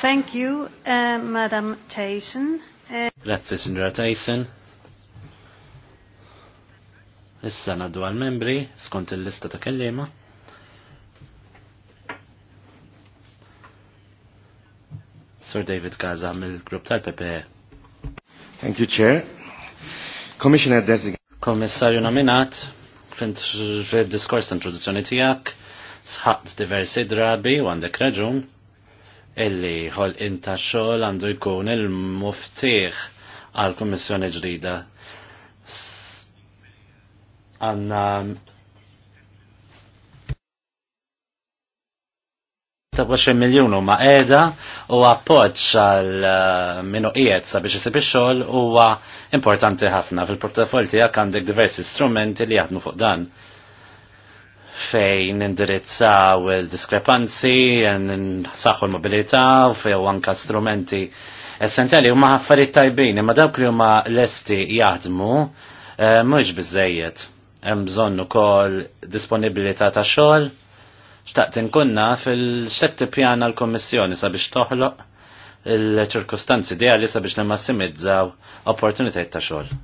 Thank you, uh, Madam Tyson. Uh, Grazie, Uh... Signora Tyson. Issa naddu għal-membri, skont il-lista ta' kellima. Sir David Gaza mill-grupp tal-PPE. Thank you, Chair. Commissioner Designate. Kommissarju nominat, fint fil-diskors ta' introduzzjoni tijak, sħat diversi drabi u għandek raġun illi ħol inta xogħol għandu jkun il-muftiħ għal kummissjoni ġdida. Għanna ta' 20 miljon ma' edha u appoċ għal uh, minu sabiex isib ix-xogħol huwa importanti ħafna fil-portafol tiegħek għandek diversi strumenti li jaħdmu fuq dan fejn indirizzaw il-diskrepanzi, nsaħħu l-mobilità, fejn anka strumenti essenzjali huma affarijiet tajbin, imma dawk li huma lesti jaħdmu eh, mhux biżejjed. Hemm bżonn ukoll disponibilità ta' xogħol, xtaqt inkunna fil xetti pjana l komissjoni sabiex toħloq il-ċirkustanzi għalli sabiex nemmassimizzaw opportunitajt ta' xogħol.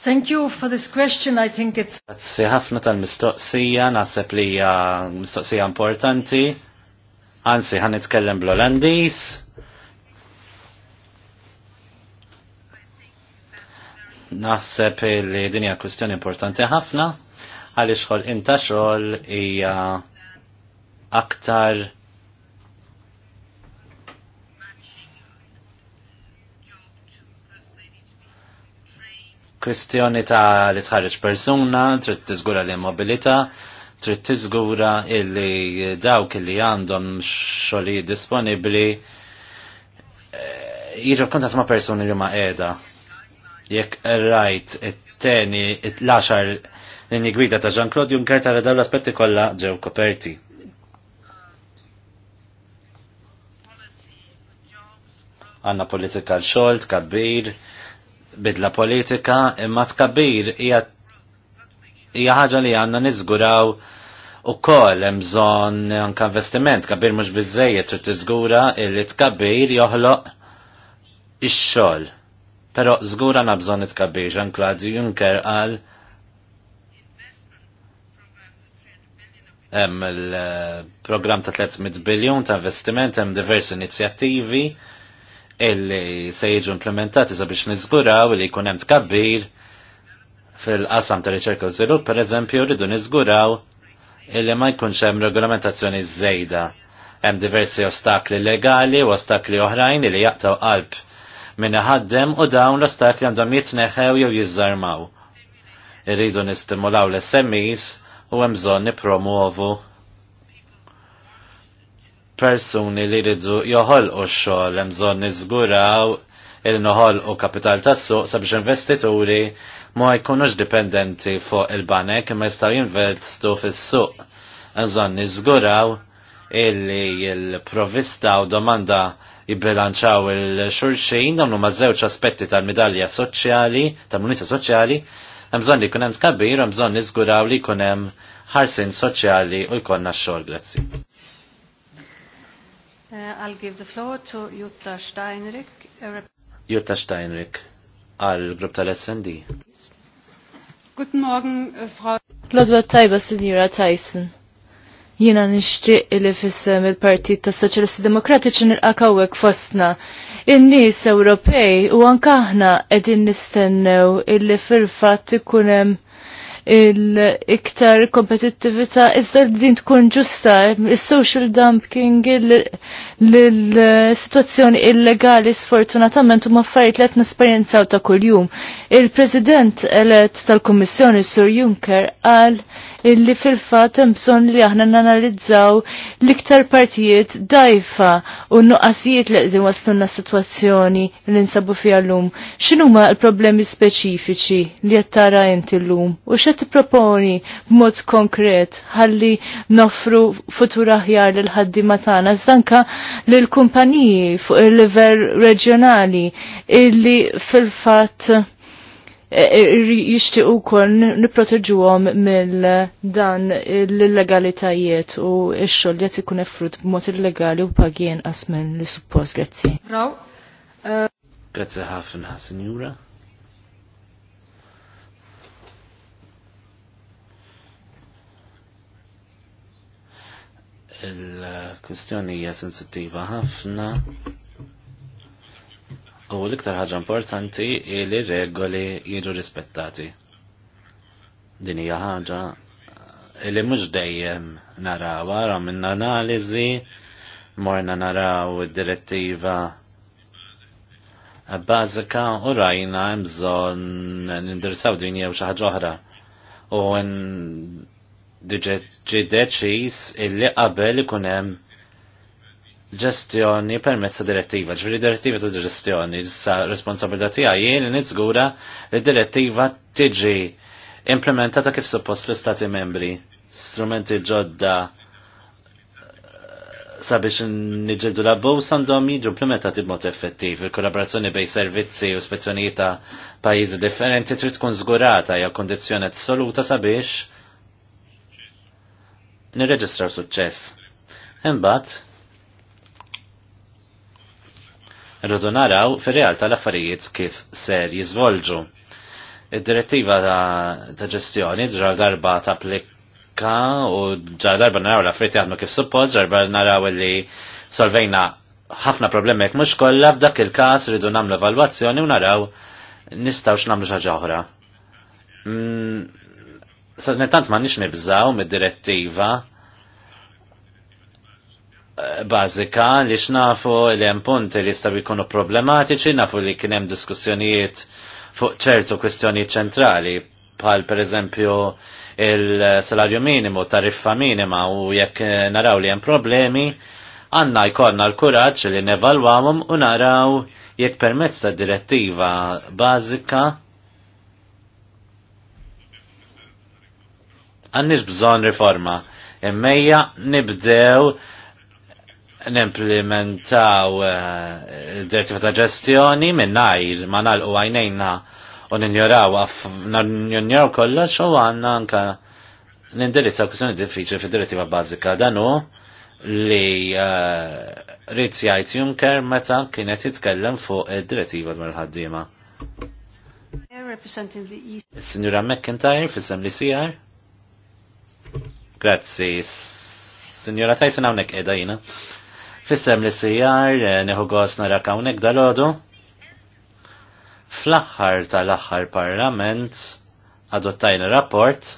Thank you for this question, I think it's... Grazie ħafna tal-mistoqsija, naħseb li hija mistoqsija importanti. Anzi, ħan nitkellem bl-Olandis. Naħseb li din hija kwistjoni importanti ħafna għaliex xogħol inta xogħol hija aktar kwestjoni ta' li tħarġ persuna, trid tiżgura li mobilita, trid tiżgura illi dawk li għandhom xogħli disponibbli eh, jiġu kontat ma' persuni li ma' qiegħda. Jekk rajt it-teni it-laxar l-inni gwida ta' Jean-Claude Juncker ta' dawn l-aspetti kollha ġew koperti. Għanna politika l-xogħol, kabbir bidla politika imma tkabbir hija ħaġa li għandna niżguraw ukoll hemm bżonn anke investiment kabbir mhux biżejjed trid tiżgura li tkabbir joħloq ix-xogħol. Però żgura na bżonn itkabbir Jean-Claude Juncker qal hemm il-programm ta' 300 biljun ta' investiment, hemm diversi inizjattivi illi se jiġu implementati sabiex nizguraw li jkun hemm tkabbir fil-qasam ta' riċerka u żvilupp, pereżempju rridu niżguraw illi ma jkunx hemm regolamentazzjoni żejda. Hemm diversi ostakli legali u ostakli oħrajn li jaqtaw qalb minn ħaddem u dawn l-ostakli għandhom jitneħew jew jiżarmaw. Irridu nistimulaw l-SMEs u hemm bżonn nippromuovu persuni li jridu joħolqu x-xogħol hemm bżonn niżguraw il-noħol u kapital tassu sabiex investituri ma jkunux dipendenti fuq il-banek imma jistaw jinvestu fis-suq. Nżon niżguraw illi il-provista u domanda jibbilanċaw il-xurxin dawn huma żewġ aspetti tal-midalja soċjali, tal-munita soċjali, hemm bżonn li jkun hemm tkabbir, hemm bżonn niżguraw li jkun hemm ħarsin soċjali u jkollna x-xogħol, grazzi. Uh, I'll give the floor to Jutta Steinrich. Jutta Steinrich, al grupp tal-SND. Guten Morgen, eh, Frau. Lodwa tajba, Signora Tyson. Jina nishtiq li fissem il-Partit ta' Soċjalisti Demokratiċi nil-akawek fostna. In-nies Ewropej u ankaħna qegħdin nistennew illi fil-fatt ikun hemm il-iktar kompetittivita, iżda din tkun ġusta, il-social dumping, il l-situazzjoni illegali sfortunatament huma affarijiet li qed nesperjenzaw ta' kuljum. Il-President elett tal-Kummissjoni Sur Juncker qal illi fil-fatt hemm bżonn li aħna nanalizzaw l-iktar partijiet dajfa u nuqqasijiet li għedin waslunna situazzjoni li nsabu fiha llum. X'inhuma l-problemi speċifiċi li qed tara inti llum u t-proponi b b'mod konkret ħalli nofru futura aħjar l-ħaddi tagħna zdanka l-kumpaniji fuq il-level reġjonali illi fil-fat eh, eh, jishti u kol niproteġuhom mill dan l-legalitajiet u x-xogħol ikun effrut b'mod illegali u pagien qas minn li suppost grazzi. Eh, grazzi ħafna, Sinjura. il-kwistjoni hija sensittiva ħafna u l-iktar ħaġa importanti li regoli jiġu rispettati. Din hija ħaġa li mhux dejjem naraw ara minn analiżi morna naraw id-direttiva bażika u rajna hemm bżonn nindirsaw din jew xi ħaġa oħra u ġi deċiż illi qabel ikun hemm ġestjoni permezz ta' direttiva, ġviri direttiva ta' ġestjoni, sa' responsabilità tiegħi jien li niżgura li direttiva tiġi implementata kif suppost fl-Stati membri, strumenti ġodda eh, sabiex niġildu l-abbuż għandhom jiġu implementati b'mod effettiv. Il-kollaborazzjoni bej servizzi u spezzjonijiet ta' pajjiżi differenti trid tkun żgurata hija kondizzjoni assoluta sabiex nirreġistraw suċċess. Imbagħad irridu naraw fir-realtà l-affarijiet kif ser jiżvolġu. Id-direttiva ta' ġestjoni ġral darba ta' plikka u ġar darba naraw l-affarijiet jaħdmu kif suppost, ġarba naraw li solvejna ħafna problemi jekk mhux kollha f'dak il-każ rridu nagħmlu evalwazzjoni u naraw nistgħu nagħmlu xi ħaġa oħra mm, Sadmentant ma nix nibżaw mid-direttiva eh, bazika li xnafu li hemm punti li jistaw jkunu problematiċi, nafu li kien hemm diskussjonijiet fuq ċertu kwestjoni ċentrali, bħal pereżempju il-salarju minimu, tariffa minima u jekk eh, naraw li hemm problemi, għanna jkollna l-kuraġġ li nevalwawhom u naraw jekk permezz ta' direttiva bażika għannis bżon riforma. Immejja nibdew nimplementaw d eh, direttiva ta' ġestjoni minnajr ma nalqu għajnejna u ninjoraw ninjoraw kollox u għanna anka nindirizzaw kwestjoni diffiċli fid-direttiva bażika danu li eh, rizzjajt jgħid meta kienet jitkellem fuq id-direttiva dwar ħaddiema. Signora McIntyre, fissem li sijar? Grazzi. Signora Tyson hawnhekk qiegħda jina. Fissem li sijar, eh, neħu għos narak hawnhekk dalodu. Fl-aħħar tal-aħħar parlament adottajna rapport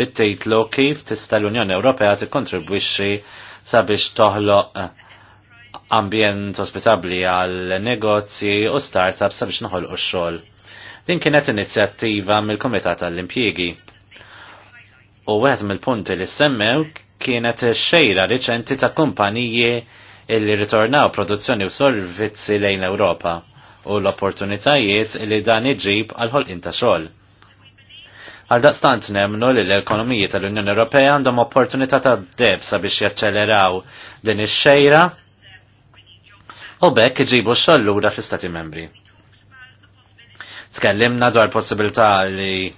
bit-titlu kif tista' l-Unjoni Ewropea tikkontribwixxi sabiex toħloq eh, ambjent ospitabli għal negozji u startups sabiex noħol x-xogħol. Din kienet inizjattiva mill-Kumitat tal-Impjiegi U għed mill-punti li semmew kienet xejra riċenti ta' kumpaniji illi ritornaw produzzjoni u servizzi lejn Ewropa u l-opportunitajiet li dan iġib għal-ħolqin ta' xogħol. Għal daqstant nemnu li l-ekonomiji tal-Unjoni Ewropea għandhom opportunità ta' deb sabiex jaċċeleraw din ix-xejra u bekk iġibu x-xogħol lura fl-Istati Membri. Tkellimna dwar possibilità li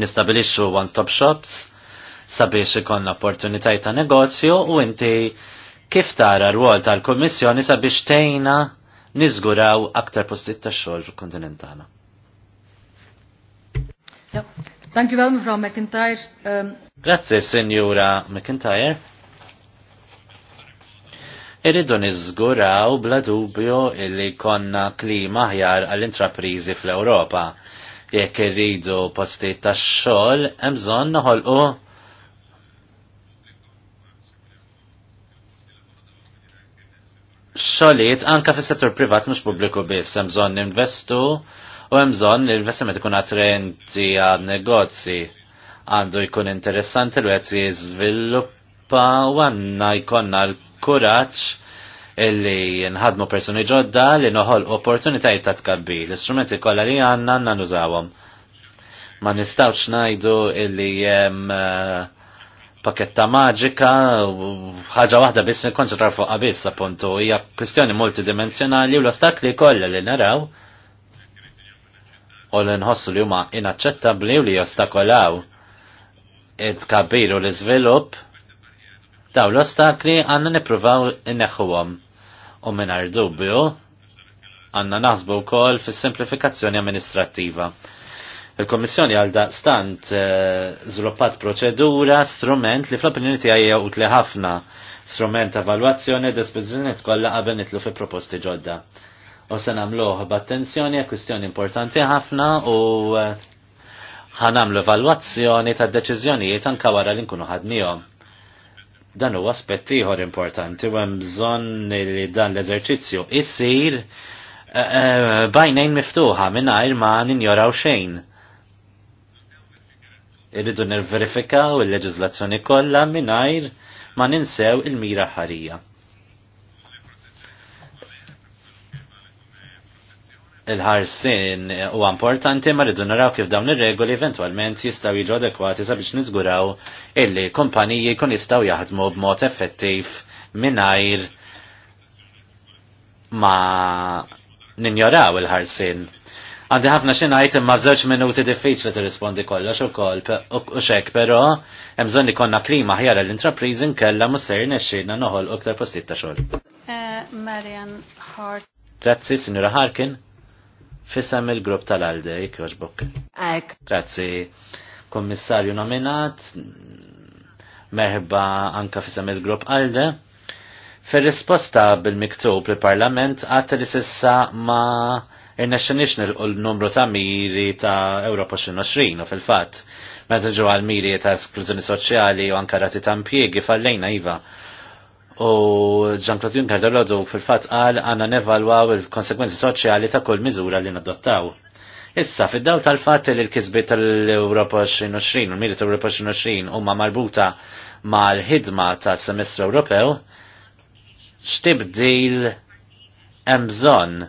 nistabilixxu one-stop shops sabiex ikon opportunitaj ta' negozju u inti kif tara r-wol tal-Kommissjoni sabiex tejna niżguraw aktar postijiet ta' xogħol kontinentana. Thank you well, Mr. McIntyre. Um... Grazie, Signora McIntyre. Irridu niżguraw bla dubju illi konna klima ħjar għall-intraprizi fl-Ewropa jekk irridu postijiet tax-xogħol hemm bżonn noħolqu xogħlijiet anke fis-settur privat mhux pubbliku biss hemm bżonn investu u hemm bżonn li l-investiment ikun attrenti għal negozji għandu jkun interessanti l qed jiżviluppa u għandna jkollna l-kuraġġ illi nħadmu persuni ġodda li noħol opportunitajiet ta' tkabbi. L-istrumenti kollha li għandna għanna nużawhom. Ma nistawx ngħidu illi hemm eh, paketta maġika ħaġa waħda biss nikkonċentraw fuq biss appuntu hija kwistjoni multidimensjonali u l-ostakli kollha li naraw u li nħossu li huma inaċċettabbli u li jostakolaw it u l-iżvilupp daw l-ostakli għanna nipruvaw neħuwom u minar dubju għanna naħsbu kol fis simplifikazzjoni amministrativa. il komissjoni għal stant zviluppat eh, proċedura, strument li fl-opinjoni tiegħi jgħut li ħafna strument ta' valwazzjoni dispożizzjoni tkollha qabel nitlu fi proposti ġodda. U se nagħmluh b'attenzjoni kwistjoni importanti ħafna u eh, ħanamlu evalwazzjoni ta' deċiżjonijiet anke wara li nkunu ħadmihom Dan huwa aspett ieħor importanti u hemm bżonn li dan l-eżerċizzju issir eh, eh, bajnejn miftuħa mingħajr ma ninjoraw xejn. Irridu nirverifikaw il-leġiżlazzjoni kollha mingħajr ma ninsew il-mira ħarija. il-ħarsin u importanti ma rridu naraw kif dawn ir-regoli eventwalment jistgħu jiġu adekwati sabiex niżguraw illi kumpaniji jkun jistgħu jaħdmu b'mod effettiv mingħajr ma ninjoraw il-ħarsin. Għandi ħafna xi ngħid imma f'żewġ minuti diffiċli tirrispondi kollox ukoll u xek, però hemm bżonn ikollna klima ħjar l-intrapriż nkella mhux ser nexxielna noħol iktar postijiet ta' xogħol. Eh, Marian Hart. Grazzi, Sinjura Harkin. Fissam il-grupp tal-Alde, jkjoġbok. Ek. Grazzi. Kommissarju nominat, merħba anka fissam il-grupp Alde. Fil-risposta bil-miktub li parlament għat li sissa ma il nilqu l-numru ta' miri ta' Europa 2020 u fil-fatt. Meta ġu għal miri ta' esklużjoni soċjali u anka rati ta' impjiegi fallejna iva U Jean-Claude Juncker dal fil-fat għal għanna nevalwaw il-konsekwenzi soċjali ta' kull miżura li nadottaw. Issa, fid-daw tal-fat li l kizbit tal-Europa 2020, u l-Mirit Europa 2020, huma marbuta mal-ħidma ta' semestru Ewropew, x'tibdil hemm bżonn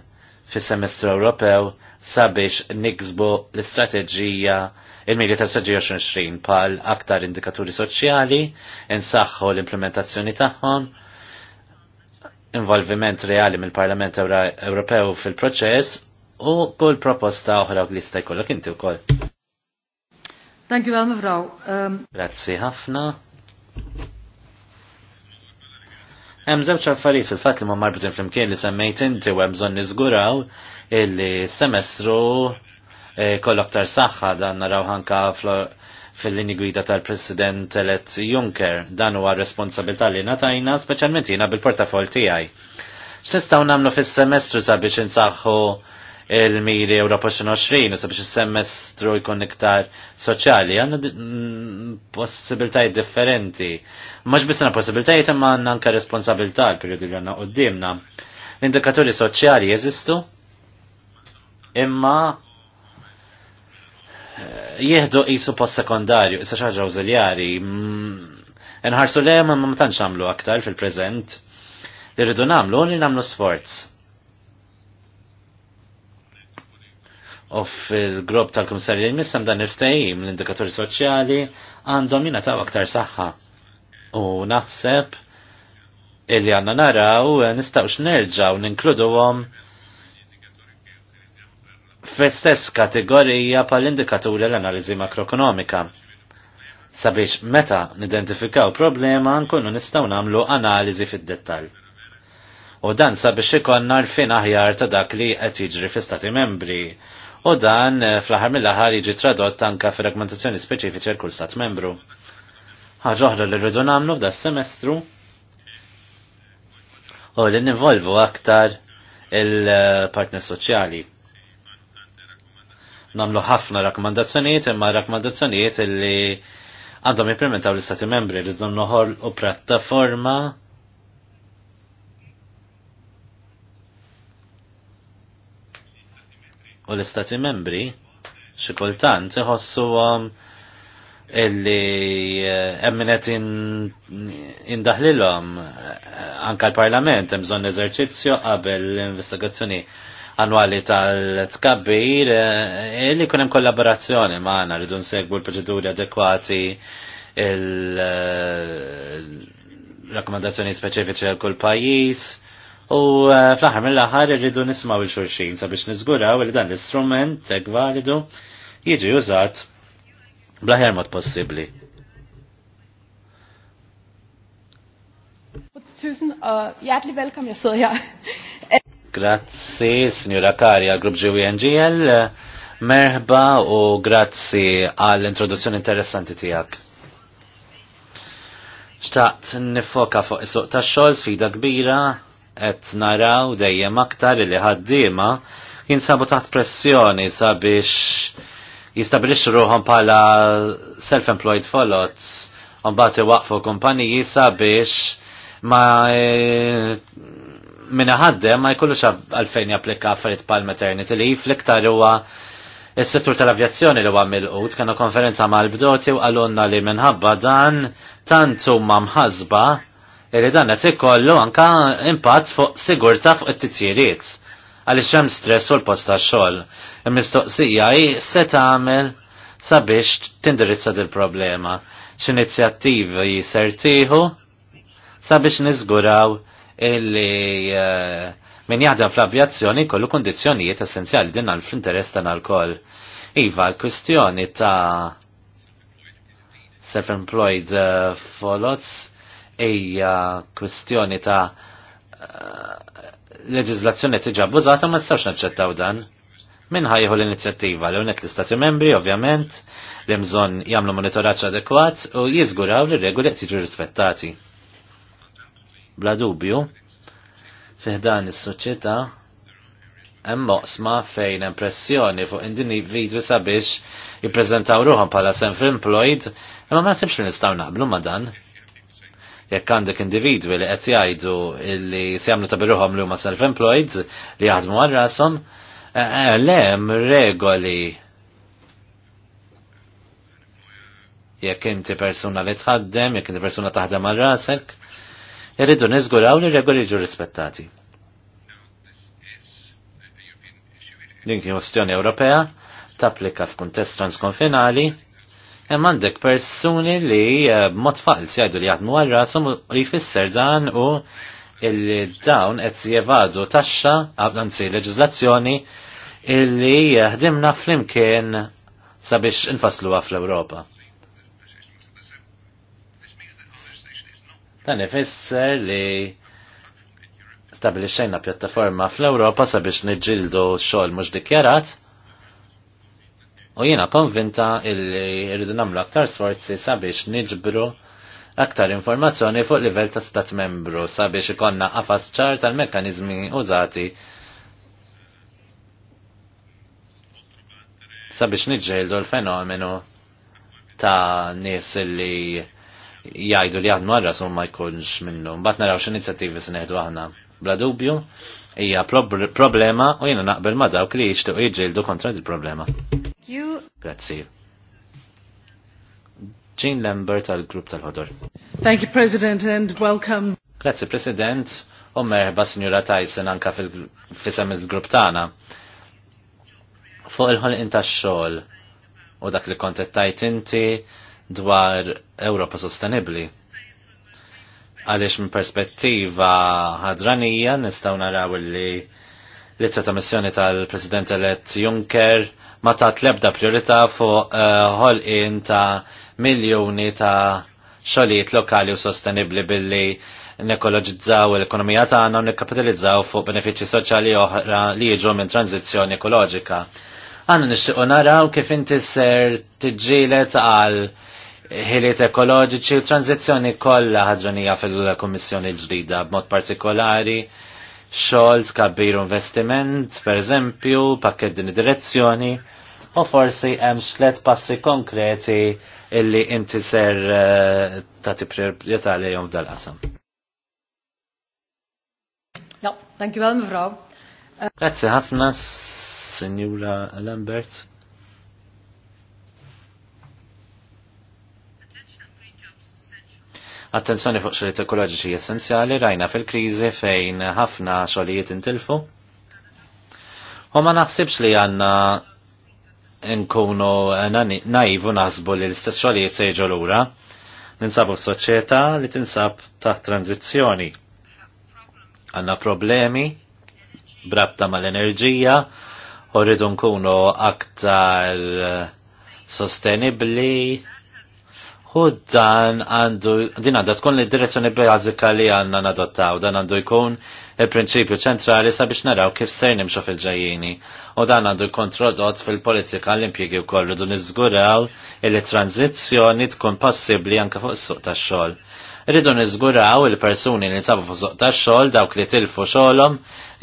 fis-semestru Ewropew sabiex niksbu l-istrateġija Il-miri tal-2020 pal aktar indikaturi soċjali, insaħħu l-implementazzjoni tagħhom, involviment reali mill-Parlament Ewropew fil-proċess u kull proposta oħra li jista' jkollok inti wkoll. Thank you well, mevrouw. Um... Grazzi ħafna. Hemm żewġ affarijiet fil-fatt li ma marbutin flimkien li semmejt inti u hemm bżonn niżguraw il-semestru Eh, kollok aktar saħħa dan naraw ħanka fil-lini gwida tal-President elett Juncker dan huwa responsabilità li natajna speċjalment jiena bil-portafol tiegħi. X'nistgħu nagħmlu fis-semestru sabiex insaħħu il-miri Europa 2020 u sabiex is semestru jkun iktar soċjali, għandna mm, possibiltajiet differenti. biss na possibiltajiet imma għandna anke responsabilità l perjodu li għandna qudiemna. L-indikaturi soċjali jeżistu, imma jieħdu qisu post sekondarju, jisa xaġa użiljari. Mm, nħarsu le ma ma tantx għamlu aktar fil-preżent. Li rridu nagħmlu li nagħmlu sforz. U fil-grupp tal li jmissam dan il-ftehim l-indikaturi soċjali għandhom jingħataw aktar saħħa. U naħseb illi għanna naraw nistgħux ninkludu ninkluduhom fl-istess kategorija pal-indikaturi l-analizi makroekonomika. Sabiex meta nidentifikaw problema nkunu nistaw namlu analizi fid-dettal. U dan sabiex ikonna l-fin aħjar ta' dak li qed jiġri fl-Stati membri. U dan eh, fl-aħħar mill-aħħar jiġi tradott anka fir-rakmentazzjoni speċifiċi l kull stat membru. Ħaġa oħra li rridu nagħmlu f'da semestru u li nivolvu aktar il-partner soċjali namlu ħafna rakkomandazzjonijiet imma rakkomandazzjonijiet li għandhom implementaw l-Istati membri li dun noħol u prattaforma u l-Istati membri xi kultant għom illi eh, emminet indaħlilhom eh, anka l-Parlament hemm bżonn eżerċizzju qabel l-investigazzjoni annwali tal-tkabbir eh, eh, li kunem kollaborazzjoni maħna rridu segbu l-proċeduri adekwati il-rakkomandazzjoni eh, speċifiċi għal kull pajis u fl-aħħar mill-aħħar dun nismaw il-xulxin sabiex niżguraw li dan l-istrument hekk validu jiġi użat bl-aħjar mod possibbli. Susan uh, hjertelig velkommen. Jeg sidder Grazzi, signora Karja, grupp GWNGL, merħba u grazzi għall-introduzzjoni interessanti tijak. Xtaqt nifoka fuq is-suq tax-xogħol sfida kbira qed naraw dejjem aktar li ħaddiema jinsabu taħt pressjoni sabiex jistabilixxu ruħhom bħala self-employed follows u mbagħad iwaqfu kumpaniji sabiex ma eh, minna ħaddem ma jkollux għalfejn japplika affarijiet pal maternity leave l-iktar huwa s settur tal-avjazzjoni li huwa mill-qut kienu konferenza mal-bdoti u għalunna li minħabba dan tant huma mħasba li dan qed ikollu anka impatt fuq sigurta fuq it-titjiriet għaliex hemm stress u l post tax-xogħol. Il-mistoqsija hi se tagħmel sabiex tindirizza dil-problema. X'inizjattivi ser sabiex niżguraw illi eh, min jaħdem fl-abjazzjoni kollu kondizjonijiet essenzjali din għal fl-interess tan għal Iva, l-kwistjoni ta' self-employed eh, folots hija kwestjoni ta' eh, leġizlazzjoni tiġa abbużata ma s-sarx naċċettaw dan. Min ħajħu l-inizjattiva l unet l-Istati membri, ovvjament, li imżon jagħmlu monitoraġġ adekwat u jiżguraw li regoli qed jiġu rispettati. Bla dubju, fiħdan is soċieta hemm moqsma fejn impressjoni pressjoni fuq individwi sabiex jippreżentaw ruħhom bħala self-employed, imma ma nasibx li nistgħu naqblu ma' dan. Jekk għandek individwi li qed jgħidu li se jagħmlu ta' biruhom li huma self-employed li jaħdmu għal rashom, eh, eh, le hemm regoli jekk inti persuna li tħaddem, jekk inti persuna taħdem għal rasek irridu niżguraw li regoli ġu rispettati. Din kien kwestjoni Ewropea tapplika f'kuntest transkonfinali hemm għandek persuni li eh, b'mod fals jgħidu li jaħdmu għal rasom u jfisser dan u illi dawn qed jevadu taxxa anzi leġiżlazzjoni illi jaħdimna flimkien sabiex infasluha fl-Ewropa. Dan ifisser li stabilixxejna pjattaforma fl-Ewropa sabiex niġġieldu xogħol mhux dikjarat u jiena konvinta illi rridu nagħmlu aktar sforzi sabiex niġbru aktar informazzjoni fuq livell ta' stat membru sabiex ikonna qafas ċar tal-mekkaniżmi użati sabiex niġġieldu l-fenomenu ta' nies li jgħidu li għadmu għarras u ma jkunx minnu. raw naraw x'inizjattivi se neħdu aħna. Bla dubju, hija problema u jiena naqbel ma dawk li jixtiequ jiġġieldu kontra il problema Grazzi. Jean Lambert tal-Grupp tal-Ħodor. Thank you, President, and welcome. Grazzi, President, u merħba Signora Tyson anka fil-fisem il-Grupp tagħna. Fuq il-ħolqin tax-xogħol u dak li kontettajt inti, dwar Ewropa Sostenibli. Għaliex minn perspettiva ħadranija nistgħu naraw li l-ittra ta' missjoni tal-President elett Juncker ma ta' tlebda priorità fuq eh, ħolqien in ta' miljoni ta' xogħlijiet lokali u sostenibli billi nekoloġizzaw l-ekonomija tagħna u nikkapitalizzaw fuq benefiċċji soċjali oħra li jiġu minn tranzizzjoni ekoloġika. Għanna nixtiequ naraw kif inti ser tiġġielet għal ħiliet ekoloġiċi u tranzizjoni kollha ħadronija fil-Kummissjoni ġdida b'mod partikolari xogħol tkabbir investiment, pereżempju, pakket din id-direzzjoni u forsi hemm xlet passi konkreti illi inti ser eh, tagħti priorità lejhom f'dal qasam Ja, danki wel Grazie ħafna, Signora Lambert. Attenzjoni fuq xogħlijiet ekoloġiċi essenzjali rajna fil-kriżi fejn ħafna xogħlijiet intilfu. U ma naħsibx li għanna nkunu naivu naħsbu li l-istess xogħlijiet se jiġu lura. Ninsabu f'soċjetà li tinsab taħt tranzizzjoni. Għanna problemi brabta mal-enerġija, u rridu nkunu aktar sostenibli, U dan għandu, din għandu tkun li direzzjoni bażika li għandna nadottaw, dan għandu jkun il-prinċipju ċentrali sabiex naraw kif ser nimxu fil-ġajjini. U dan għandu jkun trodott fil-politika l-impjegi kollu dun niżguraw li tranzizzjoni tkun possibbli anke fuq is-suq tax-xogħol. Irridu niżguraw il-persuni li nsabu fuq suq tax-xogħol dawk li tilfu xogħolhom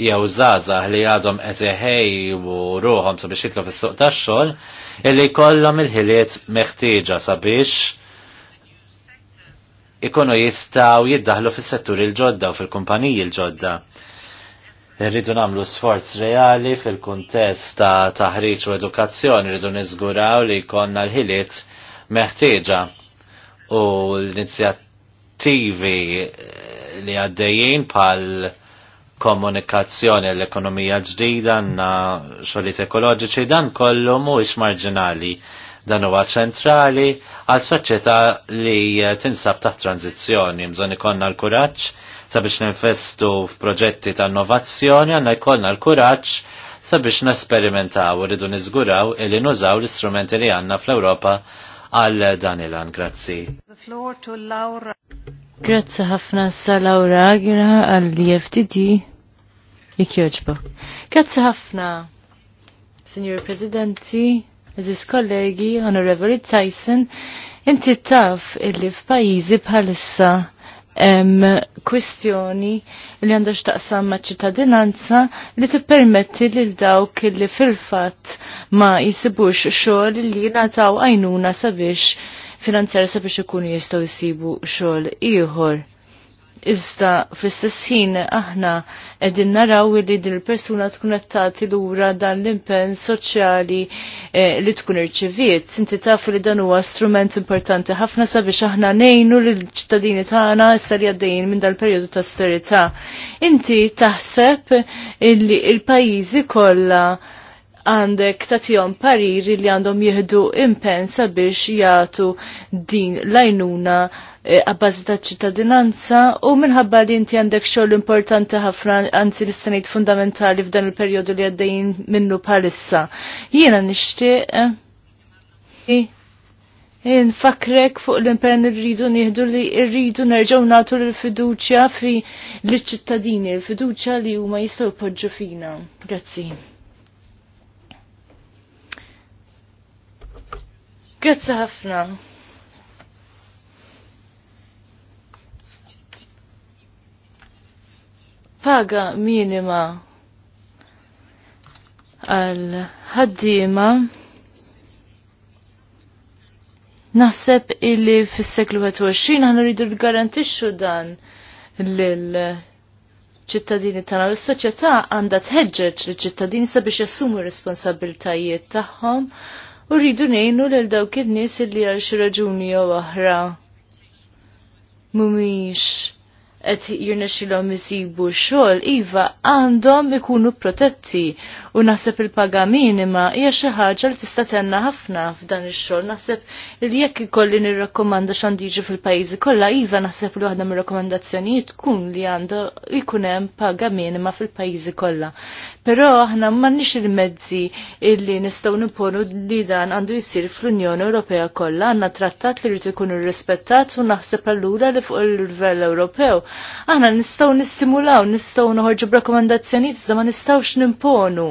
jew zaza li għadhom qed iħejju ruhom sabiex jitlu fis-suq tax-xogħol illi jkollhom il-ħiliet meħtieġa sabiex ikunu jistaw jiddaħlu fis-settur il-ġodda u fil-kumpaniji il-ġodda. Rridu namlu sforz reali fil-kuntest ta' taħriċ u edukazzjoni, rridu niżguraw li konna l-ħiliet meħtieġa u l-inizjattivi li għaddejjin pal komunikazzjoni l-ekonomija ġdida na xolit ekoloġiċi dan kollu mhuwiex marġinali Dan huwa ċentrali għal soċjetà li eh, tinsab taħt tranzizzjoni. mżon ikonna l-kuraġġ sabiex ninvestu f'proġetti ta' innovazzjoni għandna jkollna l-kuraġġ sabiex nesperimentaw u rridu niżguraw illi nużaw l-istrumenti li għandna fl-Ewropa għal dan Grazzi. Grazzi ħafna sa Laura Agra għall-DFTD. Jek Grazzi ħafna, Signor Presidenti, Aziz kollegi, Honorable Tyson, inti taf illi f'pajjiżi bħalissa hemm kwistjoni li għandha x'taqsam ma' ċittadinanza li tippermetti lil dawk illi fil-fatt ma jisibux xogħol li nataw għajnuna sabiex finanzjar sabiex ikunu jistgħu jsibu xogħol ieħor. Iżda fl-istess ħin aħna qegħdin naraw li din il-persuna tkun qed tagħti lura dan l-impenn soċjali eh, li tkun irċiviet. Inti tafu li dan huwa strument importanti ħafna sabiex aħna ngħinu lill ċittadini tagħna issa li għaddejjin minn dal-perjodu ta' sterità. Inti taħseb li l-pajjiżi kollha għandek tatjon pariri li għandhom jihdu impensa biex jgħatu din lajnuna eh, għabbażi ta' ċittadinanza u minħabba li inti għandek xogħol importanti ħafna anzi l fundamentali f'dan il-perjodu li għaddejjin minnu bħalissa. Jiena nixtieq eh, eh, Nfakrek fuq l-impenn rridu nieħdu li rridu nerġgħu nagħtu l-fiduċja fi l-ċittadini, l-fiduċja li huma jistgħu jpoġġu fina. Grazzi. Grazzi ħafna. Paga minima għal ħaddima naħseb illi fis-seklu 20 aħna rridu garantixxu dan lil ċittadini tagħna is soċjetà għandha tħeġġeġ liċ ċittadini sabiex jassumu r-responsabbiltajiet tagħhom u rridu ngħinu lil dawk in-nies illi għal xi raġuni jew oħra mhumiex qed jirnexxilhom isibu xogħol iva għandhom ikunu protetti u naħseb il-paga minima hija xi ħaġa li tista' tenna ħafna f'dan ix-xogħol. Naħseb li jekk ikolli nirrakkomanda x'għandu jiġi fil-pajjiżi kollha iva naħseb li waħda mir-rakkomandazzjonijiet tkun li għandu jkun hemm paga minima fil-pajjiżi kollha. Però aħna m'għandniex il-mezzi illi nistgħu nipponu li dan għandu jsir fl-Unjoni Ewropea kollha għandna trattat li rrid ikun irrispettat u naħseb allura li fuq il-livell Ewropew aħna nistgħu nistimulaw, nistgħu noħorġu b'rakkomandazzjonijiet iżda ma nistgħux nimponu.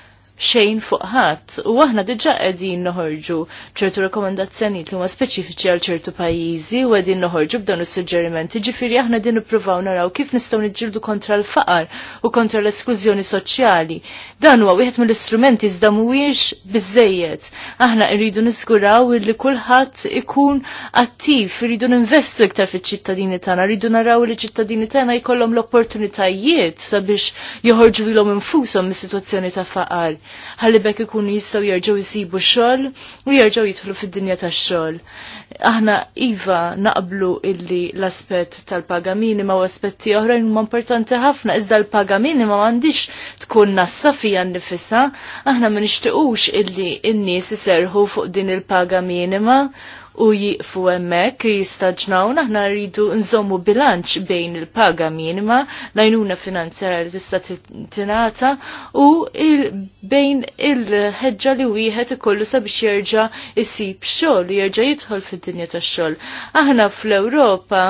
xejn fuq ħadd u aħna diġà qegħdin noħorġu ċertu rekomendazzjonijiet li huma speċifiċi għal ċertu pajjiżi u qegħdin noħorġu b'dawn is-suġġerimenti. Ġifieri aħna din nippruvaw naraw kif nistgħu niġġieldu kontra l-faqar u kontra l-esklużjoni soċjali. Dan huwa wieħed mill-istrumenti iżda mhuwiex biżejjed. Aħna rridu niżguraw li kulħadd ikun attiv, rridu ninvestu iktar fiċ-ċittadini tagħna, rridu naraw li ċittadini tagħna jkollhom l-opportunitajiet sabiex joħorġu lilhom infushom mis-sitwazzjoni ta' faqar ħalli ikun ikunu jistgħu jerġgħu jsibu xogħol u jerġgħu jitħlu fid-dinja tax-xogħol. Aħna iva naqblu illi l-aspett tal-paga minima u aspetti oħrajn huma importanti ħafna iżda l-paga minima m'għandix tkun nassa fija nnifisha, aħna ma nixtiequx illi n-nies iserħu fuq din il-paga minima u jifu emmek jistaġnaw naħna rridu nżommu bilanċ bejn il-paga minima lajnuna finanzjara li tista' tinata u bejn il-ħeġġa li wieħed ikollu sabiex jerġa' jisib xogħol, jerġa' jidħol fid-dinja tax-xogħol. Aħna fl-Ewropa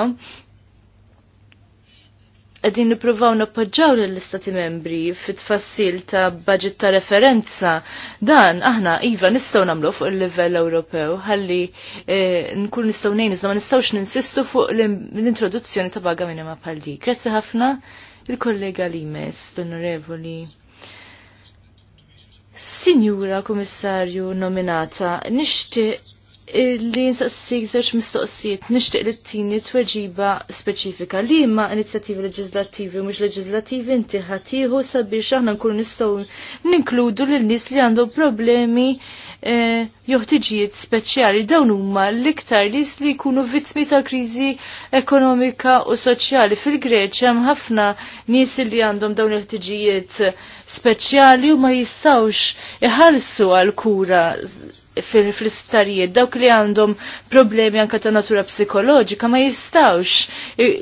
qegħdin nippruvaw nappoġġaw lill-istati membri fit-tfassil ta' budget ta' referenza dan aħna iva nistgħu nagħmlu fuq il-livell Ewropew ħalli eh, nkun nistgħu ngħin ma nistgħux ninsistu fuq l-introduzzjoni ta' baga minima bħal dik. Grazzi ħafna il-kollega Limes, l-onorevoli. Sinjura Komissarju nominata, nixtieq li nsaqsi zewġ mistoqsijiet nixtieq li tini tweġiba speċifika li ma inizjattivi leġislattivi u mhux leġislattivi inti sabiex aħna nkunu nistgħu ninkludu lil nies li għandhom problemi eh, joħtiġijiet speċjali dawn huma l-iktar nies li jkunu vittmi ta' kriżi ekonomika u soċjali fil-Greċja hemm ħafna nies li għandhom dawn il-ħtiġijiet speċjali u ma jistgħux iħallsu għal kura fil-istarijiet, dawk li għandhom problemi anka ta' natura psikoloġika ma jistawx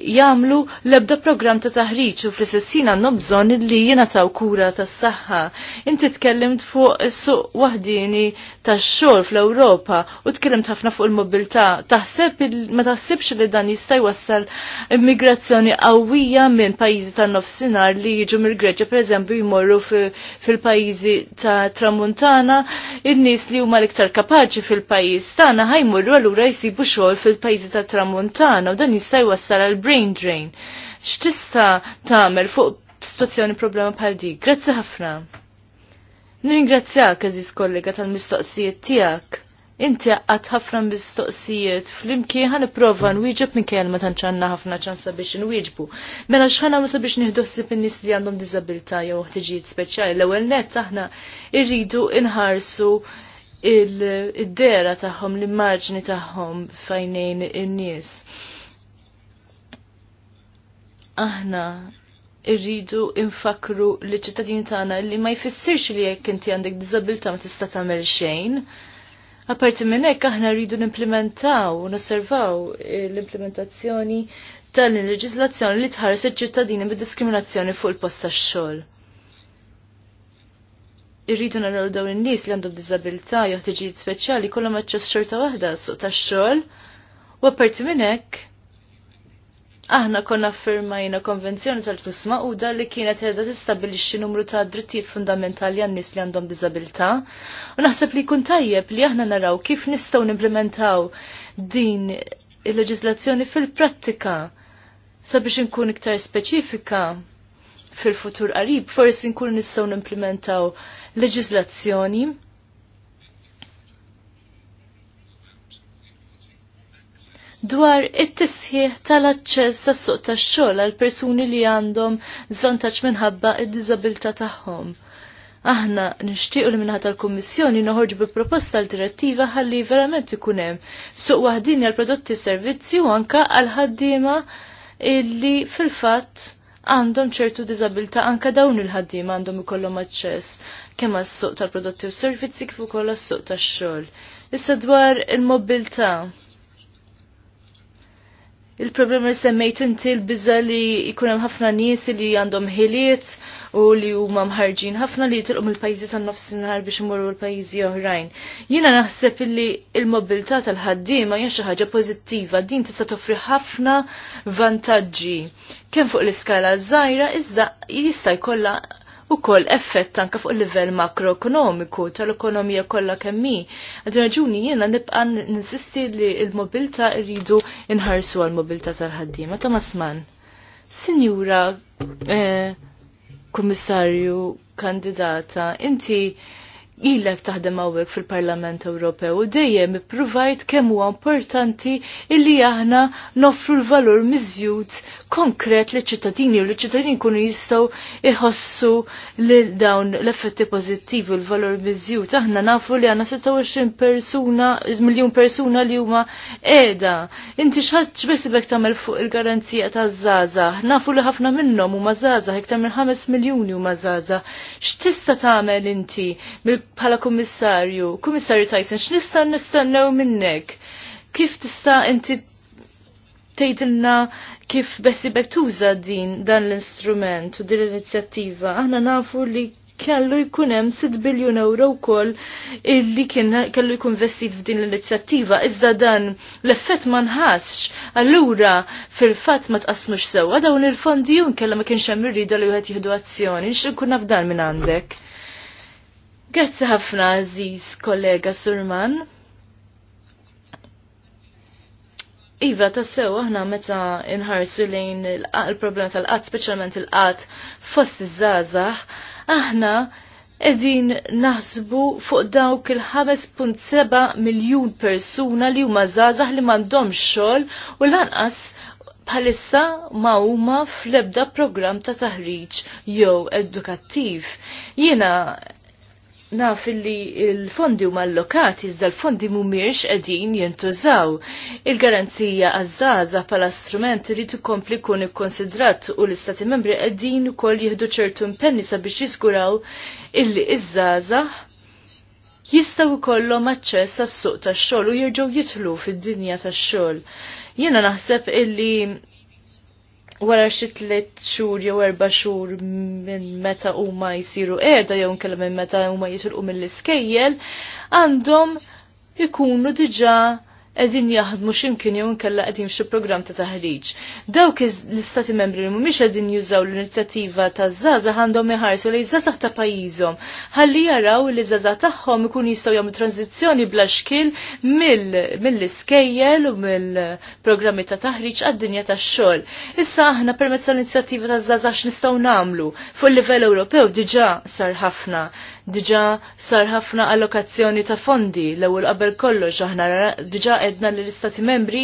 jamlu lebda program ta' taħriġ u fl sessin għandhom bżon li jena ta' kura ta' s-saħħa. Inti tkellimt fuq suq wahdini ta' xor fl-Europa u tkellimt ħafna fuq il-mobilta. Taħseb ma taħsebx li dan jista' wassal immigrazzjoni qawwija minn pajjiżi ta' nofsinhar li jiġu mil-Greċa, per pereżempju jmorru fil-pajjiżi ta' Tramuntana, in-nies li huma l iktar kapaċi fil-pajjiż tagħna ħajmurru allura jsibu xogħol fil-pajjiżi tat-Tramuntana u dan jista' wassal għal brain drain. X'tista' tagħmel fuq situazzjoni problema bħal dik? Grazzi ħafna. Ningrazzjak eżis kollega tal-mistoqsijiet tiegħek. Inti għat ħafna mistoqsijiet fl-imkien ħan iprova nwieġeb minn kelma tanċanna ħafna ċansa biex nwieġbu. Mela xħana ma sabiex nieħdossib in-nies li għandhom diżabilità jew ħtiġijiet speċjali l-ewwel nett aħna irridu inħarsu il-dera tagħhom l immarġni tagħhom fajnejn in-nies. Aħna irridu infakru li ċittadini tagħna li ma jfissirx li jekk inti għandek diżabilità ma tista' tagħmel xejn. Aparti minn hekk aħna rridu nimplementaw u nosservaw eh, l-implementazzjoni tal tal-in-leġislazzjoni li tħares iċ-ċittadini bid-diskriminazzjoni fuq il-post tax-xogħol irridu narraw dawn in-nies li għandhom diżabilità jew ħtiġijiet speċjali kollha maċċas xorta waħda suq tax-xogħol u apparti minn hekk aħna konna firmajna konvenzjoni tal-flus maquda li kienet edha tistabilixxi numru ta' drittijiet fundamentali għan nies li għandhom diżabilità u naħseb li jkun tajjeb li aħna naraw kif nistgħu nimplementaw din il-leġislazzjoni fil-prattika sabiex inkun iktar speċifika fil-futur qarib forsi nkunu nistgħu nimplementaw leġiżlazzjoni dwar it-tisħiħ tal-aċċess tas-suq tax-xogħol għal persuni li għandhom żvantaġġ minħabba id-diżabilità tagħhom. Aħna nixtiequ li minħat tal-Kummissjoni noħorġu bi proposta alternattiva ħalli verament ikun hemm suq waħdini għal prodotti servizzi u anke għal ħaddiema illi fil-fatt għandhom ċertu diżabilità anke dawn il-ħaddim għandhom ikollhom aċċess kemm għas-suq tal-prodotti u servizzi kif ukoll għas-suq tax-xogħol. Issa dwar il-mobilità. Il-problema li semmejt inti l-biża li jkun hemm ħafna nies li għandhom ħiliet u li huma mħarġin ħafna li jitilqu mill-pajjiżi tan-nofsinhar biex imorru l-pajjiżi oħrajn. Jiena naħseb illi l-mobilità tal-ħaddiema hija xi ħaġa pożittiva din tista' toffri ħafna vantaġġi kemm fuq l-iskala żgħira iżda jista' jkollha u koll effett anka fuq livell makroekonomiku tal-ekonomija kollha kemm hi. Għad raġuni jiena nibqa' ninsisti li l mobilità rridu nħarsu għall mobilità tal-ħaddiema ta' masman. Sinjura eh, kummissarju kandidata, inti ilek taħdem għawek fil-Parlament Ewropew u dejjem ippruvajt kemm huwa importanti illi aħna noffru l-valur miżjud konkret li ċittadini u li ċittadini kunu jistaw iħossu li dawn l-effetti pozittivi u l-valor mizju. Taħna nafu li għanna 26 persuna, miljon persuna li huma edha. Inti xħat bek tamel fuq il-garanzija ta' zaza. Nafu li ħafna minnom huma zaza, hekta minn 5 miljoni huma zaza. X'tista' tagħmel inti bħala kummissarju? Kummissarju Tyson, x'nista' nistennew minnek? Kif tista' inti tgħidilna kif bek tuża din dan l-instrument u din l-inizjattiva, aħna nafu li kellu jkun hemm 6 biljun euro wkoll illi kien kellu jkun vestit f'din l-inizjattiva iżda dan l-effett ma nħasx. Allura fil-fatt ma tqasmux sewwa dawn il-fondi jun kella ma kienx hemm irrida li wieħed jieħdu azzjoni, nix nkun naf minn għandek. Grazzi ħafna, Aziz kollega Surman. Iva, tassew, aħna meta inħarsu lejn il-problema tal-qat, specialment il-qat fost iż-żazax, aħna edin naħsbu fuq dawk il-5.7 miljun persuna li huma żgħażagħ li m'għandhomx xogħol u lanqas bħalissa ma huma fl-ebda programm ta' taħriġ jew edukattiv. Jiena naf illi il-fondi huma lokati iżda l-fondi mhumiex qegħdin jintużaw. Il-garanzija għażaża bħala strument irid ikompli jkun ikkonsidrat u l-Istati Membri qegħdin ukoll jieħdu ċertu impenni sabiex jiżguraw illi iż-żgħażagħ jistgħu jkollhom aċċess għas-suq tax-xogħol u jerġgħu jidħlu fid-dinja tax-xogħol. Jiena naħseb illi wara xi tliet xhur jew erba' xhur minn meta huma jsiru qiegħda jew nkellem minn meta huma jitilqu mill-iskejjel għandhom ikunu diġà qegħdin jaħdmu x'imkien jew inkella qed f'xi programm ta' taħriġ. Dawk l-istati membri li mhumiex qegħdin jużaw l-inizjattiva taż-żgħażagħ għandhom iħarsu li żgħażagħ ta' pajjiżhom ħalli jaraw li żgħażagħ tagħhom ikun jistgħu jagħmlu tranzizzjoni bla xkil mill-iskejjel u mill-programmi ta' taħriġ għad-dinja tax-xogħol. Issa aħna permezz tal-inizjattiva ta' żgħażagħ nistgħu nagħmlu fuq il-livell Ewropew diġà sar ħafna diġa sar ħafna allokazzjoni ta' fondi l ewwel qabel kollox aħna diġa edna lill istati membri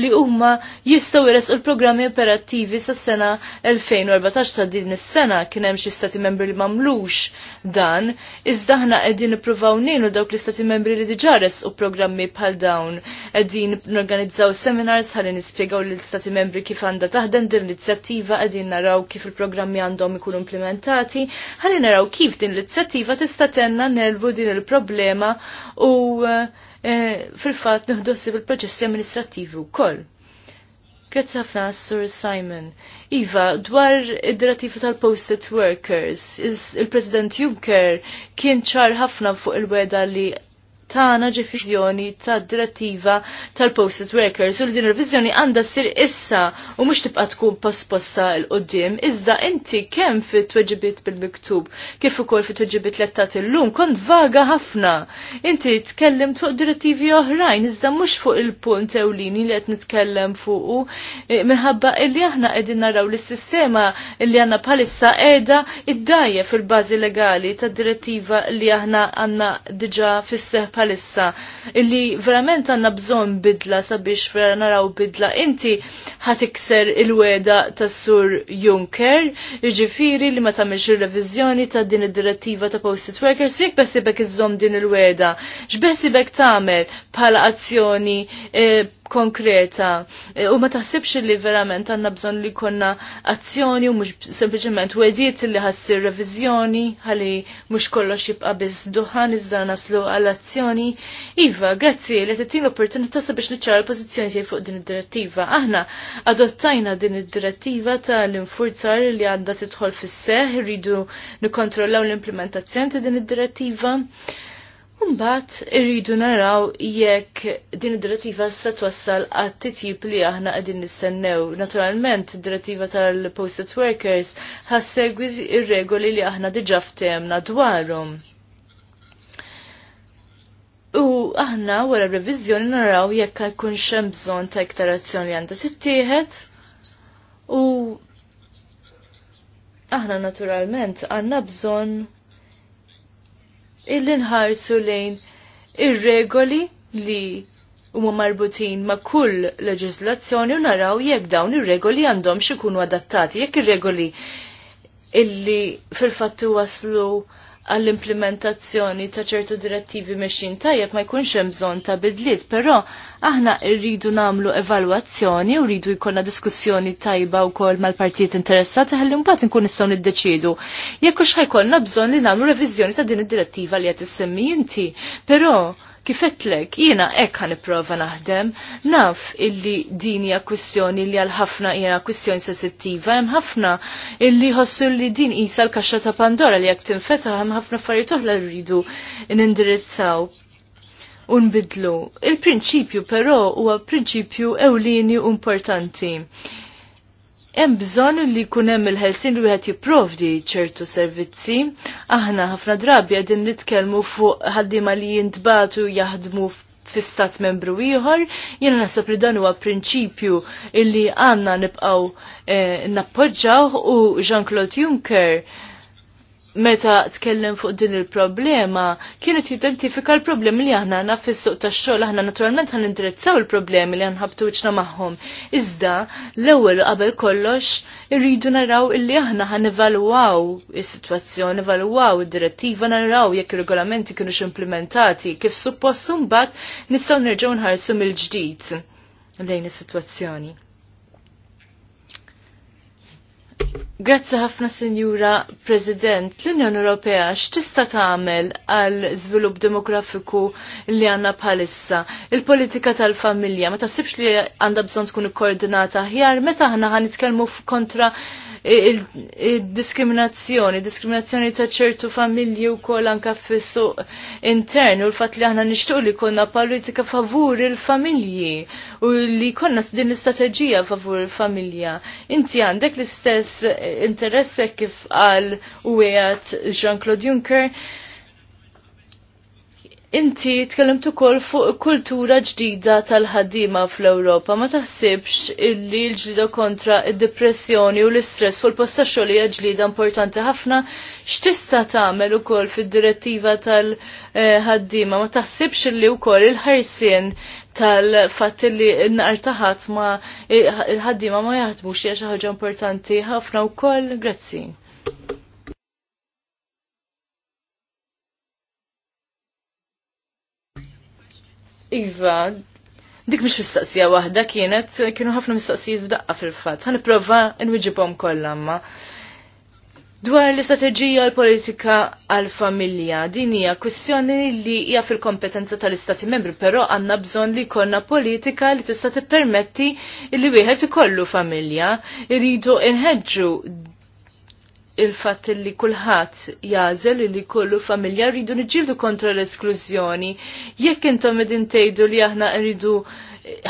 li huma jistgħu jresqu l-programmi operattivi sas-sena 2014 ta' din is-sena kien hemm xi stati membri li mamlux dan, iżda aħna qegħdin nippruvaw nielu dawk l-istati membri li diġa resqu programmi bħal dawn. Qegħdin norganizzaw seminars ħalli nispjegaw lill-istati membri kif għandha taħdem din l-inizjattiva qegħdin naraw kif il-programmi għandhom ikunu implementati, ħalli naraw kif din l-inizjattiva tista' tenna nelbu din il-problema u eh, fil-fatt nħdossi il-proċessi amministrativi wkoll. Grazzi ħafna Sur Simon. Iva, dwar id dirattivu tal-posted workers, il-President Juncker kien ċar ħafna fuq il-weda li tana ġifizjoni ta' direttiva tal-posted workers u li din revizjoni għanda sir issa u mux tibqa tkun posposta l-qoddim iżda inti kemm fit tweġibiet bil-miktub kif ukoll l tweġibiet lettat illum kont vaga ħafna inti tkellem fuq direttivi oħrajn iżda mhux fuq il-punt ewlini li qed nitkellem u eh, minħabba illi aħna qegħdin naraw li s-sistema li għandna bħalissa qiegħda id fil-bażi legali tad-direttiva li aħna għandna diġà fis-seħ palissa illi verament għanna bżon bidla sabiex vera naraw bidla. Inti ħatikser il-weda tas sur Juncker, iġifiri li ma tamilx il-revizjoni ta' din id-direttiva ta' posted workers, jek besibek iżom din il-weda, xbesibek tamel bħala azzjoni eh, konkreta e, u ma taħsibx li verament għanna bżon li konna azzjoni u mux sempliciment wedijiet li ħassir revizjoni għalli mux kollox jibqa biz duħan iżda naslu għal-azzjoni. Iva, grazzi li t l-opportunità sabiex niċċara l-pozizjoni tiegħi fuq din id-direttiva. Aħna adottajna din id-direttiva tal-infurzar li għadda tidħol fis-seħ, rridu nikkontrollaw l-implementazzjoni ta' din id-direttiva. Mbagħad irridu naraw jekk din id-direttiva se twassal għat titjib li aħna qegħdin nistennew. Naturalment id-direttiva tal-posted workers ħassegwi ir-regoli li aħna diġà ftehemna dwarhom. U aħna wara reviżjoni naraw jekk jkun hemm bżonn ta' iktar azzjoni għandha tittieħed u aħna naturalment għandna bżonn il-inħarsu lejn ir-regoli li huma marbutin ma' kull leġislazzjoni u naraw jekk dawn ir-regoli għandhom xikunu adattati, jekk ir-regoli illi fil fattu waslu għall-implementazzjoni ta' ċertu direttivi meċin tajjeb ma jkunx hemm bżonn ta' bidliet, però aħna rridu nagħmlu evalwazzjoni u rridu jkollna diskussjoni tajba wkoll mal-partijiet interessati ħalli mbagħad inkun nistgħu niddeċidu. Jekk hux ħajkollna bżonn li nagħmlu reviżjoni ta' din id-direttiva li qed issemmi inti, però Kifetlek, jiena ek għan iprofa naħdem, naf illi din hija kwistjoni li għal ħafna hija kwistjoni sensittiva, hemm ħafna illi ħossu li din isa l-kaxxa ta' Pandora li jekk tinfetaħ hemm ħafna affarijiet oħra rridu nindirizzaw unbidlu. Il-prinċipju però huwa prinċipju ewlieni importanti hemm bżonn li jkun hemm il-ħelsin li wieħed jipprovdi ċertu servizzi. Aħna ħafna drabi qegħdin nitkellmu fuq ħaddiema li jintbatu jaħdmu fi stat membru ieħor, jiena naħseb li dan huwa prinċipju illi għandna nibqgħu eh, nappoġġaw u Jean-Claude Juncker meta tkellem fuq din il-problema, kienet identifika l-problemi li aħna għanna fis-suq tax-xogħol aħna naturalment ħan indirizzaw il-problemi li nħabtu wiċċna magħhom. Iżda l-ewwel qabel kollox irridu naraw illi aħna ħan evalwaw is-sitwazzjoni, evalwaw id-direttiva, naraw jekk ir-regolamenti kienu implementati kif suppost mbagħad nistgħu nerġgħu nħarsu mill-ġdid lejn is-sitwazzjoni. Grazzi ħafna Sinjura President, l-Unjoni Ewropea x'tista' tagħmel għal żvilupp demografiku li għandna bħalissa. Il-politika tal-familja ma tasibx li għandha bżonn tkun ikkoordinata aħjar meta aħna ħanitkellmu kontra il-diskriminazzjoni, diskriminazzjoni ta' ċertu familji u kol anka fissu intern u l-fat li aħna nishtuq li konna politika favur il-familji u li konna din l-istrateġija favur il-familja. Inti għandek l-istess interesse kif għal u għejat Jean-Claude Juncker Inti tkellimt ukoll fuq kultura ġdida tal-ħaddiema fl-Ewropa. Ma taħsibx illi l-ġlida kontra id-depressjoni u l-istress fuq il-posta xogħol hija ġlida importanti ħafna. X'tista' tagħmel ukoll fid-direttiva tal-ħaddiema? Ma taħsibx illi wkoll il-ħarsien tal-fatt li n-nar ma il-ħaddima ma jaħdmux hija xi ħaġa importanti ħafna wkoll. Grazzi. Iva, dik mhix mistaqsija waħda kienet kienu ħafna mistaqsijiet f'daqqa fil-fatt. Ħanipprova nwiġibhom kollha ma. Dwar l-istrateġija l-politika għal-familja, din hija kwistjoni li hija fil-kompetenza tal-Istati membri, però għandna bżonn li jkollna politika li tista' tippermetti li wieħed ikollu familja, iridu inħeġġu il fat li kulħadd jazel li kullu familja rridu nġildu kontra l-esklużjoni. Jekk intom qegħdin tejdu li aħna rridu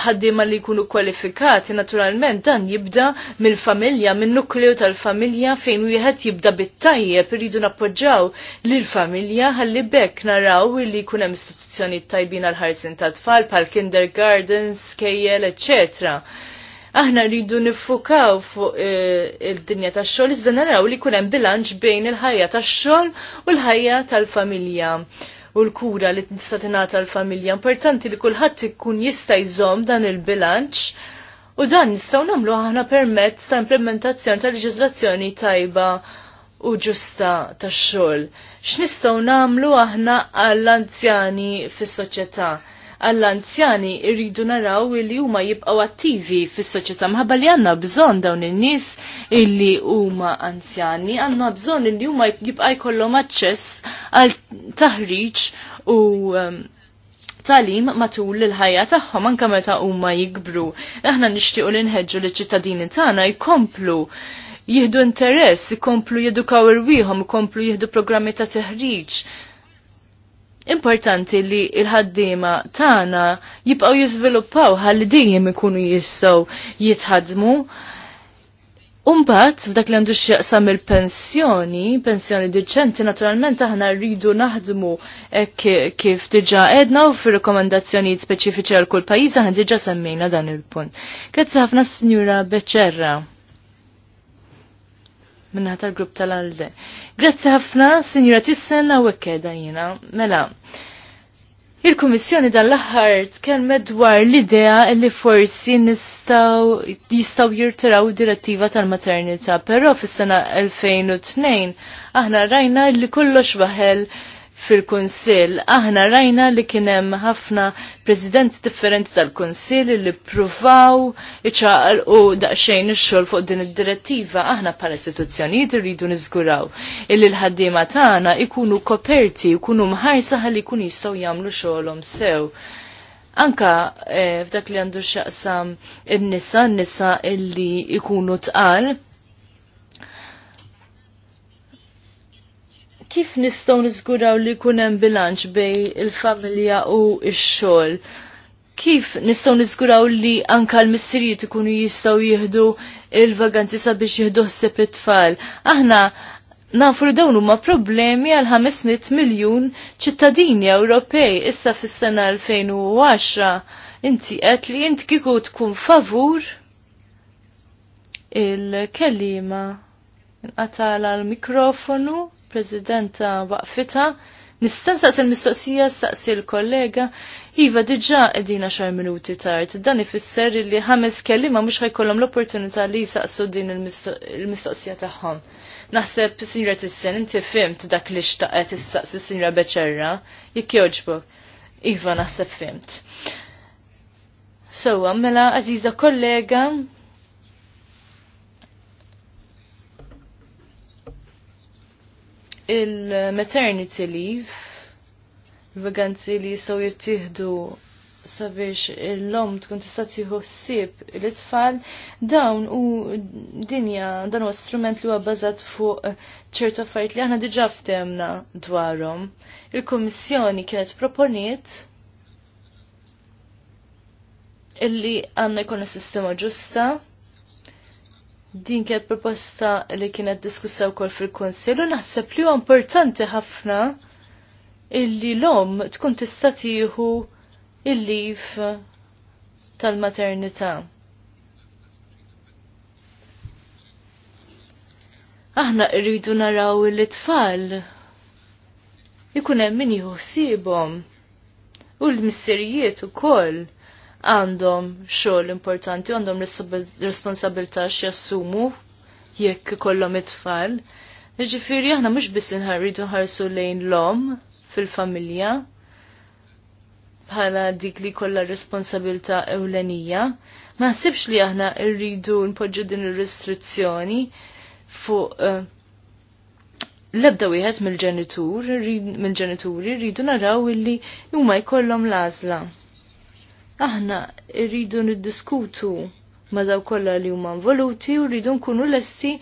ħaddiema li jkunu kwalifikati, naturalment dan jibda mill-familja, minn nukleu tal-familja fejn wieħed jibda bit-tajjeb irridu nappoġġaw lil familja ħalli bekk naraw li jkun hemm istituzzjoni tajbin għal ħarsin tat-tfal bħal kindergardens, kejjel, eccetera aħna rridu nifukaw fuq e, il-dinja tax-xogħol iżda naraw li jkun hemm bilanċ bejn il-ħajja tax-xogħol u l-ħajja tal-familja u l-kura li tista' tingħata l-familja. Importanti li kulħadd ikun jista' jżomm dan il-bilanċ U dan nistgħu nagħmlu aħna permezz ta' implementazzjoni ta' leġiżlazzjoni tajba u ġusta tax-xogħol. X'nistgħu nagħmlu aħna għall-anzjani fis-soċjetà? għall-anzjani irridu naraw li huma jibqgħu attivi fis-soċjetà mħabba li għandna bżonn dawn in-nies illi huma anzjani, għandna bżonn illi huma jibqa' jkollhom aċċess għal taħriġ u um, talim matul il-ħajja tagħhom anke meta huma jikbru. Aħna nixtiequ li nħeġġu liċ-ċittadini tagħna jkomplu jihdu interess, jkomplu jedukaw irwieħom, jkomplu jihdu programmi ta' teħriġ importanti li il-ħaddima tagħna jibqgħu jiżviluppaw ħalli dejjem ikunu jistgħu jitħadmu. Umbat, f'dak li għandu xieqsam il-pensjoni, pensjoni diċenti, naturalment aħna rridu naħdmu kif diġa edna u fi rekomendazzjonijiet speċifiċi għal kull pajjiż aħna diġa semmejna dan il-punt. Grazzi ħafna Sinjura Beċerra minna tal-grupp tal-alde. Grazzi ħafna, signora Tissen, għawek jina. Mela, Il-Kummissjoni dal-aħħar tkellmet dwar l-idea li forsi nistaw jistaw jirtiraw direttiva tal-maternità, però fis-sena 2002 aħna rajna li kollox waħel fil-Kunsill. Aħna rajna li kienem ħafna presidenti differenti tal konsil li provaw iċaqal u daqxejn ix-xogħol fuq din id-direttiva. Aħna bħala istituzzjonijiet rridu niżguraw illi l-ħaddiema tagħna ikunu koperti, ikunu mħarsa li jkunu jistgħu jagħmlu xogħolhom sew. Anka eh, f'dak li għandu xaqsam in-nisa, n-nisa illi ikunu tqal, kif nistgħu niżguraw li jkun hemm bilanċ bej il-familja u x-xogħol? Kif nistgħu niżguraw li anka l-missirijiet ikunu jistgħu jieħdu il-vaganzi sabiex jieħdu ħseb it-tfal? Aħna nafu li dawn huma problemi għal 500 miljun ċittadini Ewropej issa fis-sena 2010. Inti qed li inti kieku tkun favur il-kelima Nqatala l-mikrofonu, prezidenta waqfita. Nistan saqs il-mistoqsija saqs il-kollega, Iva diġa edina xar minuti tard, dan ifisser li ħames kellima mux ħajkollhom l-opportunità li jisaqsu din il-mistoqsija tagħhom. Naħseb sinjra tissen, inti fimt dak li xtaqet issaqs sinjra Beċerra, jekk joġbok. Iva naħseb fimt. So mela, għaziza kollega, il-maternity leave, il vaganzi li jisaw jittihdu sabiex l-lom tkun tista' tieħu ssib l-itfal dawn u dinja dan huwa strument li huwa bbażat fuq ċertu affarijiet li aħna diġà ftehmna dwarhom. Il-Kummissjoni kienet proponiet illi għandna jkollna sistema ġusta din kienet proposta li kienet diskussa wkoll fil-Konsil u naħseb li huwa importanti ħafna illi l-om tkun tista' tieħu il-liv tal-maternità. Aħna rridu naraw l-tfal ikun hemm min jieħu ħsiebhom u l-missirijiet ukoll għandhom xogħol importanti, għandhom responsabilità x'jassumu jekk kollhom it-tfal. jiġifieri aħna mhux biss inħarridu ħarsu lejn l-om fil-familja bħala dik li kollha responsabilità ewlenija. Ma nsibx li aħna rridu npoġġu din ir-restrizzjoni fuq eh, l-ebda wieħed mill-ġenitur, mill-ġenituri rridu naraw illi huma jkollhom l-għażla aħna rridu niddiskutu ma daw kollha li huma involuti u rridu nkunu lesti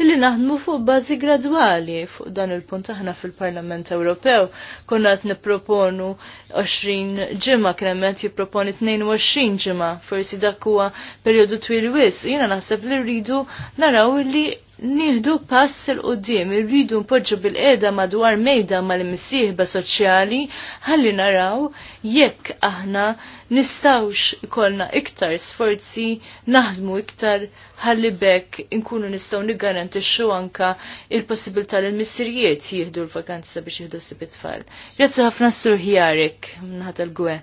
li naħdmu fuq bażi gradwali fuq dan il-punt aħna fil-Parlament Ewropew konna qed nipproponu 20 ġimgħa kien hemm jipproponi 22 ġimgħa forsi dak huwa perjodu twil wis. Jiena naħseb li rridu naraw li nieħdu pass il qudiem irridu npoġġu bil-qeda madwar mejda mal-imsieħba soċjali ħalli naraw jekk aħna nistawx ikollna iktar sforzi naħdmu iktar ħalli bekk inkunu nistaw xu anka il-possibilità l missirijiet jieħdu l-vakanza biex jieħdu s tfal Grazzi ħafna s-surħijarek, l-gwe.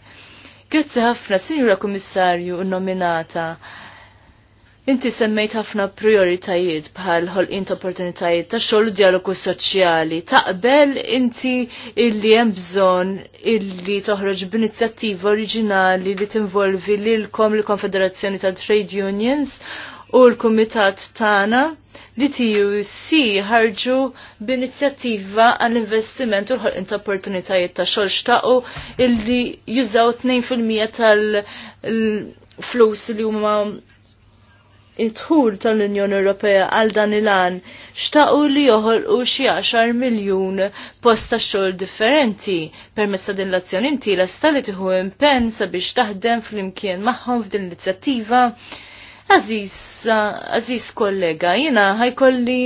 Grazzi ħafna, Sinjura Komissarju, nominata Inti semmejt ħafna prioritajiet bħal ħolqien ta' opportunitajiet ta' xogħol u dialogu soċjali. Taqbel inti illi hemm bżonn illi toħroġ b'inizjattiva oriġinali li tinvolvi lilkom il-Konfederazzjoni ta' Trade Unions u l-Kumitat tagħna li TUC ħarġu b'inizjattiva għall investiment u l-ħolqien ta' opportunitajiet ta' xogħol xtaqu illi jużaw 2% tal-flus li huma it-tħur tal-Unjoni Ewropea għal dan il-għan xtaqu li joħolqu xi 10 miljun post ta' xogħol differenti permezz ta' din l-azzjoni inti lesta li tieħu impenn sabiex taħdem flimkien magħhom f'din l-inizjattiva. Aziz, aziz kollega, jina ħajkolli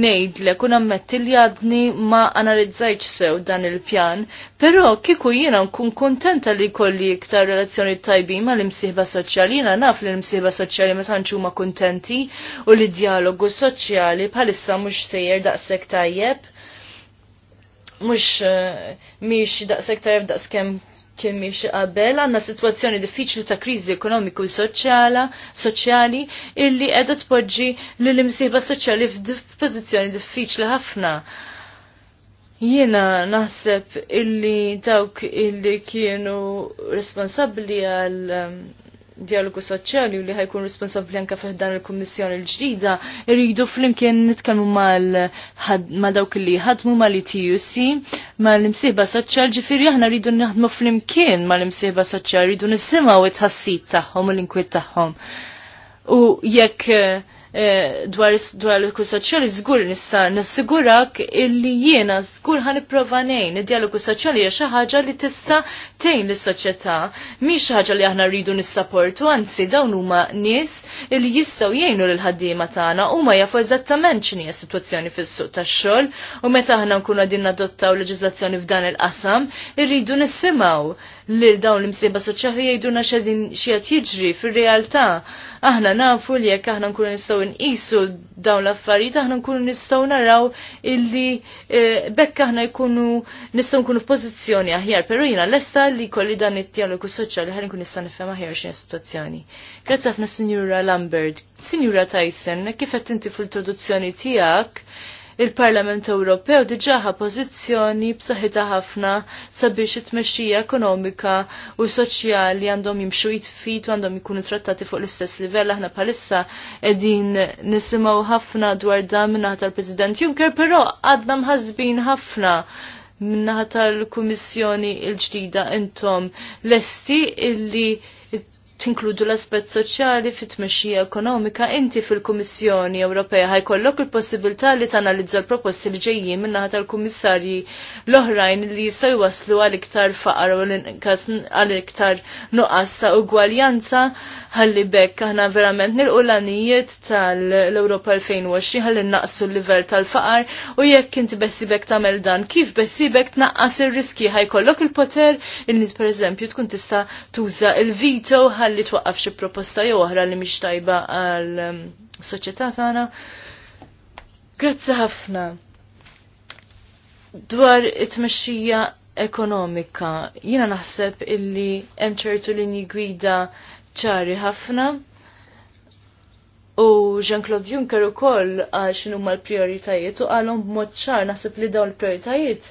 nejd u nammetti li għadni ma analizzajċ sew dan il-pjan, pero kiku jina nkun kontenta li kolli iktar relazzjoni tajbi ma l-imsiħba soċjali, jina naf li l imsihba soċjali ma tanċu ma kontenti u li dialogu soċjali bħalissa mux sejjer daqsek tajjeb, mux eh, miex daqsek tajjeb daqskem kemm qabel għandna sitwazzjoni diffiċli ta' kriżi ekonomiku u soċjali illi qiegħda tpoġġi lil imsieba soċjali f'pożizzjoni diffiċli ħafna. Jiena naħseb illi dawk illi kienu responsabbli għal um, dialogu soċjali u li ħajkun responsabli anka fih dan il-Kummissjoni l-ġdida, rridu flimkien nitkellmu mal dawk li ħadmu mal ITUC mal-imsieħba soċjal ġifieri aħna rridu naħdmu flimkien mal-imsieħba soċjali rridu nisimgħu it-ħassib tagħhom u l-inkwiet tagħhom. U jekk eh, Eh, dwar dwar l soċjali żgur nista' nassigurak illi jiena żgur ħan nipprova ngħin id-dialogu soċjali hija xi ħaġa li tista' tgħin lis-soċjetà. Mhix xi ħaġa li aħna rridu nissapportu, anzi dawn huma nies li jistgħu jgħinu lil ħaddiema tagħna huma jafu eżattament x'inhi s-sitwazzjoni fis-suq tax-xogħol u meta aħna nkunu qegħdin nadottaw leġiżlazzjoni f'dan il-qasam irridu nissimgħu li dawn l-imsiba soċjali jgħiduna xedin xiet jiġri fir-realtà. Aħna nafu li jekk aħna nkunu nistgħu nqisu dawn l-affarijiet aħna nkunu nistgħu naraw illi eh, bekk aħna jkunu nistgħu nkunu f'pożizzjoni aħjar, però jiena lesta li kolli dan it-dialogu soċjali ħalli nkun nista' nifhem aħjar xi situazzjoni. Grazzi ħafna Sinjura Lambert. Sinjura Tyson, kif qed inti fl-introduzzjoni tiegħek il-Parlament Ewropew diġaħa pożizzjoni b'saħħitha ħafna sabiex it-tmexxija ekonomika u soċjali għandhom jimxu jitfit u għandhom jkunu trattati fuq l-istess livell aħna bħalissa qegħdin nisimgħu ħafna dwar dan minnaħa tal-President Juncker, però għadna mħazbin ħafna minnaħa tal-Kummissjoni l-ġdida intom lesti illi tinkludu l-aspett soċjali fit-tmexxija ekonomika, inti fil-Kummissjoni Ewropea ħajkollok il-possibilità li tanalizza l-proposti li ġejjin minnaħa tal-kummissarji l-oħrajn li jistgħu jwaslu għal iktar faqar u għal iktar nuqqas ta' ugwaljanza ħalli bekk aħna verament nil-qulanijiet tal-Europa 2020 ħalli naqsu l-livell tal-faqar u jekk inti bessibek tagħmel dan kif bessibek tnaqqas ir-riski ħajkollok il-poter illi pereżempju tkun tista' tuża il vito ħalli twaqqaf xi proposta jew oħra li mhix tajba għal um, soċjetà tagħna. Grazzi ħafna dwar it-tmexxija ekonomika, jina naħseb illi hemm ċertu linji gwida ċari ħafna. U Jean-Claude Juncker u koll għal xinu ma l-prioritajiet u għalhom b'mod ċar naħseb li dawn l-prioritajiet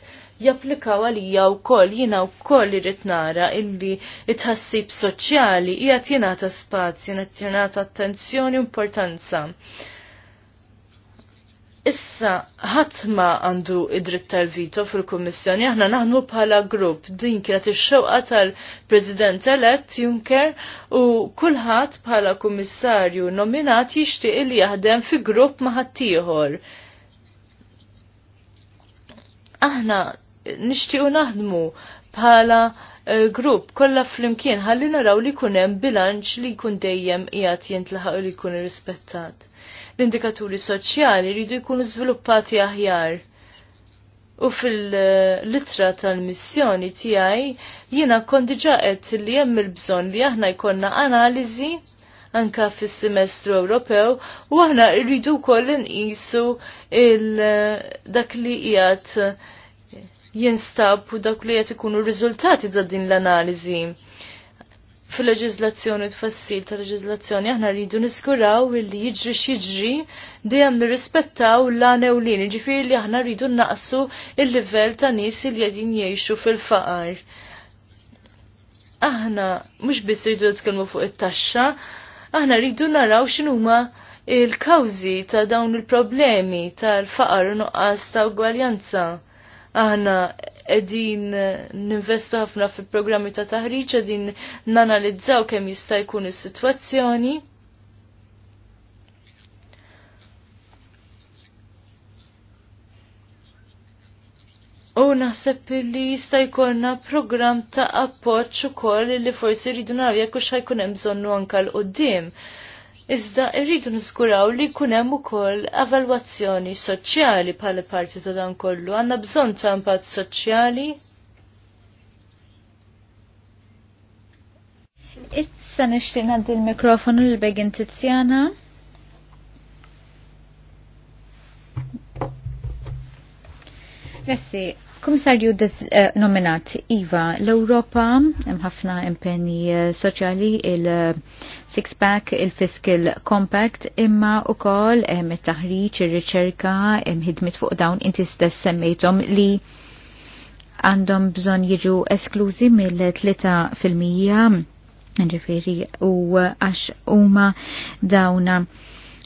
japplikaw għalija u koll jina u koll irrit nara illi itħassib soċjali jgħat ta' spazju, ta' attenzjoni u importanza. Issa, ħatma għandu id-dritt tal-vito fil-Kommissjoni, aħna naħnu bħala grupp, din kienet ix-xewqa tal-President elett Juncker u kulħadd bħala kummissarju nominat jixtieq li jaħdem fi grupp ma' ħaddieħor. Aħna nixtiequ naħdmu bħala eh, grupp kollha flimkien ħalli naraw li jkun hemm bilanċ li jkun dejjem qiegħed jintlaħaq li jkun irrispettat l-indikaturi soċjali jridu jkunu żviluppati aħjar. U fil-litra tal-missjoni tiegħi jiena kon diġa li hemm il-bżonn li aħna jkollna analiżi anka fis-semestru Ewropew u aħna rridu wkoll nqisu dak li qiegħed jinstab u dak li qed ikunu r-riżultati ta' din l-analiżi fil-leġizlazzjoni tfassil ta' leġizlazzjoni aħna rridu niskuraw li jiġri x'jiġri dejjem nirrispettaw l-għanewlin, ġifieri li aħna rridu naqsu il-livell ta' nies li qegħdin jgħixu fil-faqar. Aħna mhux biss rridu nitkellmu fuq it-taxxa, aħna rridu naraw x'inhuma il-kawżi ta' dawn il-problemi tal-faqar u nuqqas ta' ugwaljanza. Aħna edin ninvestu ħafna fi programmi ta' taħriġ, edin nanalizzaw kemm jista' jkun is-sitwazzjoni. U naħseb li jista' jkollna programm ta' appoġġ ukoll li forsi rridu naraw jekk hux ħajkun hemm bżonnu anke l-qudiem. Iżda irridu niskuraw li kunem ukoll evalwazzjoni soċjali bħala parti ta' dan kollu. Għandna bżonn ta' impatt soċjali. Issa nixtieq ngħaddi l-mikrofonu lil Begin Tizzjana. Grazzi, Komissarju eh, nominat Iva, l-Europa hemm ħafna impenji eh, soċjali il- six-pack, il-fiscal compact, imma u kol em it-taħriġ, ir-riċerka, hemm fuq dawn inti stess semmejtom li għandhom bżon jiġu esklużi mill-3 ġifiri u għax huma dawna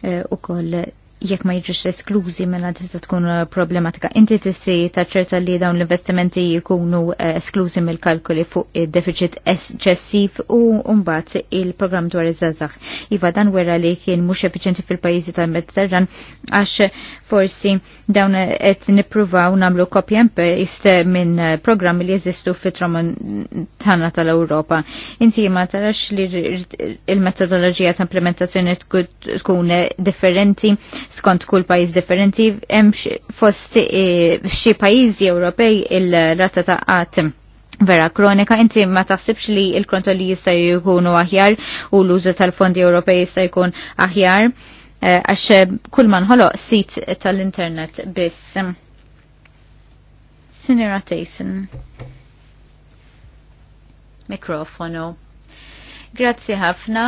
eh, u koll jekk ma jiġux esklużi mela tista' tkun uh, problematika. Inti tissi taċċerta li dawn l-investimenti jkunu uh, esklużi mill-kalkoli fuq id-deficit eċċessiv u mbagħad il-programm dwar iż-żazax. Iva dan wera li kien mhux effiċenti fil-pajjiżi tal-Mediterran għax forsi dawn qed nippruvaw nagħmlu copy and paste minn uh, programmi li jeżistu fit-tramontana tal-Ewropa. Inti ma tarax li il-metodoloġija ta' implementazzjoni tkun differenti skont kull pajjiż differenti, hemm fost e, xi pajjiżi Ewropej il-rata ta' qatt vera kronika, inti ma taħsibx li il-kontrolli jista' jkunu aħjar u l-użu tal-fondi Ewropej jista' jkun aħjar e, għax kull ma nħoloq sit tal-internet biss. Sinira Tyson. Mikrofonu. Grazzi ħafna.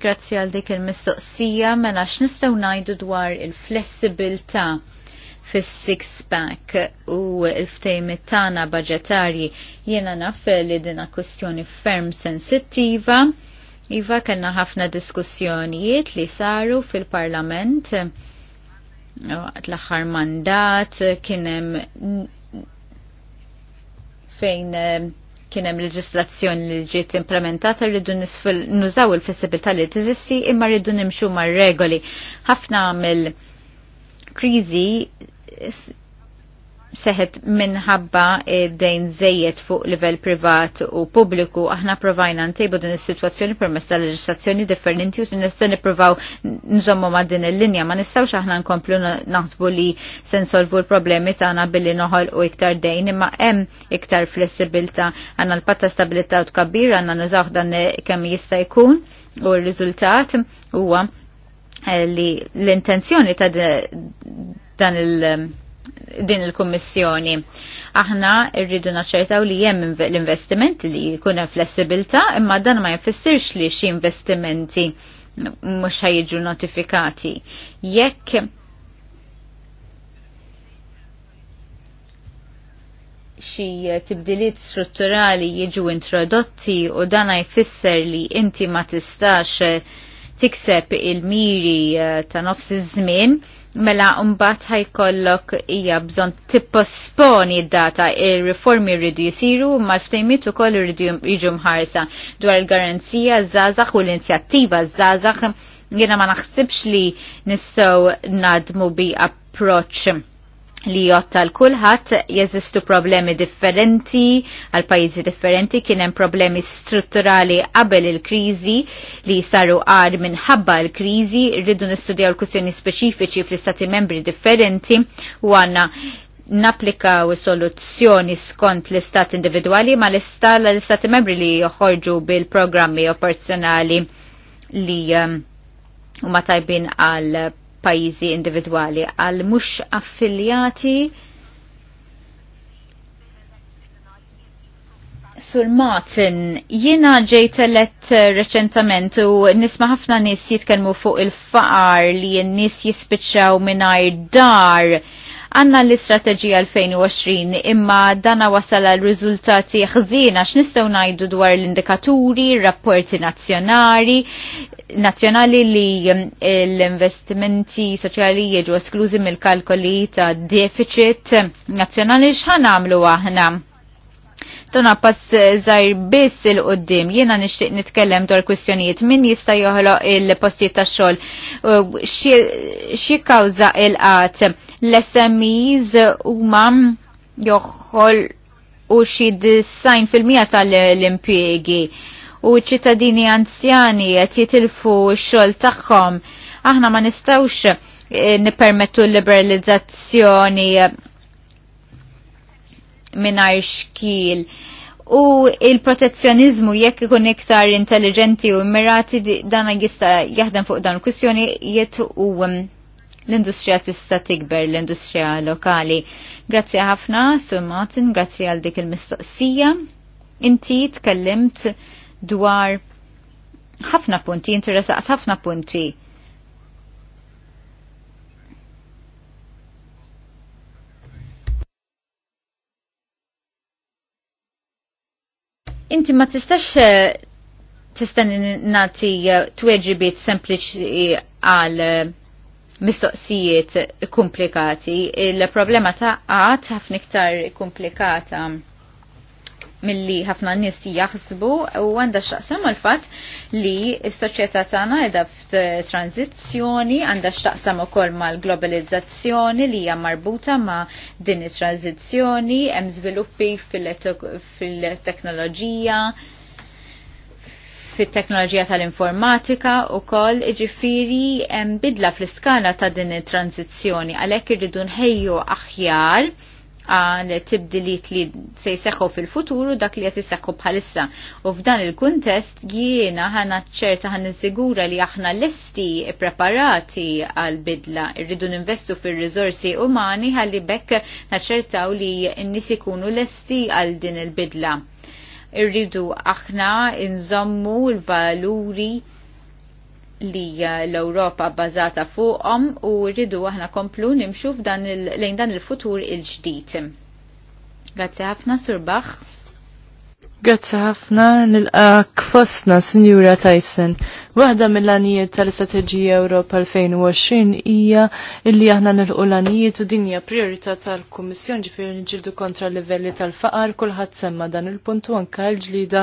Grazzi għal dik il-mistoqsija mela x'nistgħu ngħidu dwar il-flessibilità fis-six pack u l-ftejmit tagħna budġetarji jiena naf li dina kwestjoni ferm sensittiva. Iva kellna ħafna diskussjonijiet li saru fil-Parlament waqt uh, l-aħħar mandat kien hemm fejn uh, kien hemm leġislazzjoni li ġiet implementata rridu nużaw il-flessibilità li tiżisti imma rridu nimxu mar-regoli. Ħafna mill-kriżi seħet minħabba eh, dejn zejjed fuq livell privat u pubbliku, aħna provajna ntejbu din is-sitwazzjoni permezz tal-leġislazzjoni differenti u nista' nippruvaw nżommu ma' din il-linja. Ma nistgħux aħna nkomplu naħsbu li se nsolvu l-problemi tagħna billi noħol u iktar dejn, imma hemm iktar flessibilta għandna l-patta stabilità u tkabbir għandna nużaw dan kemm jista' jkun u r-riżultat huwa eh, li l-intenzjoni ta' dan il- din il-Kummissjoni. Aħna rridu naċċertaw li hemm l-investiment li jkun hemm flessibilità, imma dan ma jfissirx li xi investimenti mhux ħajġu notifikati. Jekk xi tibdiliet strutturali jiġu introdotti u dan jfisser li inti ma tistax tikseb il-miri eh, ta' nofs iż-żmien, mela mbagħad ħajkollok hija bżonn tipposponi d-data ir-riformi rridu jisiru mal ftejmiet ukoll irridu jiġu mħarsa dwar il-garanzija żgħażagħ u l-inzjattiva żgħażagħ jiena ma naħsibx li nistgħu nadmu bi approċċ li jotta l-kulħat jeżistu problemi differenti għal pajjiżi differenti kien hemm problemi strutturali qabel il-kriżi li saru għar minħabba l-kriżi rridu nistudjaw l-kwistjoni speċifiċi fl-istati membri differenti u għandna u soluzzjoni skont l-istat individwali ma l-istat l-istati membri li joħorġu bil-programmi operazzjonali li um, huma um, tajbin għal pajjiżi individwali għal mhux affiljati Sur Martin, jiena ġejt let reċentament u nisma ħafna nis jitkellmu fuq il-faqar li n-nis jispiċċaw mingħajr dar Għanna l-istrateġija 2020 imma dana wasal għal riżultati ħżina x'nistgħu ngħidu dwar l-indikaturi, rapporti nazzjonali, nazzjonali li mm, l-investimenti soċjali jiġu esklużi mill-kalkoli ta' deficit nazzjonali x'ħan għamlu aħna? Tuna pass eh, zaħir biss il-qoddim, jena nishtiq nitkellem dwar kwistjonijiet, min jista joħloq il-postijiet ta' xol, eh, xie kawza il-qat, l-SMEs u mam joħol u xie design fil-mija tal-impiegi u ċittadini anzjani qed jitilfu x-xogħol tagħhom. Aħna ma nistgħux eh, nippermettu l-liberalizzazzjoni minar xkil. U il-protezzjonizmu jekk ikun iktar intelligenti u immirati dan jista jaħdem fuq dan jiet u um, l-industrija tista' tikber l-industrija lokali. Grazzi ħafna, Sir Martin, grazzi għal dik il-mistoqsija. Inti tkellimt dwar ħafna punti, interesaqt ħafna punti Inti ma tistax eh, tistenni nati eh, tweġibiet sempliċi għal eh, mistoqsijiet komplikati. Il-problema ta' għat ħafna iktar komplikata milli ħafna nies jaħsbu u għandha x'taqsam għal fatt li s-soċjetà tagħna qiegħda f'tranzizzjoni għandha x'taqsam ukoll mal-globalizzazzjoni li hija marbuta ma' din it-tranzizzjoni hemm żviluppi fil-teknoloġija fit-teknoloġija tal-informatika u koll ġifiri bidla fl-iskala ta' din it-tranzizzjoni għalhekk irridu nħejju aħjar għal tibdiliet li se jseħħu fil-futuru dak li qed jseħħu bħalissa. U f'dan il-kuntest jiena ħana ċerta ħan insigura li aħna lesti preparati għal bidla irridu ninvestu fir-riżorsi umani ħalli bekk naċċertaw li n-nies ikunu lesti għal din il-bidla. Irridu aħna nżommu l-valuri li eh, l-Europa bbażata fuqhom u rridu aħna komplu nimxu f'dan lejn dan il-futur il-ġdid. Grazzi ħafna Sur Bach. Grazzi ħafna nilqa fostna Sinjura Tyson. Waħda mill-għanijiet tal-Istrateġija Ewropa 2020 hija illi aħna nilqu l-għanijiet u dinja priorità tal-Kummissjoni ġifieri niġġieldu kontra livelli tal-faqar kulħadd semma dan il-punt u anke l-ġlida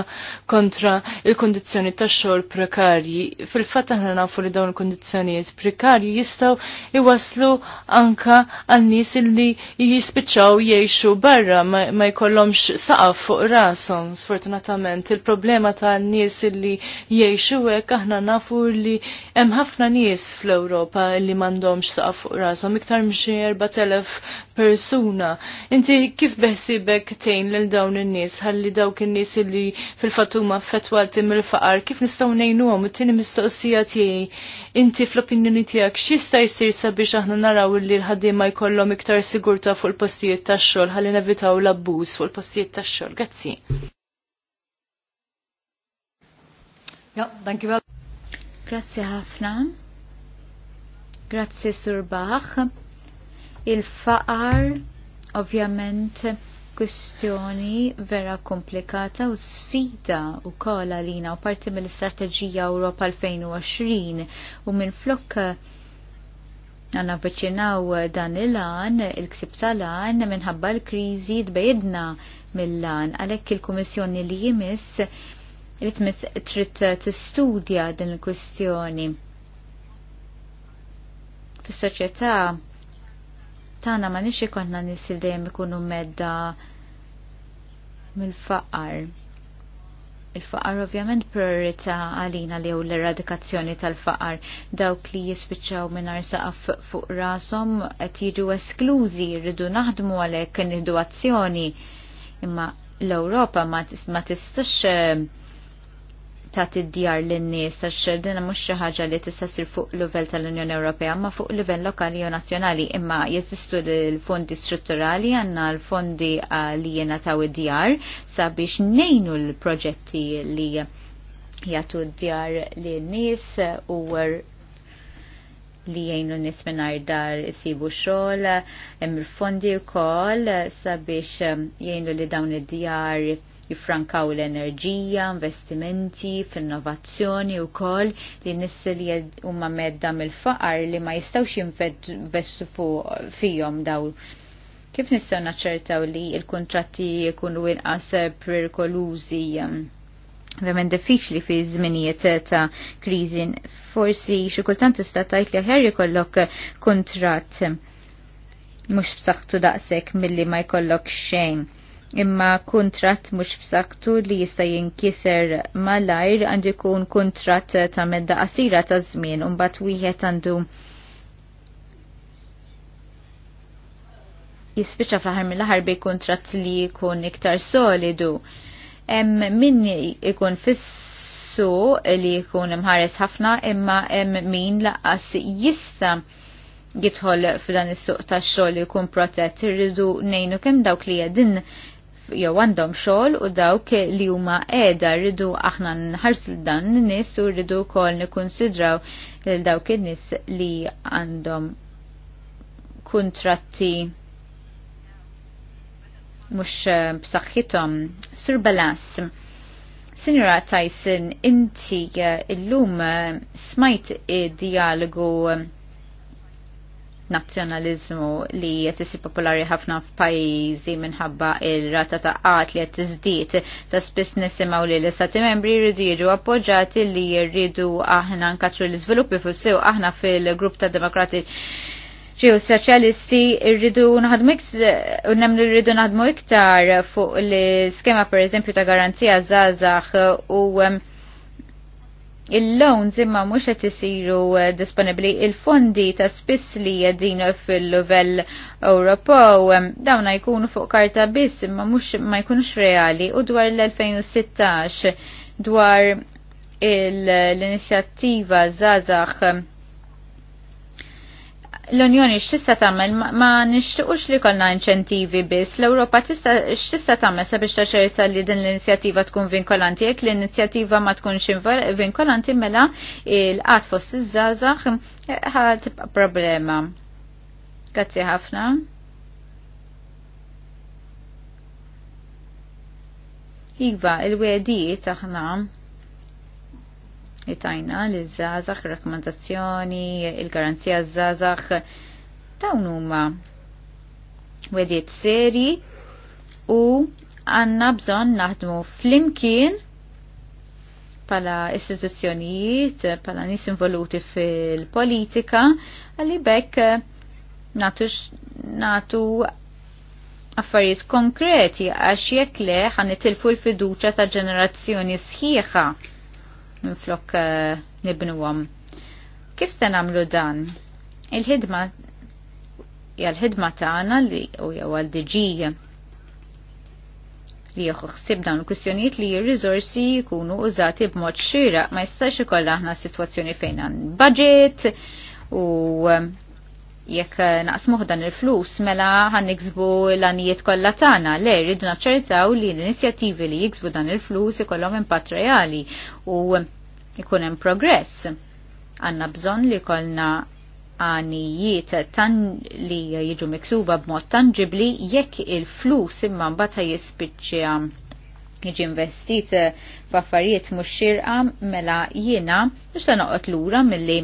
kontra il-kondizzjoni tax-xogħol prekarji. Fil-fatt aħna nafu li dawn il-kondizzjonijiet prekarji jistgħu iwaslu anka għan nies illi jispiċċaw jgħixu barra ma jkollhomx saqaf fuq rashom. Sfortunatament il-problema tal-nies illi jgħixu hekk aħna nafu li hemm ħafna nies fl-Ewropa li m'għandhomx saqaf fuq rashom iktar minn erba' 4000 persuna. Inti kif beħsibek tgħin lil dawn in-nies ħalli dawk in-nies li fil-fatt huma mill-faqar kif nistgħu ngħinuhom it-tieni mistoqsija tiegħi inti fl-opinjoni tiegħek x'jista' jsir sabiex aħna naraw li l-ħaddiema jkollhom iktar sigurta fuq il-postijiet tax-xogħol ħalli nevitaw l-abbuż fuq il-postijiet tax-xogħol. Grazzi. Ja, danki Grazzi ħafna. Grazzi Surbaħ. Il-faqar ovvjament kwistjoni vera komplikata u sfida u kola lina u parti mill-Strategija Europa 2020 u minn flok għanna veċinaw dan il-lan, il-ksib tal-lan, minħabba l-krizi dbejedna mill-lan, għalek il-Komissjoni li jimis Ritmet trid tistudja din il-kwistjoni. Fis-soċjetà tagħna ma nixi konna nies dejjem ikunu medda mill-faqar. Il-faqar ovvjament priorità għalina li hu l-eradikazzjoni tal-faqar dawk li jispiċċaw mingħajr saqaf fuq rashom qed jiġu esklużi rridu naħdmu għalhekk nieħdu azzjoni. Imma l-Ewropa ma tistax eh, ta' id-djar lin-nies għax din mhux xi ħaġa li tista' ssir fuq livell tal-Unjoni Ewropea ma fuq livell lokali u nazzjonali imma jeżistu l-fondi strutturali għandna l-fondi ah, li jingħataw id-djar sabiex ngħinu l-proġetti li jagħtu d-djar lin-nies u li jgħinu nies mingħajr dar sibu xol, hemm il-fondi u kol sabiex ah, jgħinu li dawn id-djar jiffrankaw l-enerġija, investimenti, f'innovazzjoni u koll li nissi li huma medda mill-faqar li ma jistawx jinvestu fihom daw. Kif nistgħu naċċertaw li l-kuntratti jkunu inqas perikolużi verament diffiċli fi żminijiet ta' kriżi. Forsi xi kultant tista' tgħid li ħer jkollok kuntratt mhux b'saħħtu daqshekk milli ma jkollok xejn imma kontrat mux b'saktu li jista' jinkiser malajr għandu jkun kontrat ta' medda qasira ta' żmien u mbagħad wieħed għandu jispiċa fl aħħar mill aħħar bej kontrat li jkun iktar solidu. Em, min ikun fissu li jkun imħares ħafna imma em, min laqas jista jidħol f'dan is-suq tax-xogħol li jkun protett irridu ngħinu kemm dawk li din jew għandhom xogħol u dawk li huma qiegħda rridu aħna nħarsu dan n-nies u rridu wkoll nikkunsidraw lil dawk in-nies li għandhom kuntratti mhux b'saħħithom. Sur Balas, Sinjora Tyson, inti eh, illum eh, smajt id-dialogu nazjonalizmu li qed popolari ħafna f'pajjiżi minħabba il-rata ta' qat li qed tiżdied ta' spiss nisimgħu li l-istati membri jridu jiġu appoġġati li jridu aħna nkaċċu l-iżviluppi fuq sew aħna fil-grupp ta' demokrati ġew soċjalisti rridu naħdmu nemlu rridu naħdmu iktar fuq l-skema per eżempju ta' garanzija zazax u um, il-loans imma mhux qed isiru eh, disponibbli il-fondi ta' spiss li jedin fil level Ewropew dawna jkunu fuq karta biss imma mhux ma jkunux reali u dwar l-2016 dwar l-inizjattiva Zazax l-Unjoni x'tista' tagħmel ma nixtiequx li kollna inċentivi biss. L-Ewropa tista' x'tista' tagħmel sabiex taċerta li din l-inizjattiva tkun vinkolanti. Jekk l-inizjattiva ma tkunx vinkolanti mela l qatt fost iż-żgħażagħ ħad tibqa' problema. Grazzi ħafna. Iva, il-wedi taħna it-tajna li zazax, rakkomandazzjoni, il-garanzija zazax, dawn huma wedjiet seri u għanna bżon naħdmu flimkien pala istituzzjonijiet, pala nis involuti fil-politika, għalli bekk natu, natu affarijiet konkreti għax jekk le ħanitilfu l-fiduċa ta' ġenerazzjoni sħiħa minn flok eh, nibnuhom. Kif se nagħmlu dan? Il-ħidma jgħal ħidma tagħna li u jew għal diġija li jieħu ħsieb dawn l kwistjonijiet li r rizorsi jkunu użati b'mod xieraq ma jistax ikollha aħna sitwazzjoni fejn għan budget u jekk eh, naqsmuh dan il-flus mela ħan niksbu l għanijiet kollha tagħna. Le rridu naċċertaw li l-inizjattivi li jiksbu dan il-flus ikollhom impatt reali u ikun hemm progress. Għanna bżonn li kollna għanijiet tan li jiġu miksuba b'mod tangibli jekk il-flus imma mbagħad jispiċċja jiġi investit f'affarijiet mhux xirqa mela jiena mhux se noqgħod lura milli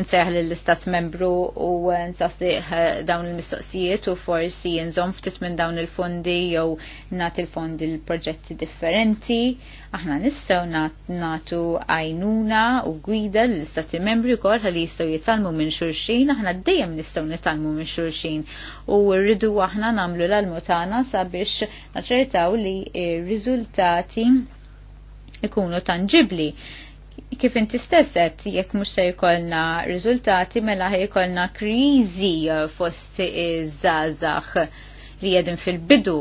nseħ l-istat membru u nsaqsiħ eh, dawn il-mistoqsijiet u forsi nżom ftit minn dawn il-fondi jew nat il-fondi l-proġetti differenti. Aħna nistgħu natu għajnuna u gwida l-istati membru wkoll ħalli jistgħu jitalmu minn xulxin, aħna dejjem nistgħu nitalmu minn xulxin u rridu aħna nagħmlu l-almutana sabiex naċertaw li r-riżultati ikunu tangibli kif inti stesset, jekk mhux se jkollna riżultati mela jkollna kriżi fost iż-żazax li jedin fil-bidu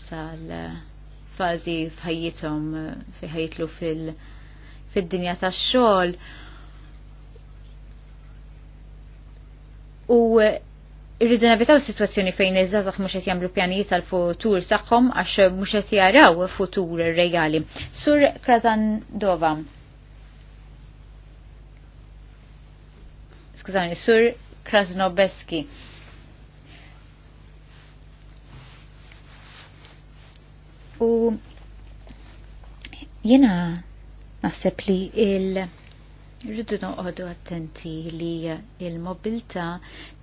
sal-fazi fħajjitom fi fil tax-xogħol u irridu nevitaw situazzjoni fejn iż-żazax mhux qed jagħmlu pjanijiet tal-futur tagħhom għax mhux qed jaraw futur regali. Sur Krasandova. Skużani, Sur Krasnobeski. U jena naħseb li il- Rridu noqogħdu attenti li il-mobilta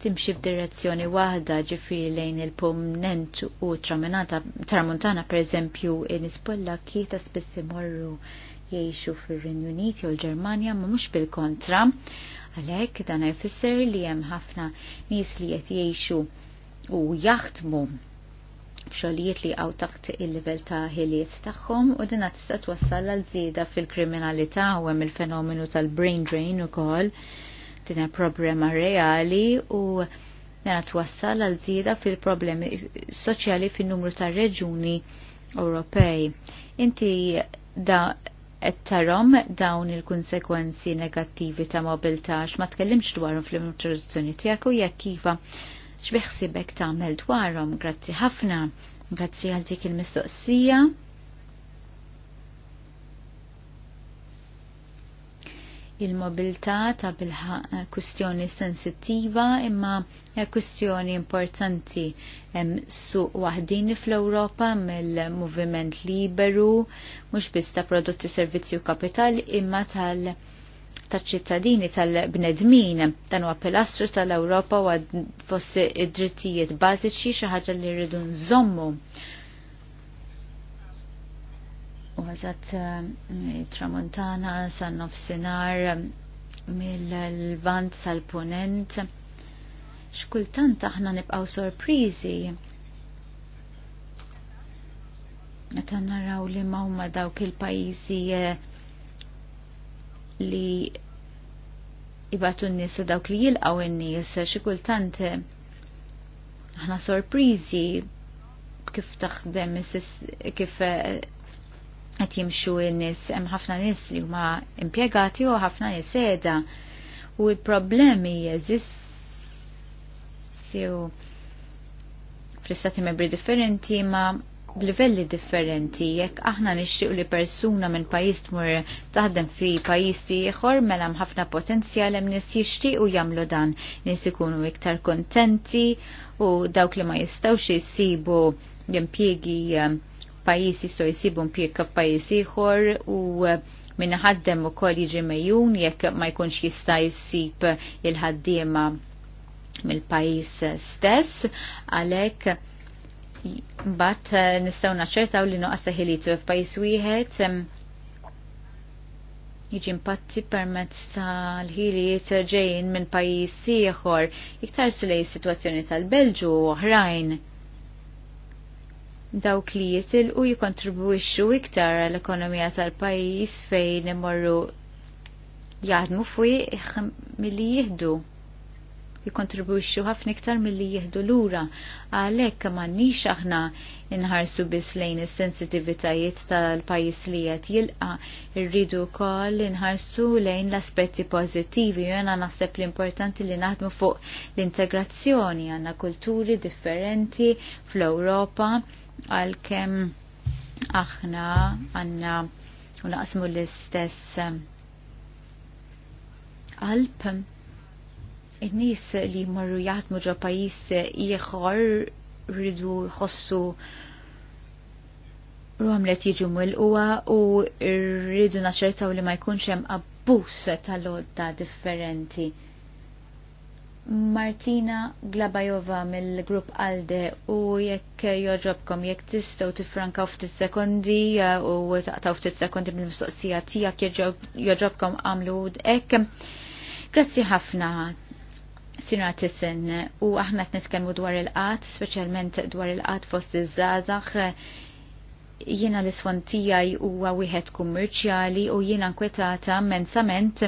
timxi f'direzzjoni waħda ġifiri lejn il-pomnent u traminata per pereżempju nispolla kieta spiss imorru jgħixu fir-Renju Uniti u l-Ġermanja ma mhux bil-kontra. Għalhekk dan jfisser li hemm ħafna nies li qed jgħixu u jaħdmu xogħlijiet li għaw taħt il-livell ta' ħiliet tagħhom u din tista' twassal għal żieda fil-kriminalità u hemm il-fenomenu tal-brain drain ukoll din hemm problema reali u dina twassal għal żieda fil-problemi soċjali fin-numru ta' reġuni Ewropej. Inti da qed tarom dawn il-konsekwenzi negattivi ta' mobiltax ma tkellimx dwarhom fl-imutrizzjoni tiegħek u jekk kiva ta' tagħmel dwarhom. Grazzi ħafna. Grazzi għal dik il-mistoqsija. il mobilta ta' bilħa eh, kustjoni sensittiva imma kustjoni importanti hemm wahdini fl-Ewropa mill-moviment liberu mhux biss ta' prodotti servizzi u kapitali imma tal- taċ-ċittadini tal-bnedmin dan huwa pilastru tal-Ewropa u għad fossi id-drittijiet bażiċi xi ħaġa li rridu nżommu. U għazat eh, tramontana san nofsinar mill-vant sal-ponent. Xkultant aħna nibqaw sorprizi meta naraw li ma huma dawk il-pajjiżi eh, li jibatu n-nis u dawk li jilqaw n-nis xikultant eh, ħna sorprizi kif taħdem kif eh, qed jimxu n-nis hemm ħafna nis li huma impjegati u ħafna nis qiegħda u l-problemi jeżistu fl-istati membri differenti ma' livelli differenti jekk aħna nixtieq li persuna minn pajjiż tmur taħdem fi pajjiż ieħor mela ħafna potenzjal hemm nies jixtiequ jagħmlu dan nies ikunu iktar kontenti u dawk li ma jistgħux jisibu l-impjiegi eh, pajjiż jistgħu jsibu impjieg f'pajjiż ieħor u eh, minn ħaddem ukoll jiġi mejjun jekk ma jkunx jista' jsib il-ħaddiema mill-pajjiż stess għalhekk mbagħad uh, nistgħu naċċertaw li nuqqas taħilitu f'pajjiż wieħed jiġi impatti permezz tal-ħiliet ġejjin minn pajjiż ieħor iktar sulej is-sitwazzjoni tal-Belġu u oħrajn. Dawk li jitilqu jikontribwixxu iktar għall ekonomija tal-pajjiż fejn imorru jaħdmu fuq milli jieħdu jikontribuixxu ħafna iktar milli jieħdu lura. Għalhekk m'għandniex aħna inħarsu biss lejn is-sensitivitajiet tal-pajjiż li qed jilqa' irridu wkoll inħarsu lejn l-aspetti pożittivi. u jena naħseb l-importanti li naħdmu fuq l-integrazzjoni għandna kulturi differenti fl-Ewropa għalkemm aħna għandna u naqsmu l-istess qalb in-nies li marru jaħdmu ġo pajjiż ieħor rridu jħossu ruħam li jiġu milquwa u rridu naċċertaw li ma jkunx hemm abbuż tal-odda differenti. Martina Glabajova mill-grupp Alde u jekk joġobkom jekk tistgħu tifrankaw ftit sekondi u taqtaw ftit sekondi mill-mistoqsija tiegħek joġobkom għamlu hekk. Grazzi ħafna Sinra Tissen, u aħna t-netkelmu dwar il-qat, specialment dwar il-qat fost iż-żazax, jiena l-iswan tijaj u għawihet kummerċjali u jiena nkwetata mensament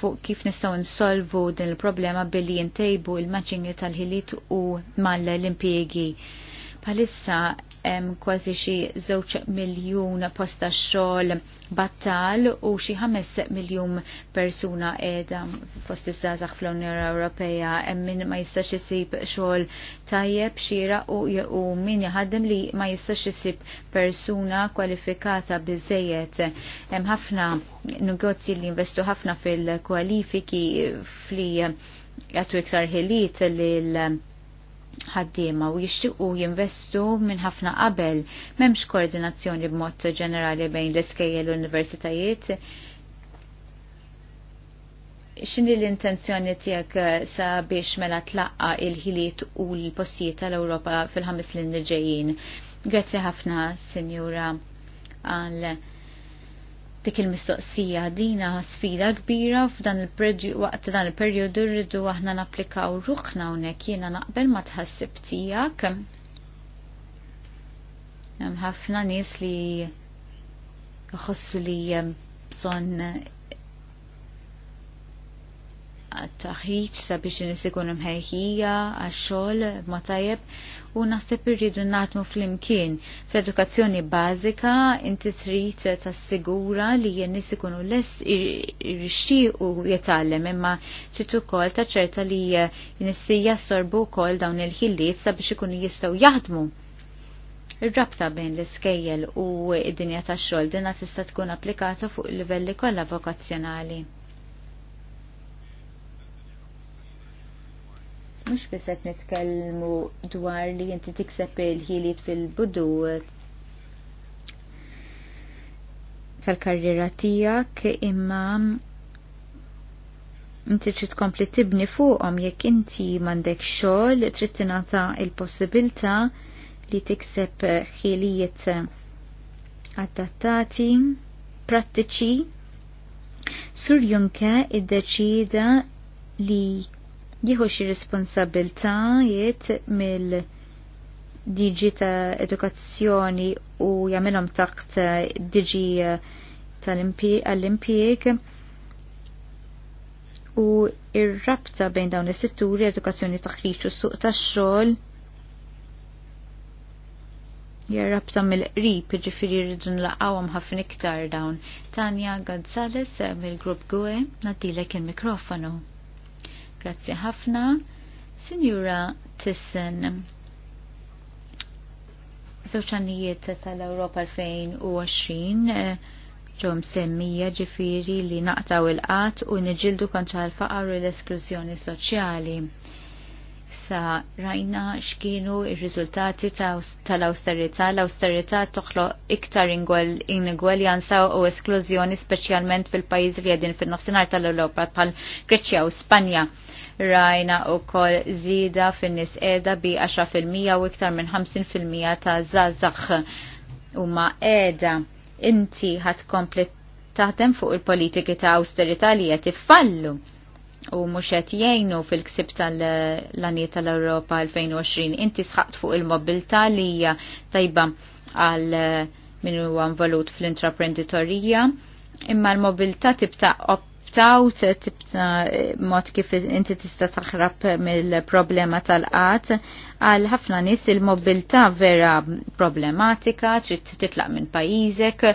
fuq kif nistaw nsolvu din il-problema billi jintejbu il-maċingi tal-ħiliet u mal-impiegi. Palissa hemm kważi xi żewġ miljun posta xogħol battal u xi ħames miljun persuna qiegħda fost iż-żgħażagħ fl-Unjoni Ewropea hemm min ma jistax isib xogħol tajjeb xira u, u min jaħaddem li ma jistax isib persuna kwalifikata biżejjed. Hemm ħafna negozji li investu ħafna fil-kwalifiki fli jagħtu iktar ħiliet lil ħaddiema u jixtiequ jinvestu minn ħafna qabel m'hemmx koordinazzjoni b'mod ġenerali bejn l-iskejjel u l-universitajiet. X'inhi l-intenzjoni tiegħek eh, sa biex mela tlaqqa il-ħiliet u l-postijiet tal-Ewropa fil-ħames l ġejjin? Grazzi ħafna, Sinjura, għal dik il-mistoqsija dina sfida kbira f'dan il-waqt dan il-perjodu rridu aħna napplikaw ruħna hawnhekk jiena naqbel ma tħassib tiegħek. Hemm ħafna nies li jħossu li bżonn taħriġ sabiex nis ikunu mħejħija għax-xogħol ma tajjeb u naħseb irridu nagħtmu flimkien. Fl-edukazzjoni bażika inti trid tassigura li jien nies ikunu less u jitgħallem imma trid ukoll taċċerta li n jassorbu wkoll dawn il-ħiliet sabiex ikunu jistgħu jaħdmu. Ir-rabta bejn l-iskejjel u id-dinja tax-xogħol dinha tista' tkun applikata fuq livelli kollha vokazzjonali. mux biset nitkellmu dwar li jinti tikseb il-ħiliet fil-budu tal-karriera tijak imma inti trid tkompli tibni fuqhom jekk inti m'għandek xogħol trid tingħata l-possibilità li tikseb ħilijiet adattati, prattiċi. Sur Junke iddeċida li jieħu xi responsabiltajiet mill diġi ta' edukazzjoni u jagħmilhom taħt diġi tal-impjieg u ir-rabta bejn dawn is-setturi edukazzjoni taħriġ u suq tax-xogħol jirrabta mill-qrib ġifiri rridu nlaqgħuhom ħafna iktar dawn. Tanja Gonzales mill-grupp GUE nadilek il-mikrofonu. Grazzi ħafna. Sinjura Tissen. Zoċanijiet tal-Europa 2020 ġom semmija ġifiri li naqtaw il-qat u nġildu kontra l-faqar u l-esklużjoni soċjali sa rajna x'kienu il riżultati tal-awsterità, l austerita toħloq iktar inegwaljanza u esklużjoni speċjalment fil pajiz li qegħdin fin-nofsinhar tal europa pal Greċja u Spanja rajna u kol zida fin nis edha bi 10% u iktar minn 50% ta' zazax u ma edha inti ħat komplet taħdem fuq il-politiki ta' austerita li jett fallu u mhux qed jgħinu fil-ksib tal lanieta tal-Europa 2020. Inti sħaqt fuq il-mobilta li hija tajba għal min huwa involut fl-intraprenditorija, imma l-mobilta tibta' opt-out mod kif inti tista taħrab mill-problema tal-qat għal ħafna nis il-mobilta vera problematika, trid titlaq minn pajjiżek,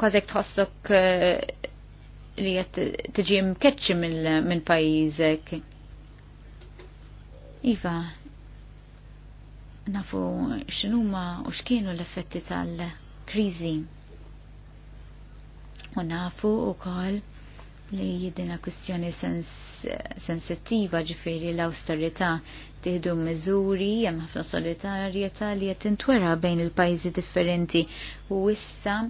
kważek tħossok li qed tiġi mkeċċi minn pajjiżek. Iva, nafu x'inhuma u x'kienu l-effetti tal-kriżi. U nafu wkoll li jidina kwistjoni sensittiva ġifiri l-austerità tiħdu miżuri hemm ħafna solidarjetà li qed tintwera bejn il-pajjiżi differenti u issa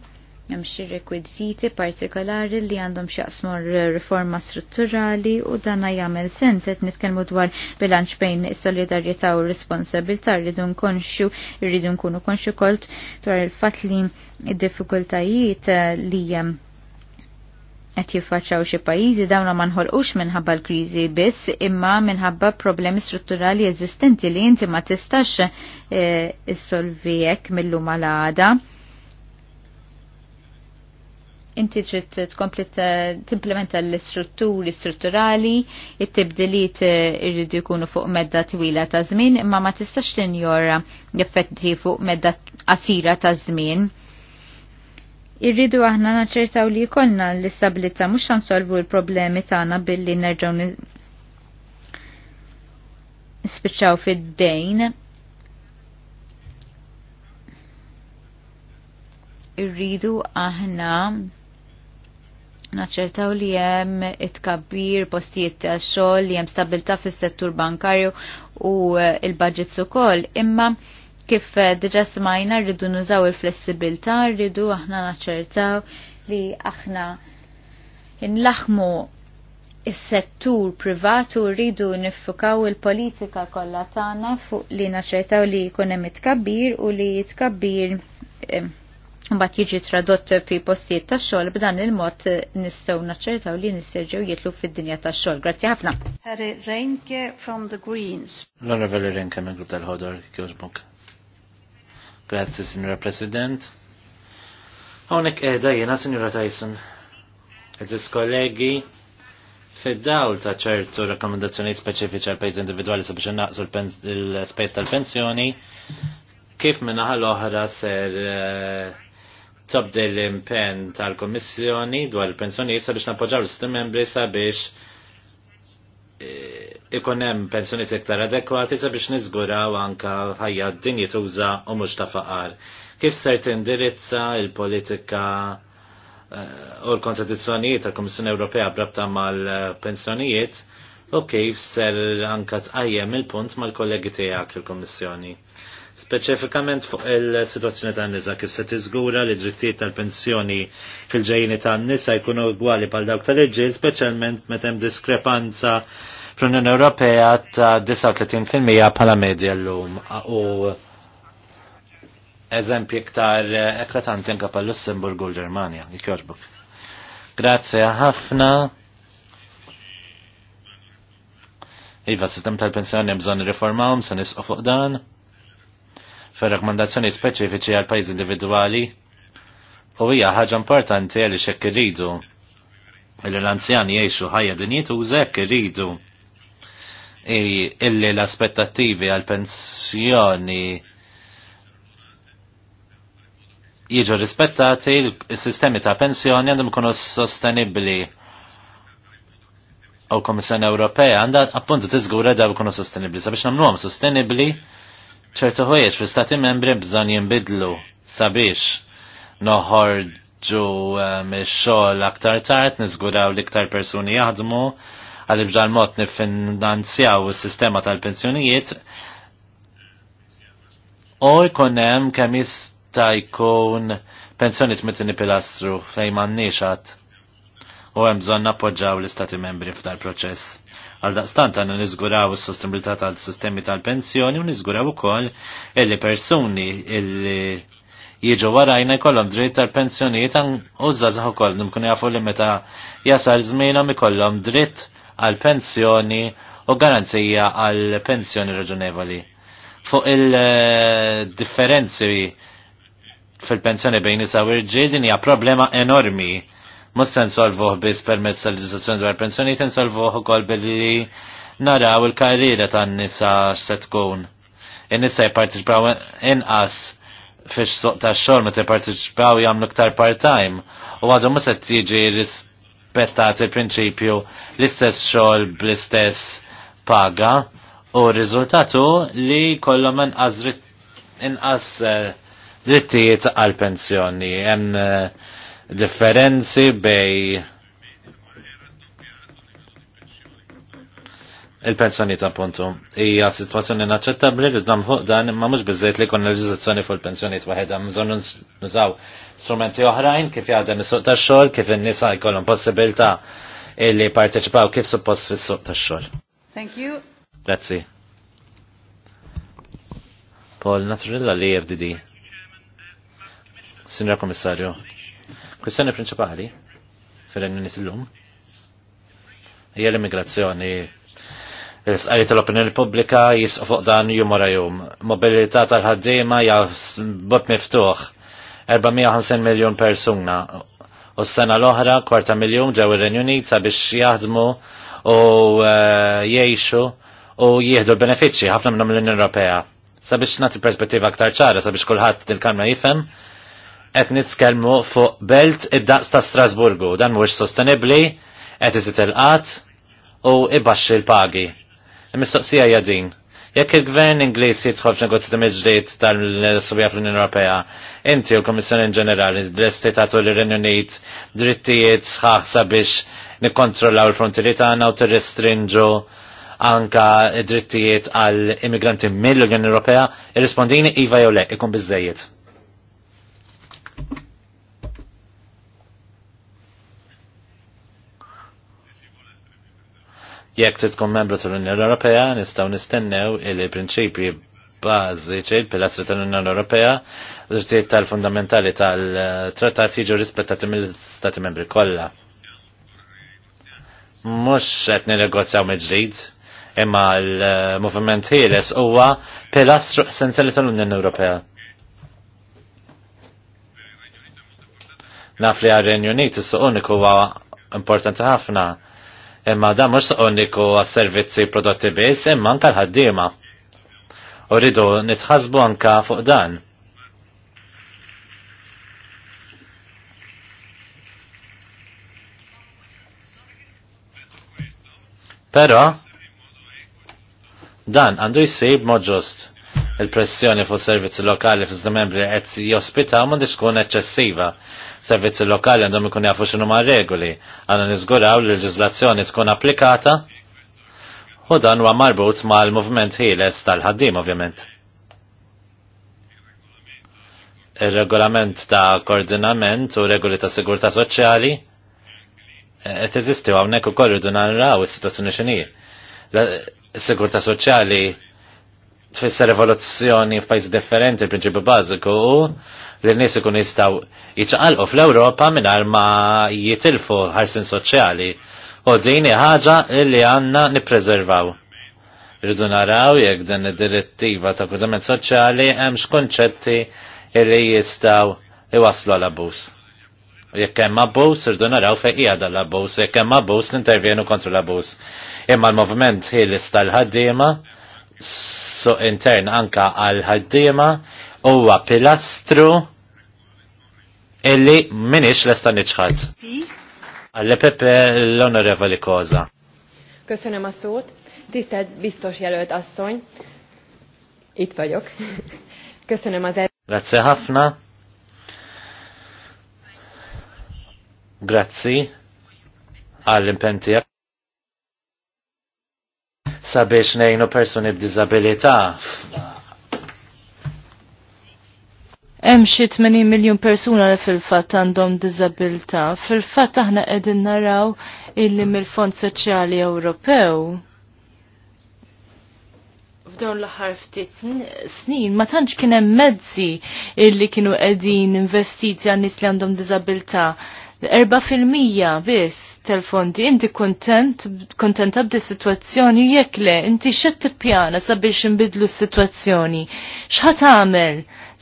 Hemm xi rekwiżiti partikolari li għandhom x'jaqsmu riforma strutturali u dana jagħmel sens qed nitkellmu dwar bilanċ bejn is-solidarjetà u r-responsabilità rridu nkonxu rridu nkunu konxu kolt dwar il-fatt li d-diffikultajiet li qed jiffaċċaw xi pajjiżi dawn ma nħolqux minħabba l-kriżi biss imma minħabba problemi strutturali eżistenti li inti ma tistax eh, issolvi hekk mill-lum għada inti trid tkomplita timplementa l-istrutturi strutturali, it-tibdiliet eh, irridu jkunu fuq medda twila ta' żmien, imma ma tistax tinjora l-effetti fuq medda qasira ta' żmien. Irridu aħna naċertaw li jkollna l-istabilità mhux ħansolvu l-problemi tagħna billi nerġgħu nispiċċaw fid-dejn. Irridu aħna naċċertaw li hemm kabbir postijiet ta' xogħol li hemm stabilta fis-settur bankarju u eh, l-budgets ukoll. Imma kif eh, diġa smajna rridu nużaw il-flessibilità, rridu aħna naċċertaw li aħna inlaħmu is-settur privatu rridu nifukaw il-politika kollha tagħna fuq li naċċertaw li jkun hemm itkabbir u li jitkabbir eh, Mbagħad jiġi tradott fi postijiet tax-xogħol b'dan il-mod nistgħu naċċertaw li nisserġgħu jitlu fid-dinja tax-xogħol. Grazzi ħafna. Harry Renke from the Greens. L-Onorevoli Renke minn grupp tal-ħodor kjożbok. Grazzi, Signora President. Hawnhekk qiegħda jiena, Signora Tyson. Eżis kollegi, fid-dawl ta' ċertu rakkomandazzjonijiet speċifiċi għal pajjiż individwali sabiex innaqsu l ispejs tal-pensjoni, kif minnaħa l-oħra ser uh, Tobdel l-impen tal-Komissjoni dwar il-pensjonijiet sabiex nappoġġaw l-sistem membri sabiex eh, ikun hemm pensjonijiet iktar adekwati sabiex niżguraw anka ħajja d-dinji tuża u mhux ta' faqar. Kif ser tindirizza il-politika eh, u l-kontradizzjonijiet tal-Komissjoni Ewropea brabta mal-pensjonijiet u kif ser anka tqajjem il-punt mal-kollegi tiegħek fil-Komissjoni? speċifikament fuq il-situazzjoni ta' nisa kif se tiżgura li drittijiet tal-pensjoni fil-ġejjini ta' nisa jkunu gwali pal dawk tal-irġiel, speċjalment meta hemm diskrepanza fl-Unjoni Ewropea ta' 39% bħala medja llum u eżempji iktar eklatanti anke pal lussemburg u l-Ġermanja, jkjorbok. Grazzi ħafna. Iva, sistem tal-pensjoni bżon riformawm, se nisqo fuq dan fir-rakkomandazzjoni speċifiċi għal pajjiż individwali u hija ħaġa importanti għal xekk iridu li l-anzjani jgħixu ħajja din u hekk iridu illi l-aspettattivi għal pensjoni jiġu rispettati il-sistemi ta' pensjoni għandhom ikunu sostenibli u Komissjoni Ewropea għandha appuntu tiżgura daw ikunu sostenibli sabiex nagħmluhom sostenibbli ċertu ħwejjeġ fi stati membri bżon jinbidlu sabiex noħorġu mix-xogħol ehm, aktar tard, niżguraw l-iktar persuni jaħdmu għal bġal mot nifinanzjaw is-sistema tal-pensjonijiet u jkun hemm kemm jista' jkun pensjoniet mit pilastru fejn m'għandniex u hemm bżonn appoġġaw l-istati membri f'dal proċess. Għal daqstant għanna nizguraw s-sostenibilità tal-sistemi tal-pensjoni u nizguraw u koll illi personi illi jieġu warajna jkollhom dritt tal-pensjonijiet għan użazax ukoll nimkun jafu li meta jasal żmienhom ikollhom dritt għal-pensjoni u garanzija għal-pensjoni raġunevoli. Fuq il-differenzi fil-pensjoni bejn nisa u rġil din hija problema enormi Mus se nsolvuh biss permezz tal-leġiżlazzjoni dwar pensjonijiet u ukoll billi naraw il-karriera tan-nisa x'se tkun. In-nisa jipparteċipaw inqas fiex suq tax-xogħol ma jipparteċipaw jagħmlu ktar part-time u għadu mhux qed jiġi rispettat il-prinċipju l-istess xogħol bl-istess paga u r-riżultatu li kollhom inqas inqas eh, drittijiet għal pensjoni. Hemm eh, differenzi bej il-pensjoni ta' puntu. Ija situazzjoni inaċċettabbli li dam fuq dan imma mhux biżejt li kon l-ġizazzjoni fuq il-pensjonijiet waħedha bżonn nużaw strumenti oħrajn kif jgħadda is-suq tax-xogħol, kif in-nisa jkollhom possibilità illi parteċipaw kif suppost fis-suq ta' xogħol Thank you. Grazzi. Paul Naturilla li FDD. Signor Commissario. Kwistjoni prinċipali fil-Renjoni tal-lum hija l-immigrazzjoni il-sqari tal-opinjoni pubblika jisqu fuq dan jum wara jum. Mobilità tal-ħaddiema hija bot miftuħ 450 miljun persuna u s-sena l-oħra kwarta miljun ġew ir-Renju Unit sabiex jaħdmu u e, jgħixu u jieħdu l-benefiċċji ħafna minnhom l-Unjoni Ewropea. Sabiex nagħti perspettiva aktar ċara sabiex kulħadd il-Kamra jifhem qed nitkellmu fuq belt id-daqs ta' Strasburgu, dan mhux sostenibbli, qed isit il qat u ibaxxi l-pagi. Il-mistoqsija hija din. Jekk il-gvern Ingliż jidħol f'negozjati mill-ġdid tal-subja fl-Unjoni Ewropea, inti u l kummissjoni ġenerali l-Estate tagħtu lir-Renju Unit drittijiet sħaħ sabiex nikkontrollaw il-frontieri tagħna u tirrestrinġu anka drittijiet għall immigranti mill-Unjoni Ewropea, irrispondini iva jew le, ikun biżejjed. Jekk se tkun membru tal-Unjoni Ewropea nistgħu nistennew il-prinċipji bażiċi l-pilastri tal-Unjoni Ewropea l-ġdiet tal-fundamentali tal-trattat jiġu rispettati mill-Stati membri kollha. Mhux qed nirregozzaw mill-ġdid, imma l-movement ħieles huwa pilastru essenzjali tal-Unjoni Ewropea. Naf li għar-Renju Unit is-suq uniku huwa importanti ħafna Imma da mhux uniku għas-servizzi prodotti biss, imma anka l ħaddima U rridu nitħasbu anka fuq dan. Pero, dan għandu jisib mod ġust il-pressjoni fuq servizzi lokali fl membri qed jospitaw m'għandix tkun eċċessiva. Servizzi lokali għandhom ikun jafu x'inhu ma' regoli, għandna niżguraw li l-leġiżlazzjoni tkun applikata u dan huwa marbut mal-movement ħieles tal-ħaddim ovvjament. Ir-regolament ta' koordinament u regoli ta' sigurtà soċjali qed eh, eżisti hawnhekk ukoll irdu naraw is-sitwazzjoni x'inhi. Sigurtà soċjali tfisser rivoluzzjoni f'pajjiż differenti il-prinċipju bażiku li n-nies ikun jistgħu jiċċaqalqu fl-Ewropa mingħajr ma jitilfu ħarsin soċjali u din ħaġa li għandna nippreservaw. Rridu naraw jekk din id-direttiva ta' kudament soċjali hemm x'kunċetti li jistgħu iwaslu l-abbuż. Jekk hemm abbuż, irdu naraw fejn hija dan l-abbuż, jekk hemm abbuż nintervjenu kontra l-abbuż. Imma l-movement ħieles tal-ħaddiema so intern anka għal ħaddiema huwa pilastru illi minix l-esta niċħad. Għalle Pepe l-onorevoli koza. Köszönöm a szót. Tisztelt biztos jelölt asszony. Itt vagyok. Köszönöm az el... Grazie ħafna. Grazzi għall-impentijak sabiex nejnu persuni b'dizabilità. Hemm xi 80 miljun persuna li fil-fatt għandhom diżabilità. Fil-fatt aħna qegħdin naraw illi mill-Fond Soċjali Ewropew f'dawn l-aħħar ftit snin ma tantx kien hemm mezzi illi kienu qegħdin investiti għan nies li għandhom diżabilità fil-mija biss tal-fondi. Inti kontent, kontenta b'di situazzjoni jekk le, inti t tippjana sabiex nbidlu s-situazzjoni. X'ħat tagħmel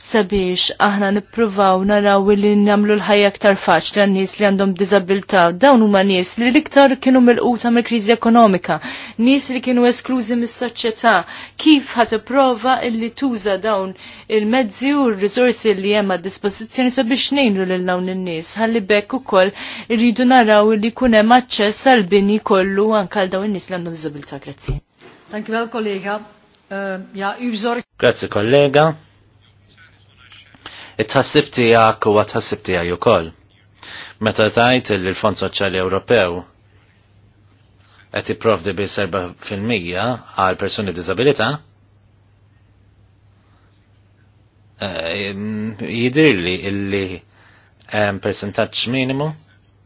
sabiex aħna nippruvaw naraw li namlu l-ħajja aktar faċli għan nies li għandhom diżabilità. Dawn huma nies li l-iktar kienu mill-quta mill-kriżi ekonomika, nies li kienu esklużi mis-soċjetà. Kif ħat ipprova illi tuża dawn il-mezzi u r-riżorsi li hemm għad-dispożizzjoni sabiex ngħinlu lil dawn in-nies. Ħalli bekk ukoll irridu naraw li kun hemm aċċess għall bini kollu anke għal dawn in-nies li għandhom diżabilità. Grazzi. Dank kollega. Uh, ja, Grazie, kollega it-tħassib u għat tħassib tiegħi kol. Meta tajt il-Fond Soċjali Ewropew qed jipprovdi bi 7% għal persuni b'diżabilità, eh, jidirli illi percentage minimu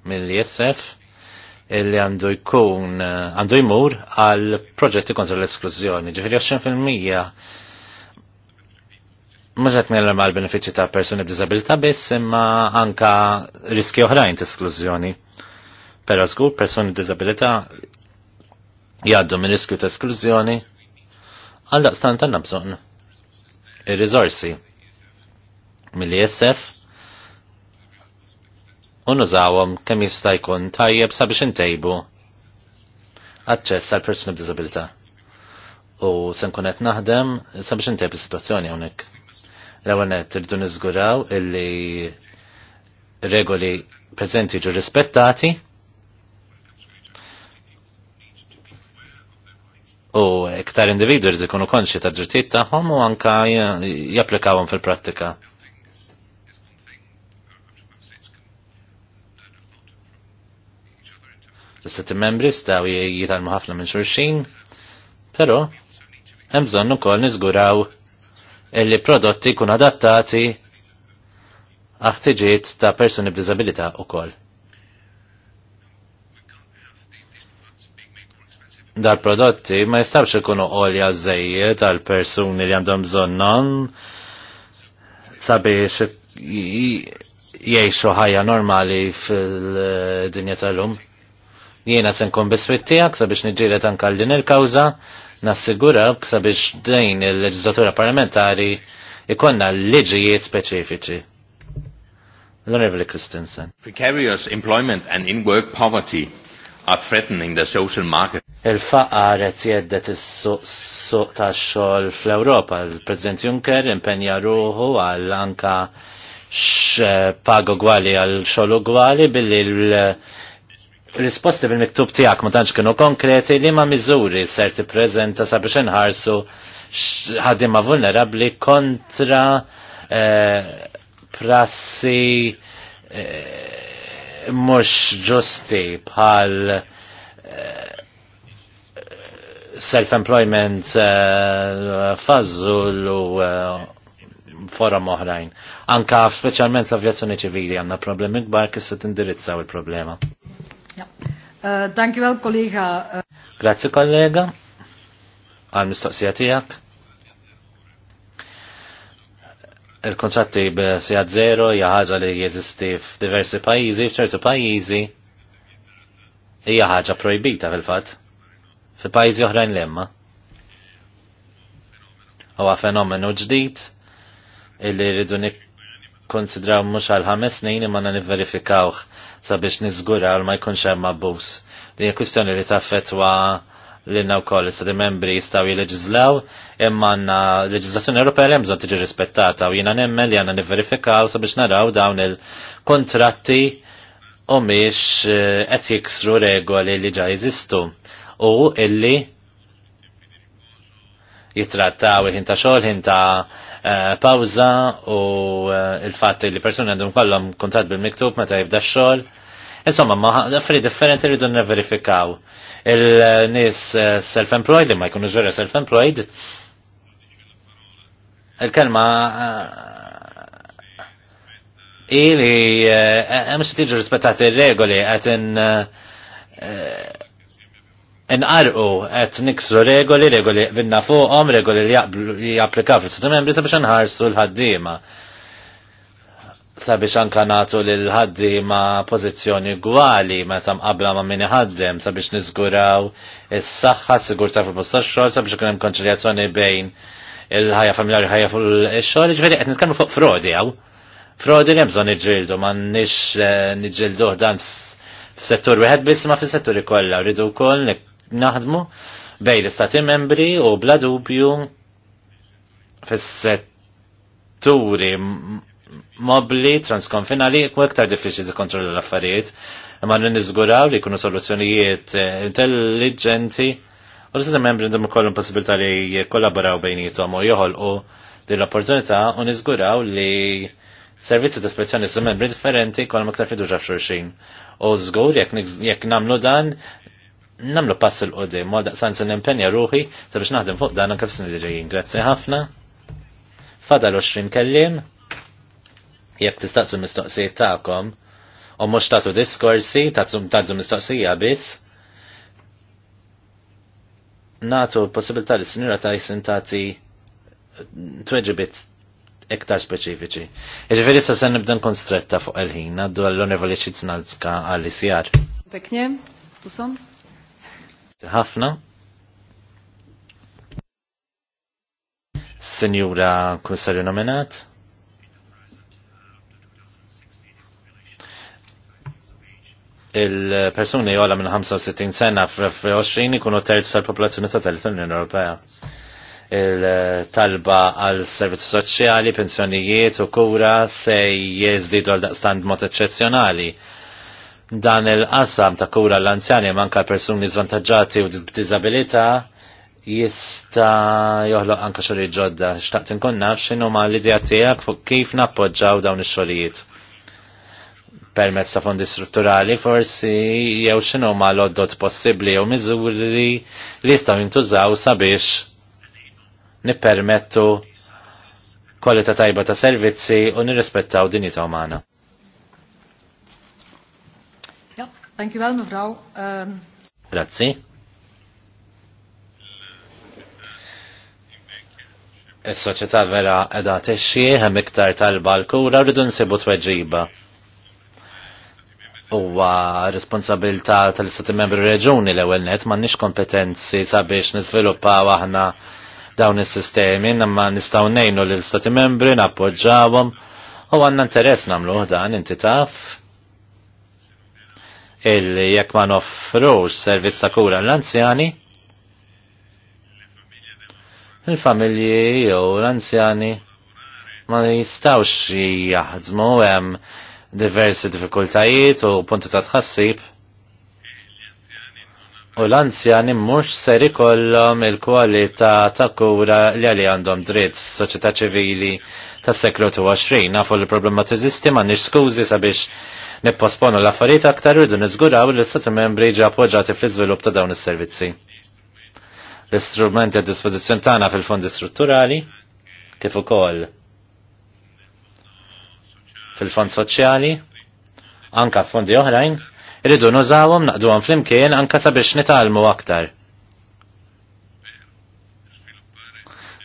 mill-ISF illi għandu jkun eh, għandu jmur għal proġetti kontra l-esklużjoni. Ġifieri 20% Mux għat nellem l benefiċi ta' persuni b'dizabilta biss imma anka riski oħrajn ta' esklużjoni Pero zgur persuni b'dizabilita jgħaddu minn riskju ta' esklużjoni għal daqstan tanna bżon. Ir-rizorsi mill-ISF un kemm jista' jkun tajjeb sabiex intejbu aċċess għal persuni b'dizabilta. U se nkun qed naħdem sabiex intejbu is-sitwazzjoni hawnhekk. L-għanet irdu nizguraw illi regoli prezenti ġu rispettati u iktar individu irdu jkunu konċi ta' drittijiet tagħhom u anka japplikawhom fil-prattika. l-istati membri staw jitalmu ħafna minn xurxin, pero hemm bżonn ukoll niżguraw illi prodotti kun adattati aħtiġiet ta' persuni b'dizabilità u koll. Dal-prodotti ma jistax ikunu olja żejjed tal persuni li għandhom bżonnhom sabiex jiexu ħajja normali fil-dinja tal-lum. Jiena se nkun biswittijak sabiex niġġieled anka din il-kawża nassigura sabiex dejn il-leġislatura parlamentari ikonna liġijiet speċifiċi. L-Onorevoli Christensen. Precarious employment and in-work poverty are threatening the social market. Il-faqar qed jeddet is-suq tax-xogħol fl-Ewropa. Il-President Juncker impenja ruħu għal anka x-pago gwali għal xogħol gwali billi l- risposti bil-miktub tijak ma tantx kienu konkreti li ma miżuri ser tippreżenta sabiex inħarsu ħadima vulnerabli kontra eh, prassi mux eh, mhux ġusti bħal eh, self-employment fazzul u forum oħrajn. Anka specialment l-avjazzjoni ċivili għanna problemi kbar kif se tindirizzaw il-problema. Thank eh, you, kollega. Grazie, Grazzi, kollega, għal mistoqsija tijak. Il-kontratti b-sijad zero jaħħaġa li jeżisti f'diversi pajjiżi, f'ċertu pajjiżi hija ħaġa projbita fil-fatt. Fil-pajjiżi oħrajn lemma. Huwa fenomenu ġdid illi rridu nikkonsidraw mhux għal ħames snin imma nivverifikawh sabiex nizgura għal ma jkunx hemm abbuż. Di kwistjoni li taffetwa l-inna wkoll sa di membri jistgħu jileġizlaw imma għandna leġiżlazzjoni Ewropea li bżonn tiġi rispettata u jiena nemmen li għandna nivverifikaw sabiex naraw dawn il-kontratti u miex eh, qed jiksru regoli li ġa jeżistu u illi jitrattaw ħin ta' xogħol ħin ta' Eh, pawza u eh, il fat li persuni għandhom kollom kuntat bil-miktub meta jibda x-xogħol. E insomma, ma affari differenti rridu neverifikaw. Il-nies eh, self-employed li ma jkunux vera self-employed, il-kelma ili hemm xi tiġi rispettati regoli qed in nqarqu qed niksru regoli, regoli binna fuqhom, regoli li japplika fl-Stati Membri sabiex nħarsu l-ħaddiema. Sabiex anka nagħtu lil ħaddiema pożizzjoni gwali meta mqabbla ma' min iħaddem sabiex niżguraw is-saħħa, sigurtà fil-posta xogħol sabiex ikun hemm konċiljazzjoni bejn il-ħajja familjari ħajja fil-xogħol, ġifieri qed nitkellmu fuq frodi hawn. Frodi li hemm bżonn niġġieldu, ma nix niġġielduh dan f'settur wieħed biss ma fis-setturi kollha rridu wkoll naħdmu bej l-istati membri u bla dubju fis-setturi mobli transkonfinali u iktar diffiċli tikkontrollu l-affarijiet imma niżguraw li jkunu soluzzjonijiet eh, intelligenti u l-istati membri ndhom ikollhom possibilità li jikkollaboraw bejnietom u joħolqu din l-opportunità u niżguraw li servizzi ta' spezzjoni membri differenti kollha iktar fiduċa f'xurxin. U żgur jekk jekk nagħmlu dan namlu pass il qodim għal daqsan se nimpenja ruħi sabiex naħdem fuq dan anke f'snin li ġejjin. Grazzi ħafna. Fadal 20 kellim. Jekk tistaqsu mistoqsijiet tagħkom u mhux tagħtu diskorsi, tatu mistoqsija biss. Natu possibilità li sinjura ta' jisintati tweġibit iktar speċifiċi. Iġifieri sa se nibden nkun stretta fuq il-ħin, għaddu għall-onervoli ċiznalzka għall isjar Pekne, tu ħafna. Senjura Kussarju nominat. Il-persuni jola minn 65 sena f-20 ikunu terz tal-popolazzjoni ta' tal-Unjoni Ewropea. Il-talba għal servizzi soċjali, pensjonijiet u kura se jeżdidu għal daqstand mod eccezzjonali dan il-qasam ta' kura l-anzjani manka persuni zvantagġati u b'dizabilità jista joħloq anka xogħli ġodda. Xtaqt inkun naf x'inhu ma l-idea tiegħek fuq kif nappoġġaw dawn ix-xogħlijiet. Permezz ta' fondi strutturali forsi jew x'inhu ma l-oddot possibbli jew miżuri li jistgħu jintużaw sabiex nippermettu kwalità tajba ta' servizzi u nirrispettaw dinjità umana. Thank you well, mevrouw. Um... Grazie. Is-soċjetà vera qiegħda tixxi hemm iktar talba l-kura rridu nsibu tweġiba. Huwa responsabilità tal-Istati Membri Reġuni l-ewwel net m'għandniex kompetenzi sabiex niżviluppaw aħna dawn is-sistemi, imma nistgħu ngħinu lill istati Membri nappoġġawhom u għandna interess nagħmluh dan inti taf il jekk ma noffrux servizz ta' kura l-anzjani, il-familji jew l-anzjani ma jistawx jaħdmu hemm diversi diffikultajiet u punti ta' tħassib. U l-anzjani mhux ser ikollhom il-kwalità ta' kura li għali għandhom dritt f'soċjetà ċivili tas-seklu 20 nafu l problema teżisti m'għandniex skużi sabiex nipposponu l-affarijiet aktar rridu niżguraw li l-Istati membri ġa appoġġati fl-iżvilupp ta' dawn is-servizzi. L-istrumenti għad dispożizzjoni tagħna fil-fondi strutturali kif ukoll fil-fond soċjali, anka fondi oħrajn, irridu nużawhom naqduhom flimkien anka sabiex nitalmu aktar.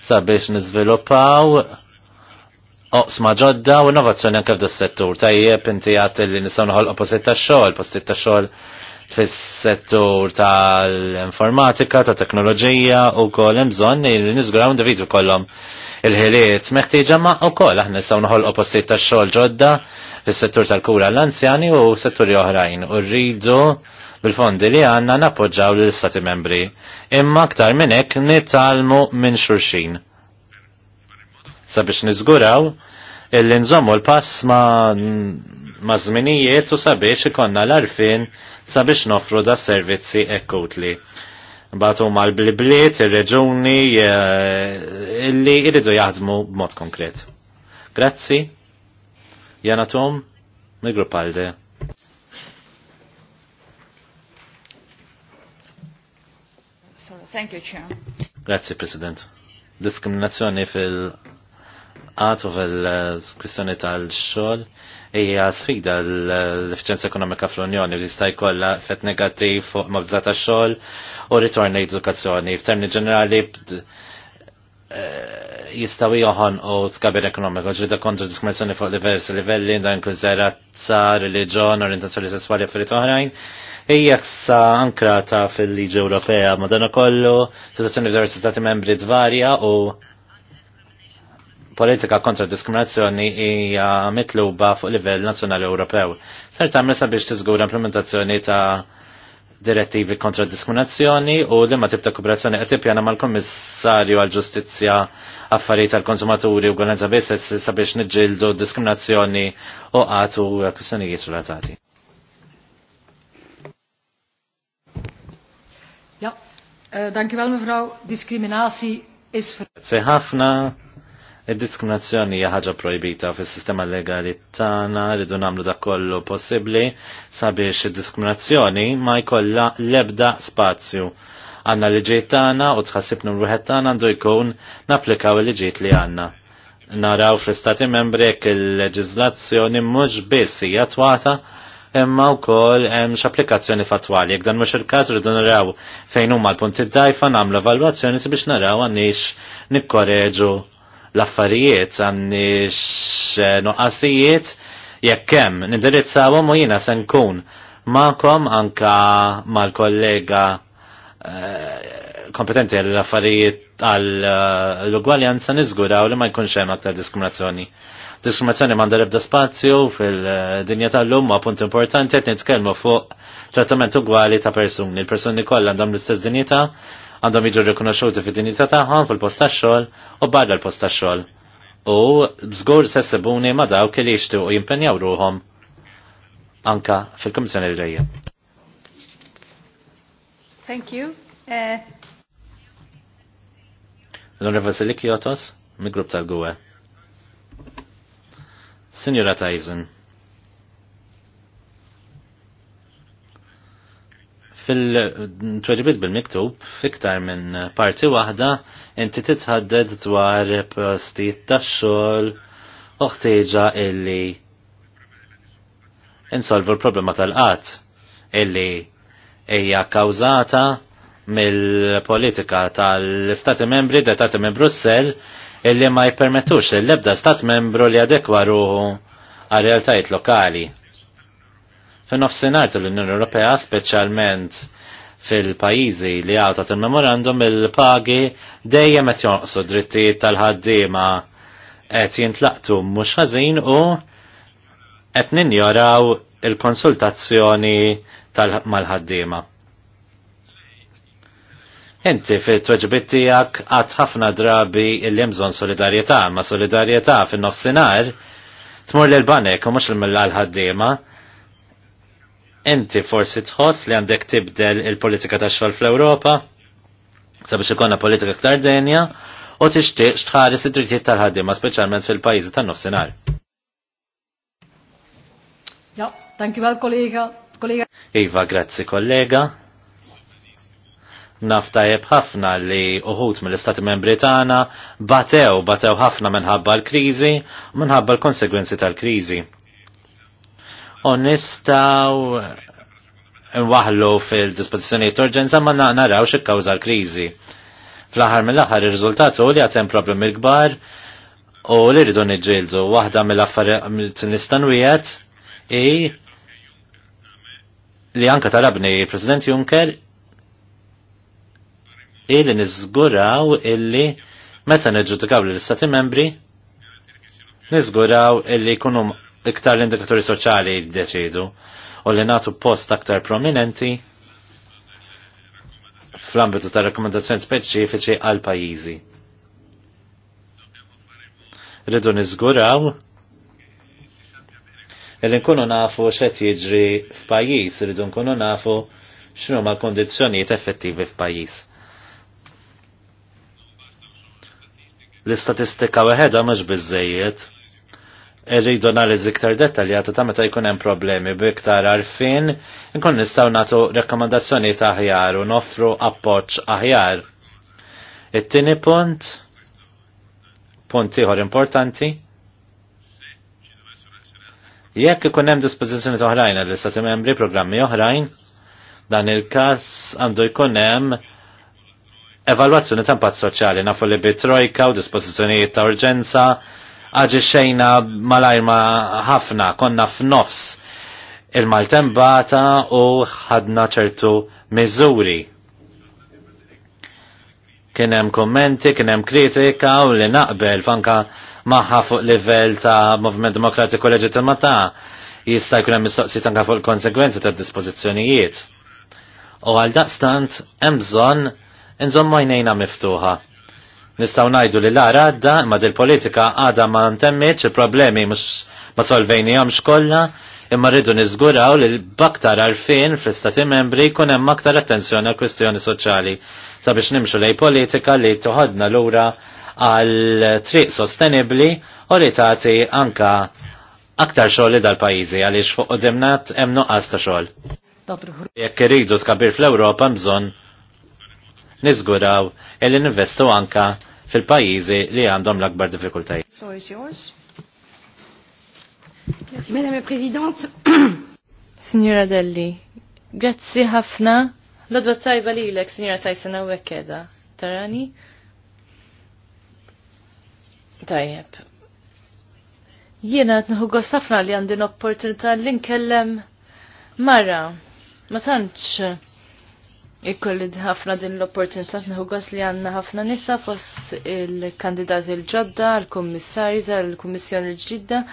Sabiex niżviluppaw oqsma ġodda u innovazzjoni anke f'da settur. Tajjeb inti għat li nisaw noħol opposit ta' xogħol, postiet ta' xogħol fis-settur tal-informatika, ta' teknoloġija u kol hemm bżonn li niżguraw individwi kollhom il-ħiliet meħtieġa ma' ukoll aħna nisaw noħol opposit ta' xogħol ġodda fis-settur tal-kura l-anzjani u setturi oħrajn u rridu bil-fondi li għanna nappoġġaw l istati membri. Imma aktar minn hekk nitalmu minn xurxin sabiex niżguraw illi nżommu l-pass ma, ma zminijiet u sabiex ikonna l-arfin sabiex nofru da servizzi ekkutli. Batu mal blibliet il-reġuni eh, illi irridu jaħdmu b'mod konkret. Grazzi, jana tom, mi Thank you, Chair. Grazie, President. Diskriminazzjoni fil- għatu għal eh, kwistjoni tal-xol hija sfida l-efficienza ekonomika fl-Unjoni li jista' jkollha effett negattiv fuq mabda tax-xogħol u ritorn edukazzjoni. F'termini ġenerali eh, jistaw joħon u tkabir ekonomiku, ġrida kontra diskriminazzjoni fuq diversi livelli, da inkluż razza, reliġjon, orientazzjoni sessuali u affarijiet oħrajn. Hija sa' ankrata fil-liġi Ewropea madana kollu, situazzjoni diversi stati membri tvarja u politika kontra diskriminazzjoni hija mitluba fuq livell nazzjonali Ewropew. Ser tagħmel sabiex tiżgur implementazzjoni ta' direttivi kontra diskriminazzjoni u li ma tibta kooperazzjoni qed tippjana mal-Kommissarju għal Ġustizzja Affarijiet tal-Konsumaturi u Gwenza Biss sabiex niġġieldu diskriminazzjoni u qatt u kwistjonijiet relatati. Ja, uh, eh, dankjewel mevrouw. Discriminatie is... Grazie ħafna Id-diskriminazzjoni hija ħaġa projbita fis-sistema legali tagħna rridu nagħmlu dak kollu possibbli sabiex id-diskriminazzjoni ma jkollha l-ebda spazju. Għanna liġiet tagħna u tħassibnu l-wieħed tagħna għandu jkun napplikaw il-liġiet li għandna. Naraw fl-istati membri jekk il-leġiżlazzjoni mhux biss hija twata imma wkoll hemm x'applikazzjoni fatwali. Jekk dan mhux il-każ rridu naraw fejn huma l-punti d-dajfa nagħmlu evalwazzjoni sabiex naraw għandix nikkoreġu l-affarijiet għannix noqqasijiet jekk hemm nindirizzawhom u jiena se nkun ma'kom anka mal-kollega eh, kompetenti għall-affarijiet għall-ugwaljanza niżguraw li ma jkunx hemm aktar diskriminazzjoni diskriminazzjoni manda ebda spazju fil-dinja tal-lum ma punt importanti għet nitkellmu fuq trattament ugwali ta' persuni. Il-persuni kollha għandhom l-istess dinjità, għandhom jiġu rikonoxxuti fid-dinjità tagħhom fil-post tax-xogħol u barra l-post tax-xogħol. U żgur se sebuni ma' dawk li jixtiequ jimpenjaw ruhom anka fil-Kummissjoni l-Rejja. Thank you. Uh, l onre Silik Jotos, mi grupp tal-Gwe. Signora Tyson. fil-tweġibit bil-miktub, fiktar minn parti waħda, inti titħadded dwar postijiet tax-xogħol u ħtieġa illi insolvu l-problema tal-qatt illi hija kawzata mill-politika tal-Stati membri detati minn Brussell illi ma jippermettux l-ebda Stat membru li adekwaru għal realtajiet lokali Fin-nofsinhar tal-Unjoni Ewropea speċjalment fil pajjiżi li għawtat il-memorandum il-pagi dejjem qed jonqsu drittijiet tal-ħaddiema qed jintlaqtu mhux ħażin u qed ninjoraw il-konsultazzjoni tal-mal-ħaddiema. Inti fit tweġbiet tiegħek għad ħafna drabi illi bżonn solidarjetà, ma solidarjetà fin-nofsinhar tmur lil banek u mhux mill-ħaddiema Inti forsi tħoss li għandek tibdel il-politika ta' xogħol fl-Ewropa sabiex ikonna politika ktar denja u tixtieq xtħaris id-drittijiet tal-ħaddiema speċjalment fil-pajjiżi tan-nofsinhar. Ja, tanki wel kollega, kollega. Iva, grazzi kollega. Nafta jeb ħafna li uħut mill-Istati Membri tagħna batew batew ħafna minħabba l-kriżi u minħabba l-konsegwenzi tal-kriżi u waħlu fil-dispozizjoniet urġenza ma naraw xe kawza l-krizi. Fl-aħħar mill-aħħar ir rizultat u li għatem problemi kbar u li rridu niġġieldu waħda mill-affarijiet nistanwijiet i li anka talabni President Juncker i li niżguraw illi meta nġudikaw l-istati membri niżguraw illi jkunu iktar l-indikatori soċjali jiddeċidu u li natu post aktar prominenti fl-ambitu ta' rekomendazzjoni speċifiċi għal pajjiżi. Ridu niżguraw li nkunu nafu x'qed jiġri f'pajjiż, ridu nkunu nafu x'inhu ma' kondizjoniet effettivi f'pajjiż. L-istatistika weħeda mhux biżejjed rridu analiżi iktar dettaljata ta' meta jkun hemm problemi b'iktar arfin, nkun nistgħu nagħtu rakkomandazzjoni ta' aħjar u noffru appoġġ aħjar. It-tieni punt, punt ieħor importanti, jekk ikun hemm dispożizzjoni oħrajn għall istati membri programmi oħrajn, dan il-każ għandu jkun hemm evalwazzjoni ta' impatt soċjali nafu li bit trojka u dispożizzjonijiet ta' urġenza aġi xejna mal-ajma ħafna, konna f'nofs il-maltembata u ħadna ċertu miżuri. Kienem kommenti, kienem kritika u li naqbel fanka maħħa fuq livell ta' Movement Demokratiku Leġitimata jista' jkun hemm mistoqsijiet anke fuq il-konsegwenzi ta' dispożizzjonijiet. U għal daqstant hemm bżonn inżomm miftuħa Nistaw najdu li l-għara għadda ma dil-politika għadha ma ntemmiċ il-problemi mux ma solvejnijomx kollha imma rridu niżguraw li l-baktar għarfin fl-istati membri jkun hemm aktar attenzjoni għal kwistjoni soċjali sabiex nimxu lej politika li toħodna lura għal triq sostenibli u li tagħti anka aktar xogħol dal-pajjiżi għaliex fuq qudimnat hemm nuqqas ta' xogħol. Jekk iridu skabir fl-Ewropa bżonn niżguraw illi ninvestu anka fil-pajjiżi li għandhom l-akbar diffikultajiet. President. Signora Delli, grazzi ħafna. Lodwa tajba li l-ek, Signora Tyson, u edha. Tarani? Tajjeb. Jiena nħu ħafna li għandin opportunità li nkellem marra. Ma tantx Ikkolli ħafna din l-opportunità nħu li għanna ħafna nisa fost il-kandidati l-ġodda, l-kommissari tal-kommissjoni l-ġidda,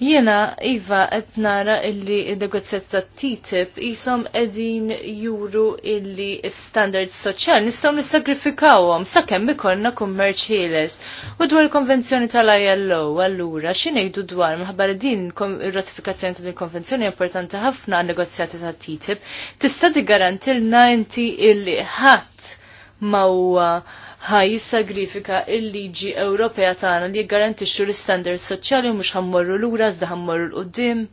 Jena, Iva, qed nara illi negozjat ta' TTIP jisom edin juru illi standards soċjali nistgħu nissagrifikawhom sakemm ikollna kummerċ ħieles. U dwar il-konvenzjoni tal-ILO, allura x'ingħidu dwar maħbar li din ir-ratifikazzjoni ta' din konvenzjoni importanti ħafna għan negozjati ta' TTIP tista' tigarantilna inti illi ħadd ma' ħaj jissagrifika il-liġi Ewropea tagħna li jgarantixxu l-istandards soċjali mhux ħammorru lura iżda ħammorru l qudiem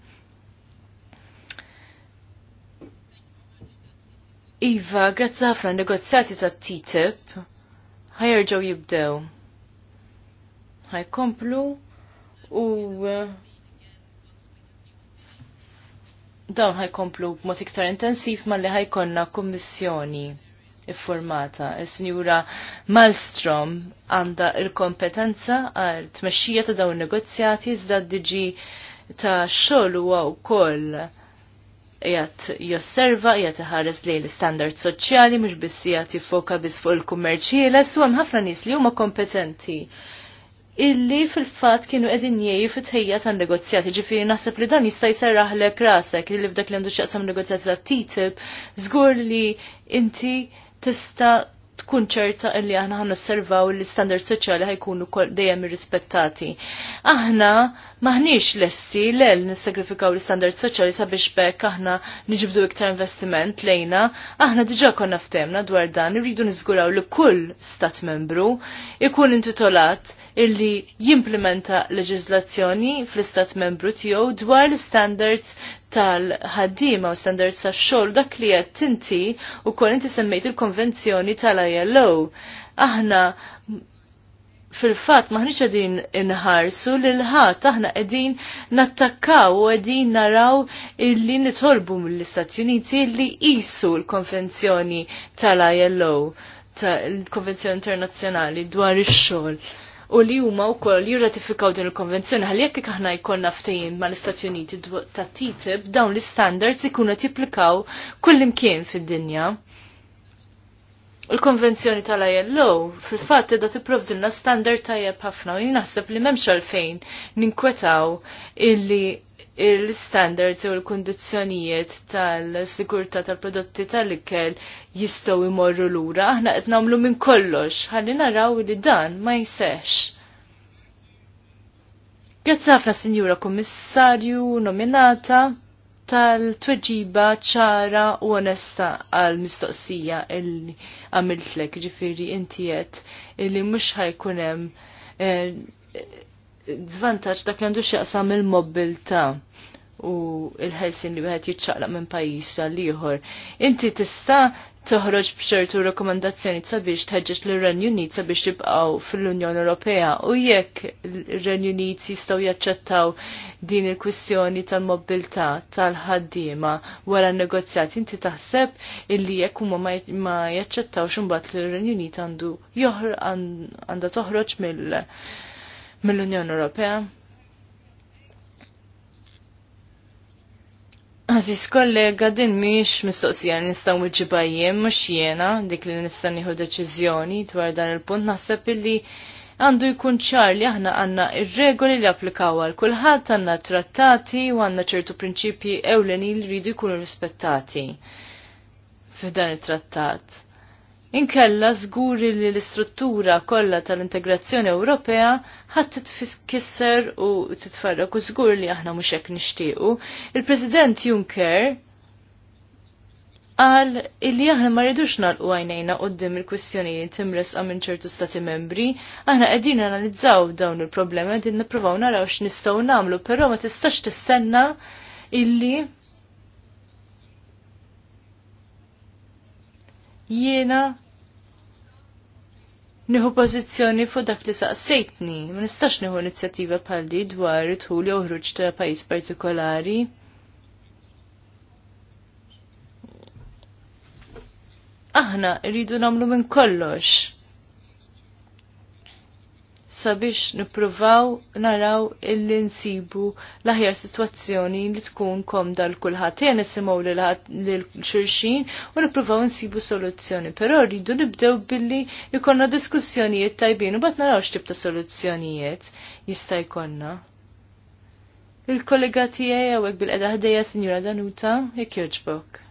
Iva, grazzi ħafna negozjati ta' TTIP ħajerġgħu jibdew. Ħajkomplu u eh, dawn ħajkomplu b'mod iktar intensiv malli ħajkonna kummissjoni iffurmata. il sinjura Malmstrom għandha il-kompetenza għal tmexxija ta' dawn negozjati iżda d-diġi ta' xogħol huwa wkoll jgħat josserva, jgħat ħares li l-standard soċjali, mux biss jgħat jifoka biss fuq il-kummerċiela, su għam ħafna nis li huma kompetenti illi fil-fat kienu edin jieji fit-ħejja ta' negozjati, ġifiri naħseb li dan jista' jserraħ l rasek illi f'dak li għandu xaqsam negozjati ta' TTIP, zgur li inti tista' tkun ċerta illi aħna ħan servaw li standard soċjali ħajkunu dejjem irrispettati. Aħna maħniex lesti l-el nissagrifikaw l-standard soċjali sabiex bekk aħna niġibdu iktar investiment lejna, aħna diġa konna ftemna dwar dan irridu niżguraw li kull stat membru ikun intitolat illi jimplementa leġizlazzjoni fl-istat membru tiegħu dwar l-standards tal-ħaddima u standards tax-xogħol dak li qed tinti kol inti semmejt il-konvenzjoni tal-ILO. Aħna fil-fat maħniċ għedin inħarsu l ħa aħna għedin nattakkaw u għedin naraw illi nitolbu mill-Istati Uniti illi jissu l-konvenzjoni tal-ILO, l-konvenzjoni internazzjonali dwar ix-xogħol u li huma wkoll jirratifikaw din il-konvenzjoni ħalli jekk aħna jkoll ftehim mal-Istati Uniti ta' TTIP dawn l-standards ikunu tipplikaw kull imkien fid-dinja il-konvenzjoni tal-ILO fil-fatt edha tipprovdilna standard tajjeb ħafna u jinaħseb li memx għalfejn ninkwetaw illi il-standards u l-kondizjonijiet tal-sigurta tal-prodotti tal-ikel jistow imorru l-ura, aħna qed namlu minn kollox, ħalli naraw li dan ma jsex. Grazzi ħafna Sinjura Kummissarju nominata tal-tweġiba ċara u onesta għal-mistoqsija illi għamiltlek ġifiri intijet illi mux ħajkunem dżvantaċ eh, dak li għandu xieqsam il-mobilta u il-ħelsin li bħed jitċaqla minn pajis għal-liħor. Inti tista' toħroġ bċertu rekomendazzjoni sabiex tħeġġeġ l renju Unit sabiex jibqaw fil-Unjoni Ewropea u jekk l-Renju Unit jistgħu jaċċettaw din il-kwistjoni tal-mobilità tal-ħaddiema wara negozjat inti taħseb illi jekk huma ma jaċċettawx imbagħad l renju Unit għandu joħr toħroġ mill-Unjoni Ewropea? Aziz kollega, din miex mistoqsija nistaw iġibajjem, mux jena, dik li nista nieħu deċiżjoni dwar dan il-punt, naħseb illi għandu jkun ċar li aħna għanna ir-regoli li applikaw għal kulħadd għanna trattati u għanna ċertu prinċipji ewleni li rridu jkunu rispettati f'dan it-trattat. Inkella żguri li l-istruttura kollha tal-integrazzjoni Ewropea ħadd titfisser u titfarrak u żgur li aħna mhux hekk nixtiequ. Il-President Juncker qal illi aħna ma rridux nalqu għajnejna quddiem il-kwistjonijiet imresqa minn ċertu stati membri, aħna qegħdin analizzaw dawn il-problemi qegħdin nippruvaw naraw x'nistgħu nagħmlu, però ma tistax tistenna illi jiena Niħu pozizjoni fuq dak li saqsejtni, ma nistax nieħu inizjattiva di dwar it-ħul jew ħruġ ta' pajjiż partikolari. Aħna rridu nagħmlu minn kollox sabiex nippruvaw naraw illi nsibu l-aħjar situazzjoni li tkun komda l-kulħadd. Jien li lil xulxin u nippruvaw nsibu soluzzjoni, però rridu nibdew billi jkollna diskussjonijiet tajbin u bat naraw x'tib ta' soluzzjonijiet jista' jkollna. Il-kollega tiegħi hawnhekk bil-qeda ħdejja Sinjura Danuta, jekk jogħġbok.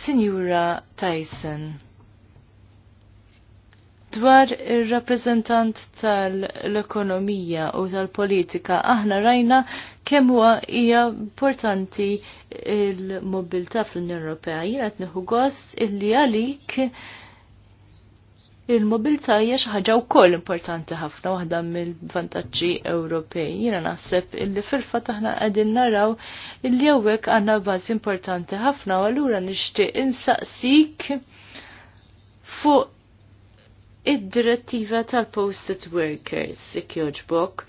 Sinjura Tyson. Dwar ir-rappreżentant tal-ekonomija u tal-politika aħna rajna kemm huwa hija importanti il mobilta fl-Unjoni Ewropea. Jiena qed nieħu gost illi għalik il mobilta hija xi ħaġa wkoll importanti ħafna waħda mill-vantaġġi Ewropej. Jiena naħseb illi fil-fatt aħna qegħdin naraw illi hawnhekk għandna bażi importanti ħafna u allura nixtieq insaqsik fuq id-direttiva tal-posted workers jogħġbok.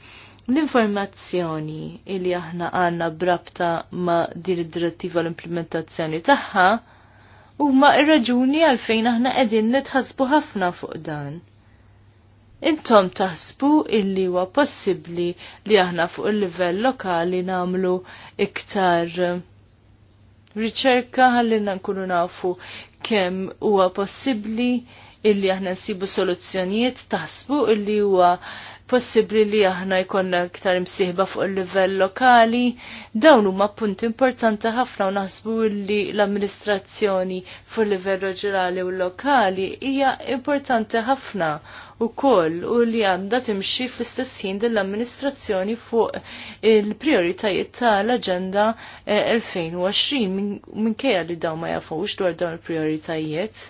L-informazzjoni illi aħna għandna brabta ma' din id-direttiva l-implementazzjoni tagħha huma ir-raġuni għalfejn aħna qegħdin nitħasbu ħafna fuq dan. Intom taħsbu illi huwa possibbli li aħna fuq il-livell lokali nagħmlu iktar eh, riċerka ħalli nkunu nafu kemm huwa possibbli illi aħna nsibu soluzzjonijiet taħsbu illi huwa possibbli li aħna jkollna iktar imsieħba fuq il-livell lokali, dawn huma punti importanti ħafna u naħsbu li l-amministrazzjoni fuq il-livell reġjonali u lokali hija importanti ħafna ukoll u li għandha timxi fl-istess ħin din l-amministrazzjoni fuq il-prioritajiet tal-Aġenda 2020 eh, minkejja li dawn ma jafux dwar dawn il-prioritajiet.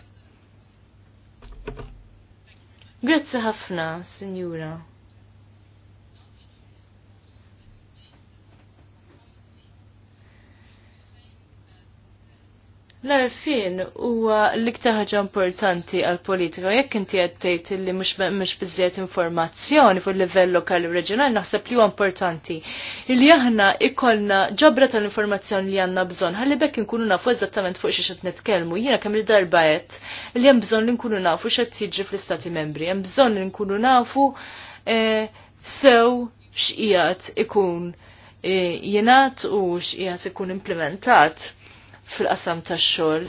Grazzi ħafna, Sinjura. L-arfin huwa l-iktar ħaġa importanti għal politika jekk inti qed tgħid li mhux biżżejjed informazzjoni fuq livell lokali u reġjonali naħseb li huwa importanti li aħna ikollna ġabra tal-informazzjoni li għandna bżonn ħalli bekk inkunu nafu eżattament fuq xi qed nitkellmu. Jiena kemm il-darba qed li hemm bżonn li nkunu nafu x'qed jiġri fl-Istati Membri, hemm bżonn li nkunu nafu e, sew x'qiegħed ikun e, jenat u x'qiegħed ikun implementat fil-qasam tax-xogħol.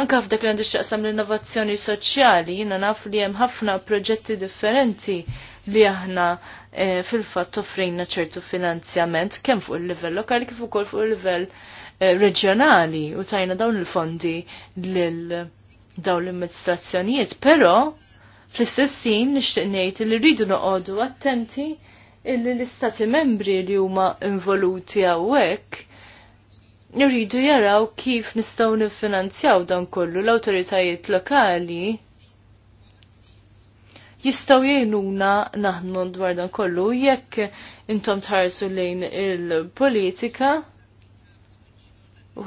Anke f'dak li għandu x'jaqsam l-innovazzjoni soċjali, jiena naf li hemm ħafna proġetti differenti li aħna eh, fil-fatt toffrejna ċertu finanzjament kemm fuq il-livell lokali kif ukoll fuq il-livell eh, reġjonali u tajna dawn il-fondi lil dawn l-amministrazzjonijiet, però fl-istess ħin nixtieq ngħid li rridu noqogħdu attenti illi l-istati membri li huma involuti hawnhekk irridu jaraw kif nistgħu niffinanzjaw dan kollu l-awtoritajiet lokali jistaw jgħinuna naħdmu dwar dan kollu jekk intom tħarsu lejn il-politika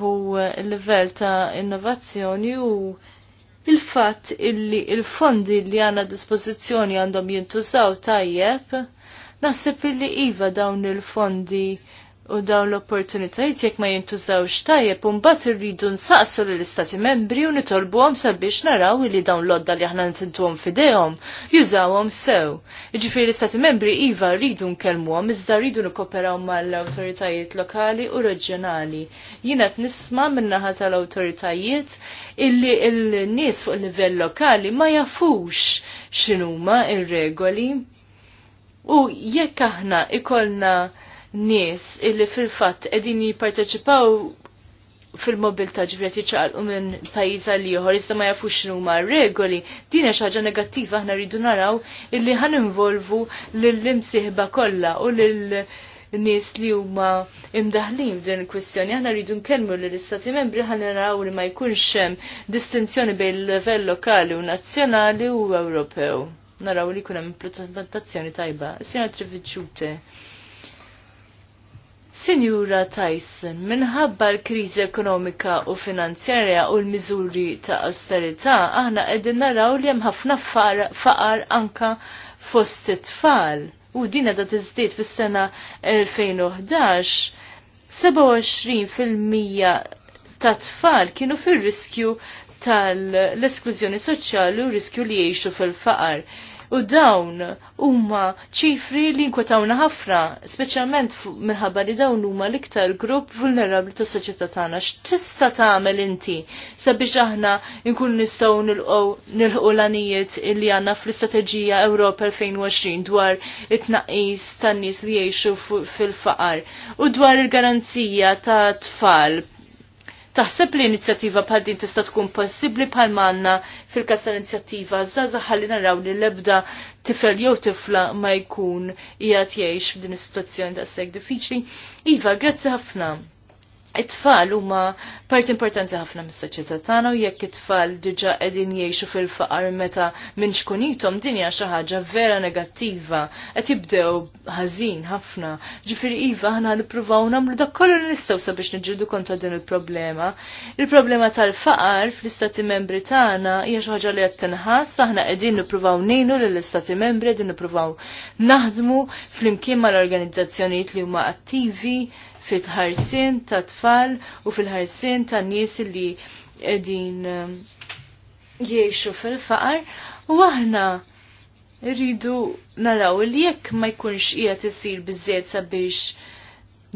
u l-level ta' innovazzjoni u il-fatt illi il-fondi li għanna dispożizzjoni għandhom jintużaw tajjeb, naħseb illi iva dawn il-fondi u dawn l-opportunitajiet jekk ma jintużawx tajjeb u mbagħad irridu nsaqsu lill-Istati Membri u nitolbuhom sabiex naraw li dawn l-odda li aħna fidejom f'idejhom jużawhom sew. Jiġifieri l-Istati Membri iva rridu nkellmuhom iżda rridu nikkoperaw mal-awtoritajiet lokali u reġjonali. Jiena qed nisma' min-naħa tal-awtoritajiet illi l-nies fuq il-livell lokali ma jafux x'inhuma il regoli U jekk aħna ikolna nies illi fil-fatt qegħdin jipparteċipaw fil-mobilta ġivret u minn pajiza li joħor, iżda ma jafux xinu ma regoli, din hija ħaġa negattiva aħna rridu naraw illi ħan involvu lill-imsiħba kollha u lill nies li huma imdaħlin f'din il kwestjoni Aħna rridu nkellmu li l-istati membri ħan naraw li ma jkunx hemm distinzjoni bejn il-livell lokali u nazzjonali u Ewropew. Naraw li jkun hemm implementazzjoni tajba. Is-sena Sinjura Tyson, minħabba l-kriżi ekonomika u finanzjarja u l-miżuri ta' austerità, aħna qegħdin naraw li hemm ħafna faqar anka fost it-tfal. U dina da tiżdied fis-sena 2011, 27% ta' tfal kienu fir-riskju tal-esklużjoni soċjali u riskju li jgħixu fil-faqar. U dawn huma ċifri li nkwetawna ħafna, speċjalment minħabba li dawn huma l-iktar grupp vulnerabbli tas-soċjetà tagħna. X'tista' tagħmel inti sabiex aħna nkunu nistgħu nilqgħu nilħu l-anijiet li għandna fl-Istrateġija Ewropa 2020 dwar it-tnaqqis tan-nies li jgħixu fil-faqar u dwar il-garanzija ta' tfal Taħseb li inizjattiva bħal din tista' tkun possibbli bħal manna fil-każ tal-inizjattiva żgħażagħ ħalli naraw li l-ebda tifel jew tifla ma jkun qiegħed jgħix f'din is-sitwazzjoni daqshekk diffiċli. Iva, grazzi ħafna it-tfal huma parti importanti ħafna mis-soċjetà tagħna u jekk it-tfal diġà qegħdin jgħixu fil-faqar meta minn xkunitom din hija xi ħaġa vera negattiva qed jibdew ħażin ħafna. Ġifieri iva aħna nippruvaw nagħmlu dak kollu li nistgħu sabiex niġġieldu kontra din il-problema. Il-problema tal-faqar fl-Istati Membri tagħna hija xi ħaġa li qed tinħass aħna qegħdin nippruvaw ngħinu lill-Istati Membri qegħdin nippruvaw naħdmu flimkien mal-organizzazzjonijiet li huma attivi fit-ħarsin ta' tfal u fil-ħarsin ta' nies li edin um, jiexu fil-faqar u aħna rridu naraw li jekk ma jkunx qiegħed isir biżejjed sabiex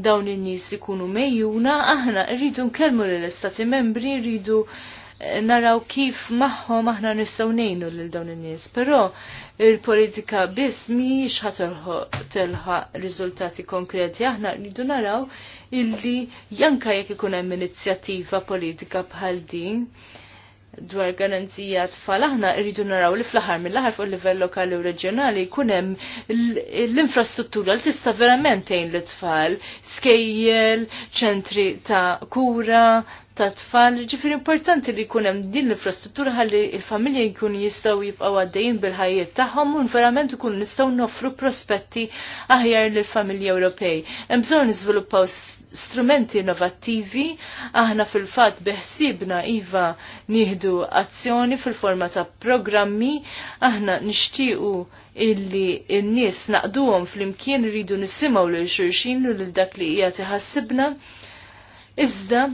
dawn in-nies ikunu mejjuna, aħna rridu nkellmu lill istati membri, rridu naraw kif maħħom aħna nissawnejnu ngħinu lil dawn in-nies, però il-politika biss mhijiex ħatorħoq riżultati konkreti aħna rridu naraw illi janka jekk ikun hemm inizjattiva politika bħal din dwar garanzija tfal aħna rridu naraw li fl-aħħar mill-aħħar fuq livell lokali u reġjonali jkun hemm l-infrastruttura li tista' verament tgħin l-tfal, skejjel, ċentri ta' kura, ta' tfal, ġifir importanti li jkun hemm din l-infrastruttura għalli il-familja jkun jistgħu jibqaw għaddejjin bil-ħajjiet tagħhom u verament ikun nistgħu nofru prospetti aħjar lill-familji Ewropej. Hemm bżonn strumenti innovattivi, aħna fil-fatt beħsibna iva nieħdu azzjoni fil-forma ta' programmi, aħna nixtiequ illi n-nies naqduhom fl-imkien ridu nisimgħu lil xulxin lil dak li hija tiħassibna. Iżda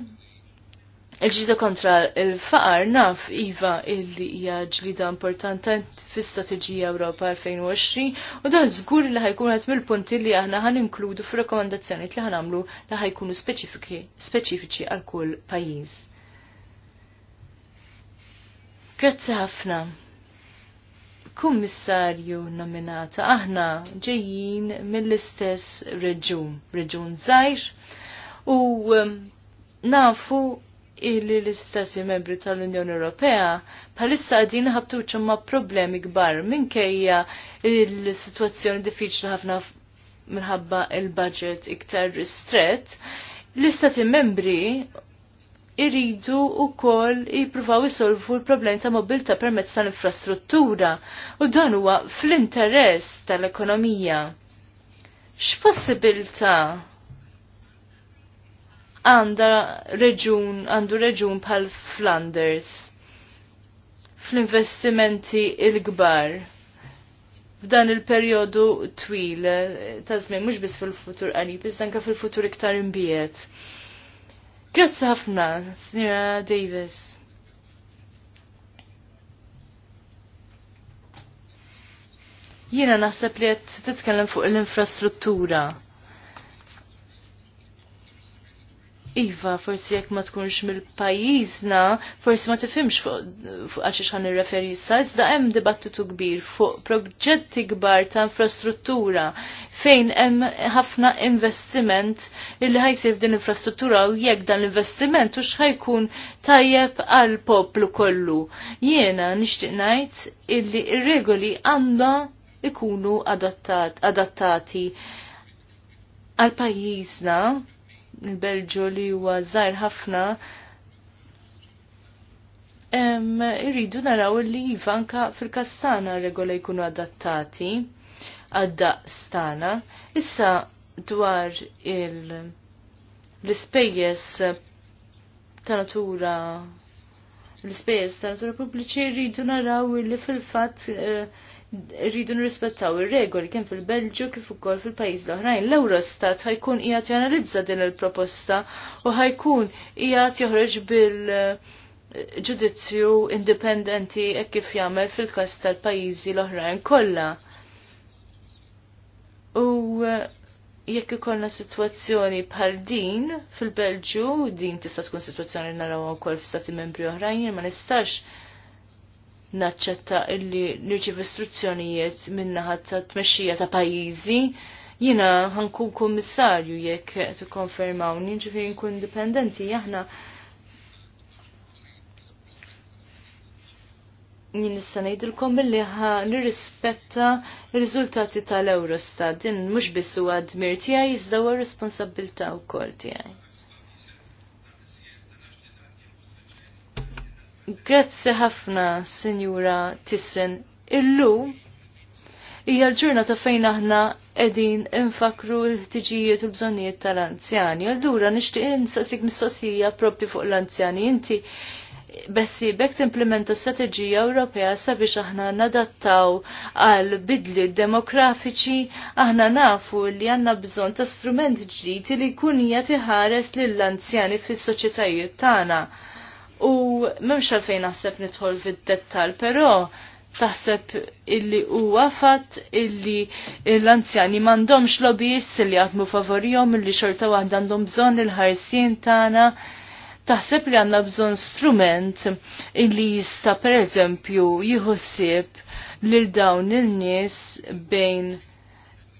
Il-ġlida kontra il-faqar naf iva illi hija ġlida importanti fis-Strateġija Ewropa 2020 u dan żgur li ħajkun qed mill-punti li aħna ħan inkludu fir-rakkomandazzjonijiet li ħanamlu li ħajkunu speċifiċi għal kull pajjiż. Grazzi ħafna kummissarju nominata aħna ġejjin mill-istess reġun, reġun żgħir u um, nafu illi l-istati membri tal-Unjoni Ewropea bħalissa għadin ħabtu ċemma problemi kbar minkejja il-situazzjoni diffiċli ħafna minħabba il-budget iktar ristret, l-istati membri irridu u kol jipruvaw jisolvu l-problemi ta' mobilta permezz tal-infrastruttura u dan huwa fl-interess tal-ekonomija. X'possibilta' għanda reġun, għandu reġun pal Flanders fl-investimenti il-gbar f'dan il-perjodu twil ta' żmien mhux biss fil-futur qarib, iżda anke fil-futur iktar imbiet. Grazzi ħafna, Snira Davis. Jiena naħseb li qed titkellem fuq l-infrastruttura. Iva, forsi jekk ma tkunx mill-pajjiżna, forsi ma tifhimx fuq għax xan referi issa, iżda hemm dibattitu kbir fuq proġetti kbar ta' infrastruttura fejn hemm ħafna investiment illi ħajsir f'din infrastruttura u jekk dan l-investiment u x'ħajkun tajjeb għal poplu kollu. Jiena nixtieq ngħid illi ir-regoli għandha ikunu adattati għal pajjiżna il-Belġu li huwa żgħar ħafna irridu naraw li iva anka fil-kastana regola jkunu adattati għad-daqstana. Issa dwar l-ispejjeż ta' natura l-ispejjeż ta' natura pubbliċi rridu naraw li fil-fatt uh, rridu nirrispettaw ir-regoli kemm fil-Belġju kif ukoll fil-pajjiż l-oħrajn. L-Eurostat ħajkun qiegħed janalizza din il-proposta u ħajkun qiegħed joħroġ bil ġudizzju indipendenti e kif jagħmel fil-każ tal-pajjiżi l-oħrajn kollha. U eh, jekk ikollna sitwazzjoni bħal din fil-Belġju, din tista' tkun sitwazzjoni naraw wkoll f'stati membri oħrajn, ma nistax naċċetta illi nirċiv istruzzjonijiet ħadd ta' tmexxija ta' pajjiżi. Jiena ħankun kummissarju jekk tikkonfermawni, ġifieri nkun indipendenti aħna jien issa ngħidilkom billi nirrispetta r-riżultati tal-Eurostat. Din mhux biss huwa dmir tiegħi iżda huwa responsabilità wkoll tiegħi. Grazzi ħafna, Sinjura Tissen. Illum hija l-ġurnata fejn aħna qegħdin infakru l-ħtiġijiet u l-bżonnijiet tal-anzjani. Allura nixtieq insaqsik mistoqsija propri fuq l-anzjani. Inti bekk timplementa strateġija Ewropea sabiex aħna nadattaw għal bidli demografiċi, aħna nafu li għanna bżonn ta' strument ġdid li jkun hija tiħares lill-anzjani fis-soċjetajiet tagħna. U memx għalfejn naħseb nidħol fid-dettal, però taħseb illi huwa fatt illi l-anzjani m'għandhomx lobbyists li jaħdmu favorihom illi xorta waħda għandhom bżonn il-ħarsien tagħna. Taħseb li għandna bżonn strument illi jista' pereżempju jieħu ssieb lil dawn il-nies bejn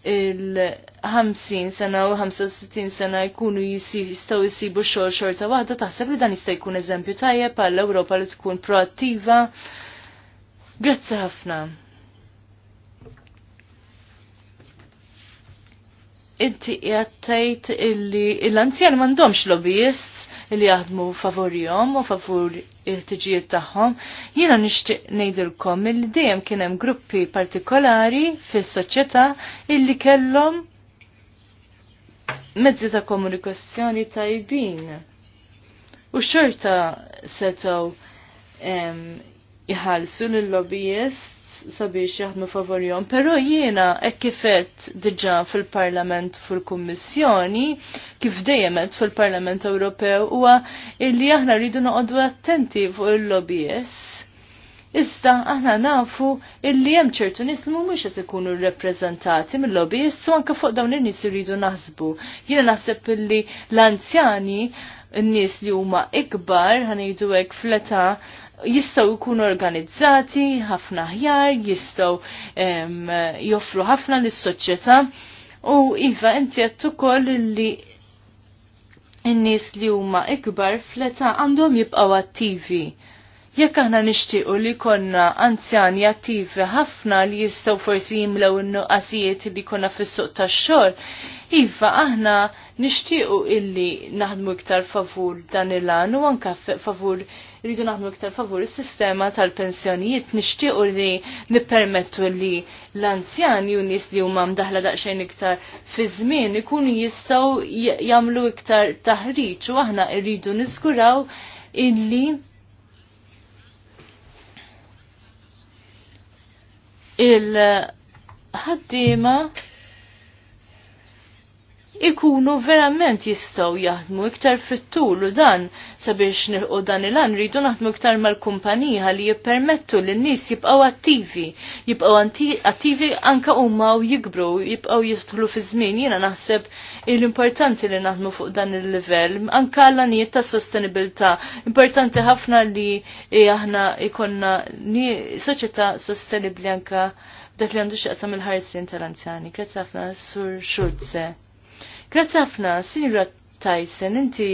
il-, -il 50 sena u 65 sena jkunu jistaw jisibu xogħol xorta waħda taħseb li dan jista' jkun eżempju tajjeb għall Ewropa li tkun proattiva. Grazzi ħafna. Inti jattajt tgħid illi l-anzjan m'għandhomx lobbyists li jaħdmu favorihom u favur il-tiġijiet tagħhom, jiena nixtieq ngħidilkom illi dejjem kien hemm gruppi partikolari fis-soċjetà illi kellhom mezzi ta' komunikazzjoni tajbin. U xorta setaw iħalsu l lobbyist sabiex jaħdmu favorjon, pero jiena hekk diġa diġà fil-Parlament fil-Kummissjoni, kif dejjemet fil-Parlament Ewropew huwa li aħna rridu noqogħdu attenti fuq il-lobbyists Iżda aħna nafu illi hemm ċertu nies li mhumiex qed ikunu rrepreżentati mill-lobbyists u anke fuq dawn in-nies iridu naħsbu. Jiena naħseb illi l-anzjani n-nies li huma ikbar ħanejdu hekk fleta jistgħu jkunu organizzati ħafna ħjar, jistgħu joffru ħafna lis-soċjetà. U iva inti qed ukoll li n-nies li huma ikbar fleta għandhom jibqgħu attivi Jekk aħna nixtiequ li konna anzjani attivi ħafna li jistgħu forsi jimlew in-nuqqasijiet li konna fis-suq tax-xogħol, iva aħna nixtiequ illi naħdmu iktar favur dan il-għan u anka favur rridu naħdmu iktar favur is-sistema tal-pensjonijiet nixtiequ li nippermettu li l-anzjani u nies li huma mdaħla daqsxejn iktar fi żmien ikunu jistgħu jagħmlu iktar taħriġ u aħna rridu niżguraw illi il-ħaddima ikunu verament jistaw jaħdmu iktar fit-tul u dan sabiex nilqu dan il-għan rridu naħdmu iktar mal-kumpanija li jippermettu l nies jibqaw attivi, jibqaw attivi anka huma u jikbru, jibqaw jidħlu fi żmien jiena naħseb l-importanti li naħdmu fuq dan il-livell, anka l-għanijiet ta' sostenibilità, importanti ħafna li e, aħna ikonna soċjetà sostenibli anka dak li għandu xaqsam il-ħarsin tal-anzjani. Grazie ħafna, Sur Schulze. Grazzi ħafna, Sinjura Tyson, inti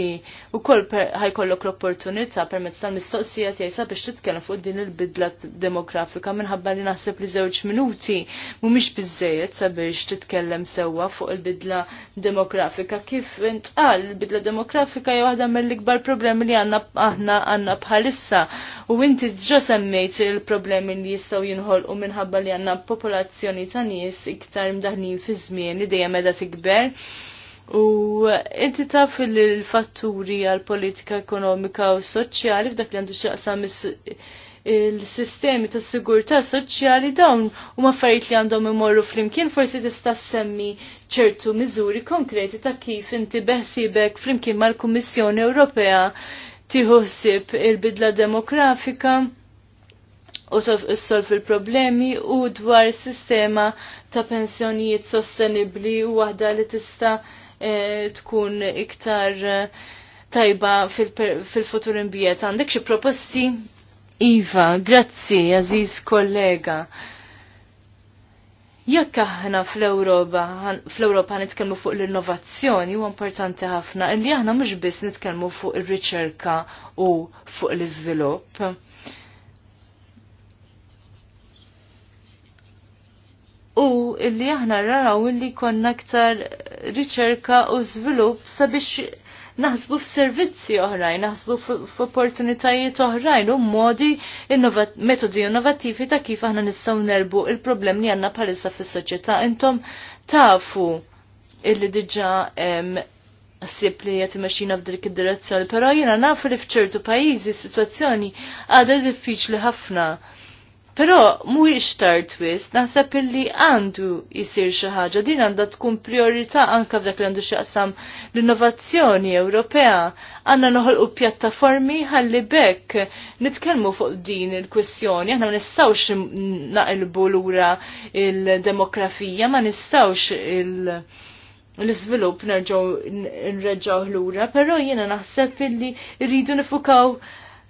u koll ħajkollok l-opportunità permezz tal-mistoqsija tiegħi sabiex titkellem fuq din il-bidla demografika minħabba li naħseb li żewġ minuti mhumiex biżejjed sabiex titkellem sewwa fuq il-bidla demografika. Kif intqal il-bidla demografika hija waħda mill-ikbar problemi li għandna aħna għandna bħalissa u inti ġo semmejt il-problemi li jistgħu jinħolqu minħabba li għandna popolazzjoni ta' nies iktar mdaħnin fi żmien li dejjem qiegħda tikber. U inti taf il-fatturi għal-politika ekonomika u soċjali f'dak li għandu xaqsam il-sistemi ta' sigurtà soċjali dawn u maffariet li għandhom imorru flimkien forsi tista' semmi ċertu miżuri konkreti ta' kif inti beħsibek flimkien mal-Kummissjoni Ewropea tieħu ħsieb il-bidla demografika u solf il-problemi u dwar sistema ta' pensjonijiet sostenibbli u waħda li tista' E, tkun iktar e, tajba fil-futur imbiet. Għandek xi proposti? Iva, grazzi, aziz kollega. Jekk aħna fl-Ewropa fl-Ewropa nitkellmu fuq l-innovazzjoni huwa importanti ħafna illi aħna mhux biss nitkellmu fuq ir-riċerka u fuq l-iżvilupp. u illi aħna raraw illi konna aktar riċerka u żvilupp sabiex naħsbu f-servizzi oħrajn, naħsbu f-opportunitajiet oħrajn u modi metodi innovativi ta' kif aħna nistaw nerbu il-problem li għanna palissa f-soċieta. Intom tafu illi diġa sib li jgħati maċina f'dik id-direzzjoni, pero jena nafu li fċertu pajizi situazzjoni għada diffiċli ħafna. Però mhuwiex iċtar twist, naħseb illi għandu jisir xi ħaġa din għandha tkun priorita anke f'dak li għandu x'jaqsam l-innovazzjoni Ewropea. noħol noħolqu pjattaformi ħalli bekk nitkellmu fuq din il-kwestjoni, aħna ma nistgħux naqilbu lura il-demografija, ma nistawx il-, l-izvilup nerġaw l-ura, pero jena naħseb illi rridu nifukaw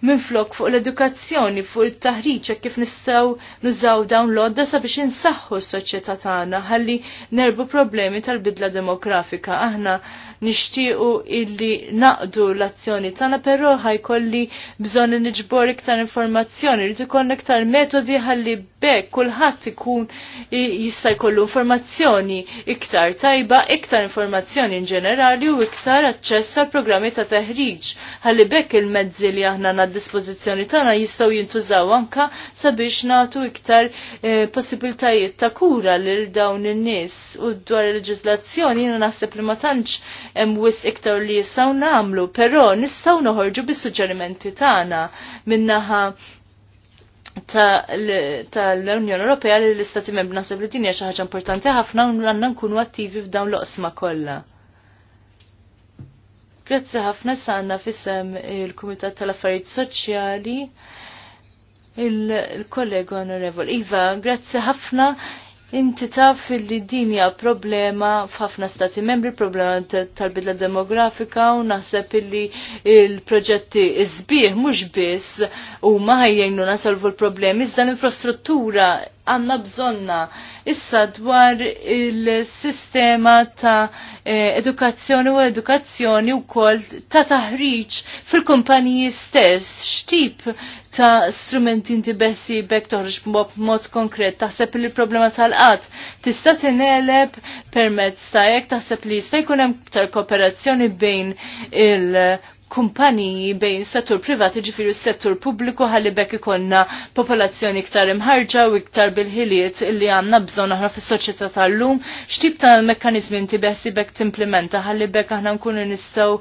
minflok fuq l-edukazzjoni, fuq il-taħriċ, kif nistaw nużaw dawn l-odda sabiex insaħħu s-soċjetà tagħna ħalli nerbu problemi tal-bidla demografika. Aħna nixtiequ illi naqdu l-azzjoni tagħna però ħajkolli bżonn niġbor iktar informazzjoni, rid ikollna iktar metodi ħalli bekk kulħadd ikun jista' jkollu informazzjoni iktar tajba, iktar informazzjoni in ġenerali u iktar aċċess għal programmi ta' teħriġ ħalli bekk il-mezzi li aħna d-dispożizzjoni tagħna jistgħu jintużaw anka sabiex nagħtu iktar eh, possibiltajiet ta' kura lil dawn in-nies u dwar il-leġiżlazzjoni jiena naħseb li ma tantx hemm wis iktar li jistgħu nagħmlu, però nistgħu noħorġu bis-suġġerimenti tagħna minnaħa tal-Unjoni Ewropea li l-Istati Membri naħseb li din hija xi ħaġa importanti ħafna u għandna nkunu attivi f'dawn l-oqsma kollha. Grazzi ħafna sanna fissem il-Kumitat tal-Affarijiet Soċjali il-kollega onorevol. Iva, grazzi ħafna Inti taf li din hija problema f'ħafna stati membri, problema tal-bidla demografika u naħseb illi il-proġetti iżbieħ mhux biss huma ħajjejnu nasolvu l-problemi iżda l-infrastruttura għandna bżonna issa dwar il-sistema ta' eh, edukazzjoni u edukazzjoni u kol ta' taħriċ fil-kumpaniji stess, xtip ta' strumenti inti bessi bek toħroġ b'mod konkret. Taħseb li l-problema tal-qatt tista' tineleb permezz ta' jekk taħseb li jista' jkun hemm tal kooperazzjoni bejn il- kumpaniji bejn settur privat ġifiri settur pubbliku ħalli bekk ikonna popolazzjoni iktar imħarġa u iktar bil-ħiliet li għanna bżon aħna fis-soċjetà tal-lum, x'tip ta' mekkanizmi inti beħsi bekk timplementa ħalli bekk aħna nkunu nistgħu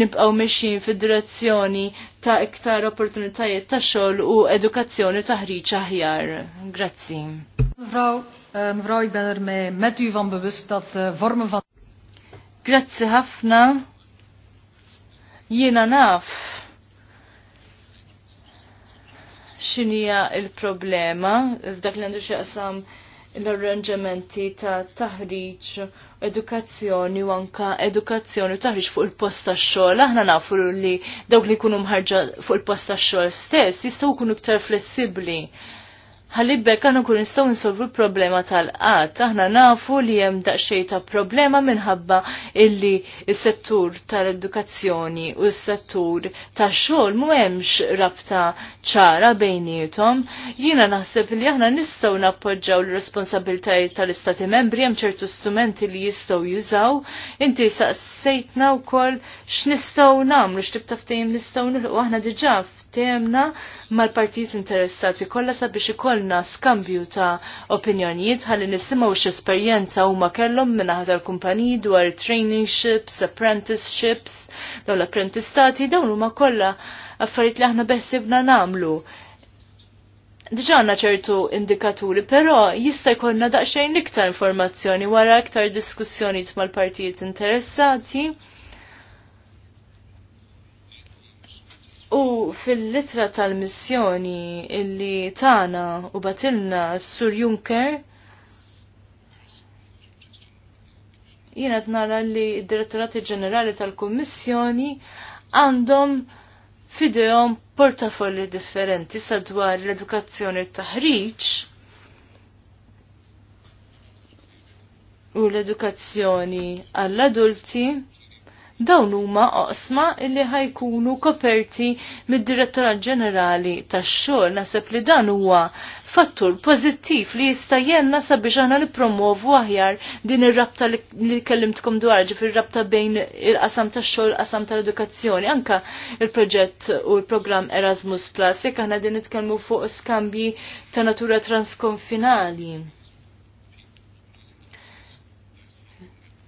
nibqgħu mexjin fid-direzzjoni ta' iktar opportunitajiet ta' xogħol u edukazzjoni ta' ħriġ aħjar. Grazzi. Mvraw, eh, mvraw, ik ben er van bewust dat eh, vormen van Grazzi ħafna. Jiena naf x'inhija il-problema f'dak li għandu xieqsam l-arranġamenti ta' taħriġ, edukazzjoni u anka edukazzjoni u taħriġ fuq il posta tax-xogħol. Aħna nafu li dawk li jkunu mħarġa fuq il posta tax-xogħol stess jistgħu jkunu ktar flessibbli ħalibbek għan kun nistaw nsolvu l-problema tal-qat. Aħna nafu li hemm daqsxejn ta' problema minħabba illi s-settur tal-edukazzjoni u s-settur tax-xogħol m'hemmx rabta ċara bejnietom. Jiena naħseb li aħna nistgħu nappoġġaw l-responsabiltajiet tal-Istati membri hemm ċertu strumenti li jistgħu jużaw. Inti saqsejtna wkoll x'nistgħu nagħmlu x'tib taftejjem nistgħu nilqu aħna diġà ftehemna mal-partijiet interessati kollha sabiex ikollna skambju ta' opinjonijiet ħalli nisimgħu x'esperjenza huma kellhom minaħa tal-kumpaniji dwar traineeships, apprenticeships, dawn l-apprentistati dawn huma kollha affarijiet li aħna beħsibna nagħmlu. għanna ċertu indikaturi, pero jista' jkollna daqsxejn iktar informazzjoni wara iktar diskussjonijiet mal-partijiet interessati. U fil-litra tal-missjoni illi tana u batilna Sur Juncker, jiena nara li d-Direttorati Ġenerali tal-Kummissjoni għandhom fidejhom portafolli differenti sadwar l-edukazzjoni taħriġ u l-edukazzjoni għall-adulti. Dawn huma oqsma illi ħajkunu koperti mid-Direttorat Ġenerali tax-xogħol naħseb li dan huwa fattur pożittiv li jista' jenna sabiex aħna nippromovu aħjar din ir-rabta li kellimtkom dwar ġifir rabta bejn il-qasam tax-xogħol qasam tal-edukazzjoni anka il-proġett u l-programm Erasmus Plus jekk aħna din nitkellmu fuq skambji ta' natura transkonfinali.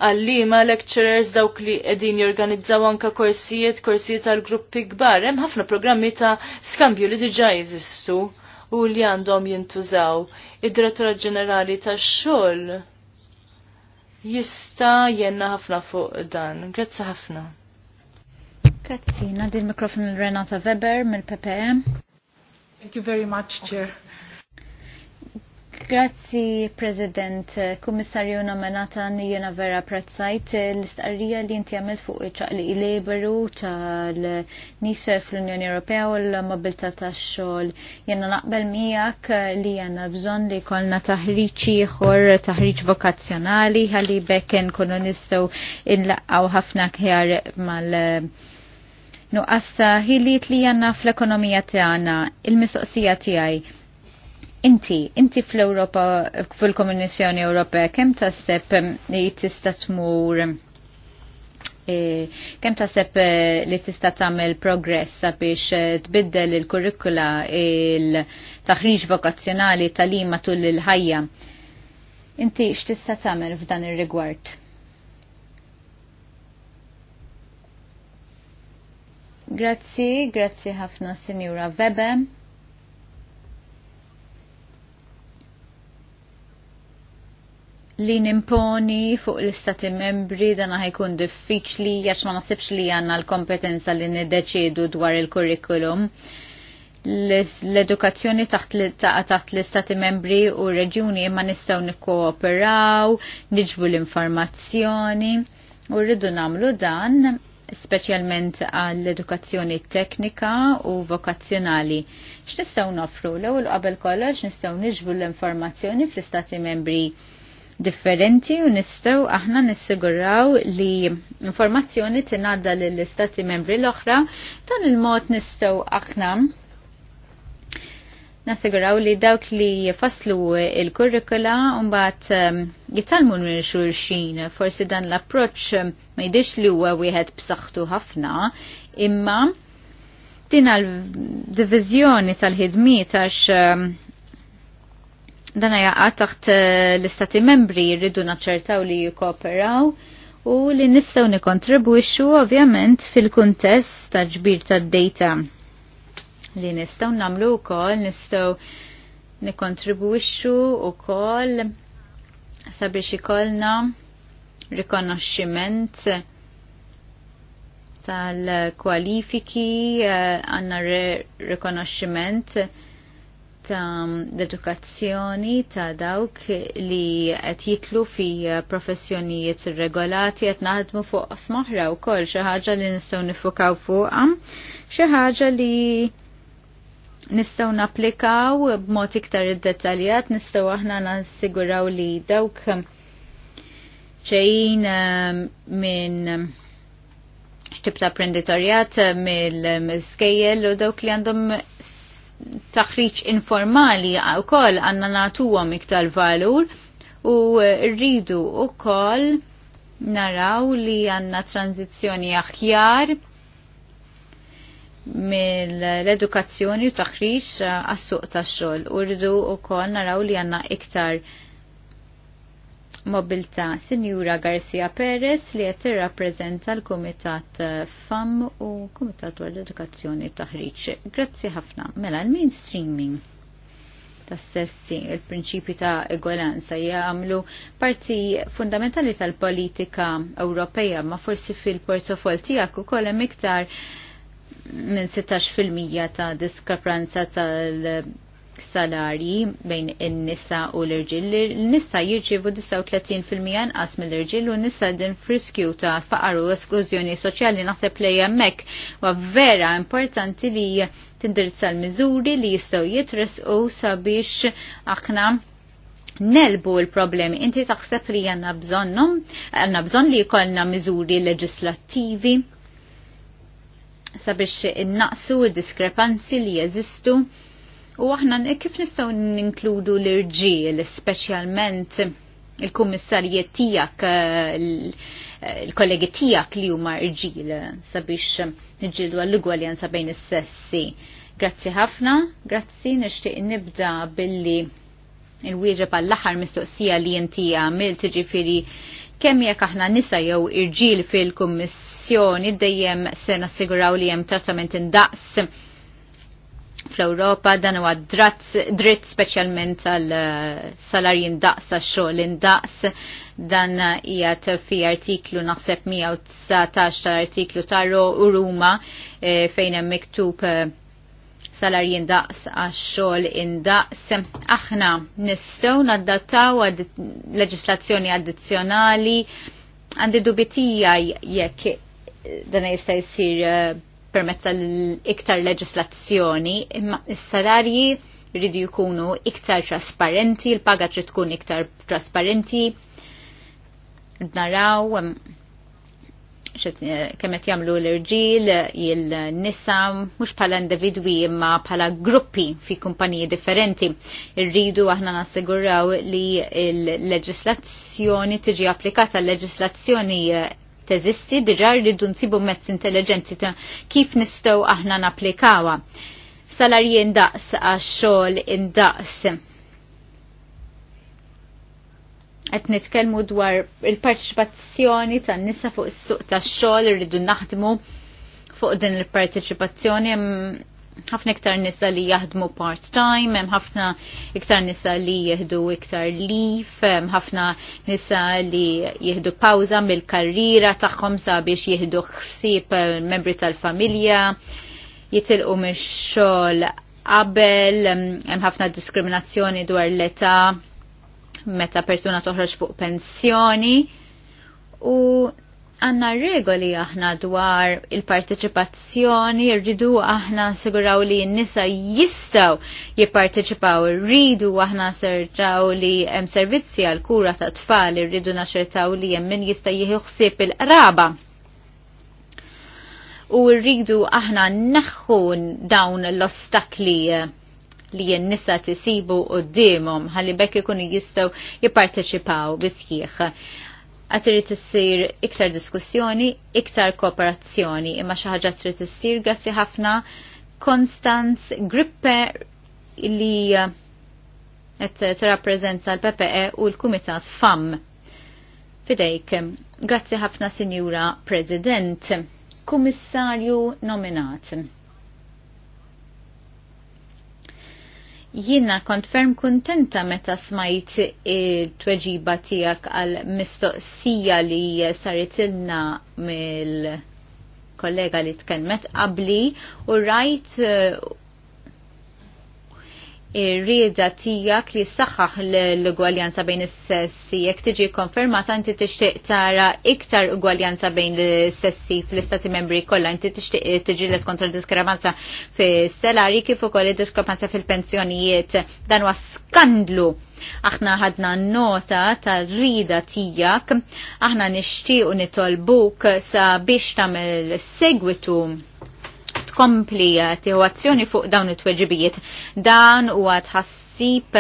għallima lecturers dawk li edin jorganizzaw anka korsijiet, korsijiet għal gruppi kbar. Hemm ħafna programmi ta' skambju li diġa jeżistu u li għandhom jintużaw. Id-Direttura Ġenerali tax xogħol jista' jenna ħafna fuq dan. Grazzi ħafna. Grazzi, nadi l-mikrofon l-Renata Weber mill-PPM. Thank you very much, Chair. Okay. Grazzi, President, Kummissarju nominata jena vera prezzajt l istarrija li inti għamilt fuq ċaqli eberu tal-nis fl-Unjoni Ewropea u l-mobilta tax-xogħol. Jena naqbel miegħek li jena bżonn li kolna taħriġ ieħor taħriġ vokazzjonali għalli bekken kunu nistgħu inlaqgħu ħafna kħjar mal- Nuqqas ħiliet li janna fl-ekonomija tagħna, il-mistoqsija tiegħi Inti, inti fl-Europa, fil-Komunizjoni Ewropea, kem sepp li tista' tmur e, kem sepp e, li tista' tagħmel progress sabiex e, tbiddel il-kurrikula il-taħriġ vokazzjonali tal Lima tul il-ħajja. Inti x'tista' tagħmel f'dan ir-rigward? Grazzi, grazzi ħafna Sinjura Webem. li nimponi fuq l-istati membri dan ħajkun diffiċli għax ma nasibx li għanna l-kompetenza li nideċidu dwar il-kurrikulum. L-edukazzjoni taħt l-istati membri u reġjuni ma nistaw nikkooperaw, niġbu l-informazzjoni u rridu namlu dan specialment għall-edukazzjoni teknika u vokazzjonali. X'nistgħu nofru l-ewwel qabel kollox nistgħu niġbu l-informazzjoni fl-istati membri differenti u nistgħu aħna nissiguraw li informazzjoni tingħadda lill-istati membri l-oħra dan il-mod nistgħu aħna nassiguraw li dawk li jfasslu il-kurrikula mbagħad ehm, jitalmu n xulxin. Forsi dan l-approċċ ma jidhirx li huwa wieħed b'saħħtu ħafna, imma din għal divizjoni tal-ħidmiet għax ehm, Dan ja taħt eh, l-istati membri jridu naċċertaw li jikoperaw u li nistgħu nikontribwixxu ovvjament fil-kuntest ta' ġbir tad-data li nistgħu nagħmlu wkoll nistgħu nikontribwixxu wkoll sabiex ikollna rikonoxximent tal-kwalifiki eh, għanna rikonoxximent -re ta' l-edukazzjoni ta' dawk li qed jitlu fi professjonijiet regolati qed naħdmu fuq smoħra wkoll xi ħaġa li nistgħu nifukaw fuqha, xi ħaġa li nistgħu napplikaw b'mod iktar id-dettaljat nistgħu aħna nassiguraw li dawk ċejjin ehm, minn xtib ta' apprenditorjat mill-skejjel u dawk li għandhom taħriġ informali u kol għanna għam iktar valur u rridu u kol naraw li għanna tranzizjoni aħjar mill-edukazzjoni u taħriġ għas-suq tax-xogħol u rridu wkoll naraw li għandna iktar mobilta Sinjura Garcia Perez li qed tirrappreżenta l-Kumitat eh, FAM u Kumitat għal l-Edukazzjoni Taħriġ. Grazzi ħafna. Mela l-mainstreaming ta' sessi il-prinċipju ta' egolanza jagħmlu parti fundamentali tal-politika Ewropea ma' forsi fil-portofol tiegħek ukoll hemm iktar minn 16% ta' diskrepranza tal- salari bejn in-nisa u l-irġill. L-nisa jirċivu 39% nqas mill irġiel u n-nisa din friskju ta' faqar u esklużjoni soċjali naħseb li hemmhekk wa vera importanti li tindirizza l-miżuri li jistgħu jitresqu sabiex aħna nelbu l-problemi. Inti taħseb li għanna bżonnhom għanna bżon li jkollna miżuri leġislattivi sabiex innaqsu d diskrepanzi li jeżistu U aħna kif nistgħu ninkludu l-irġiel, speċjalment il-kummissarijiet tiegħek eh, il-kollegi tiegħek li huma irġiel sabiex niġġieldu għall-ugwaljanza bejn is-sessi. Grazzi ħafna, grazzi nixtieq nibda billi il-wieġeb għall-aħħar mistoqsija li inti għamilt tiġifieri kemm jekk aħna nisa jew irġiel fil-kummissjoni dejjem se nassiguraw li hemm trattament indaqs fl-Europa dan huwa dritt speċjalment għal eh, salarjin daqs għax xogħol indaqs dan hija fi artiklu naħseb 119 tal-artiklu tarro u Ruma eh, fejn hemm miktub eh, salarjin daqs għax xogħol indaqs. Aħna nistgħu naddattaw għad leġislazzjoni addizzjonali għandi dubitija jekk dan jista' jsir permezz l iktar leġislazzjoni, imma s-salarji rridu jkunu iktar trasparenti, l-paga trid tkun iktar trasparenti, naraw eh, kemm qed jagħmlu l-irġiel, il-nisa, mhux bħala individwi imma bħala gruppi fi kumpaniji differenti. Irridu aħna nassiguraw li l-leġislazzjoni tiġi applikata l-leġislazzjoni eh, teżisti diġà rridu nsibu mezz intelligenti ta' kif nistgħu aħna napplikawa. Salarji indaqs għax xogħol indaqs. Qed nitkellmu dwar il-parteċipazzjoni tan-nisa fuq is-suq tax-xogħol irridu naħdmu fuq din il-parteċipazzjoni ħafna iktar nisa li jaħdmu part-time, hemm ħafna iktar nisa li jieħdu iktar leaf, hemm ħafna nisa li jieħdu pawza mill-karriera tagħhom sabiex jieħdu ħsieb eh, membri tal-familja, jitilqu mix-xogħol qabel, hemm ħafna diskriminazzjoni dwar l-età meta persuna toħroġ fuq pensjoni u għanna regoli aħna dwar il-parteċipazzjoni, rridu aħna siguraw li n-nisa jistaw jipparteċipaw, rridu aħna serġaw li jem servizzi għal-kura ta' tfal, rridu naċertaw li jem min jista jieħuħsib il-qraba. U rridu aħna naħħun dawn l-ostakli li jen-nisa tisibu u d-dimum, għalli bekk ikunu jistaw jipparteċipaw biskieħ għat trid issir iktar diskussjoni, iktar kooperazzjoni, imma xi ħaġa trid issir grazzi ħafna Konstanz Grippe li qed eh, tirrappreżenta l-PPE u l-Kumitat FAM. Fidejk, grazzi ħafna Sinjura President, Kummissarju nominat. Jina kont ferm kuntenta meta smajt il-tweġiba tijak għal-mistoqsija li saritilna mill-kollega li tkelmet qabli u rajt ir-rieda tijak li s-saxħax l-ugwaljanza bejn is-sessi. Jek tiġi konfermata inti tixtieq tara iktar ugwaljanza bejn s sessi fl-istati membri kollha, inti tixtieq tiġi les kontra l-diskrepanza fis-salari kif ukoll id-diskrepanza fil-pensjonijiet. Dan huwa skandlu. Aħna ħadna nota ta' rida tijak, aħna nixtiequ nitolbuk sa biex tagħmel segwitu tkompli eh, tieħu azzjoni fuq dawn it-tweġibijiet. Dan huwa tħassib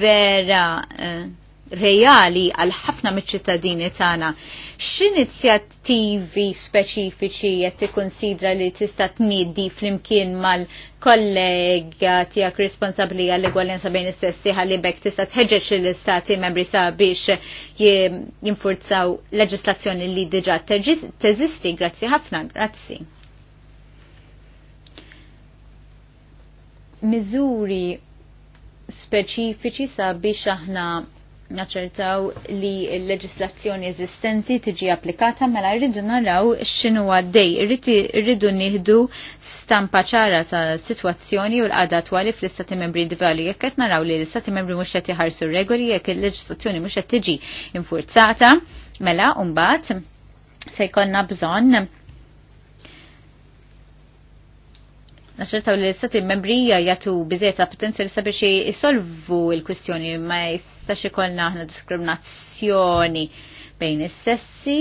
vera eh, reali għal ħafna miċ-ċittadini tagħna. X'inizjattivi speċifiċi qed tikkunsidra li tista' tnieddi flimkien mal-kollega tiegħek responsabbli għall-egwaljanza bejn is-sessi ħalli bekk tista' tħeġġeġ lill-istati membri sabiex jinfurzaw leġislazzjoni li diġà teżisti. Grazzi ħafna, grazzi. miżuri speċifiċi sabiex aħna naċertaw li l-leġislazzjoni eżistenti tiġi applikata mela rridu naraw x'inhu għaddej. Rridu nieħdu stampa ċara ta' sitwazzjoni u l-qada twali fl-istati membri individwali. Jekk qed naraw li l-istati membri mhux qed iħarsu regoli jekk il-leġislazzjoni mhux qed tiġi infurzata, mela mbagħad se jkollna bżonn Naċċertaw li l-istati membrija jatu ta' potenzjali sabiex jisolvu l-kwistjoni ma jistax ikollna aħna diskriminazzjoni bejn is-sessi.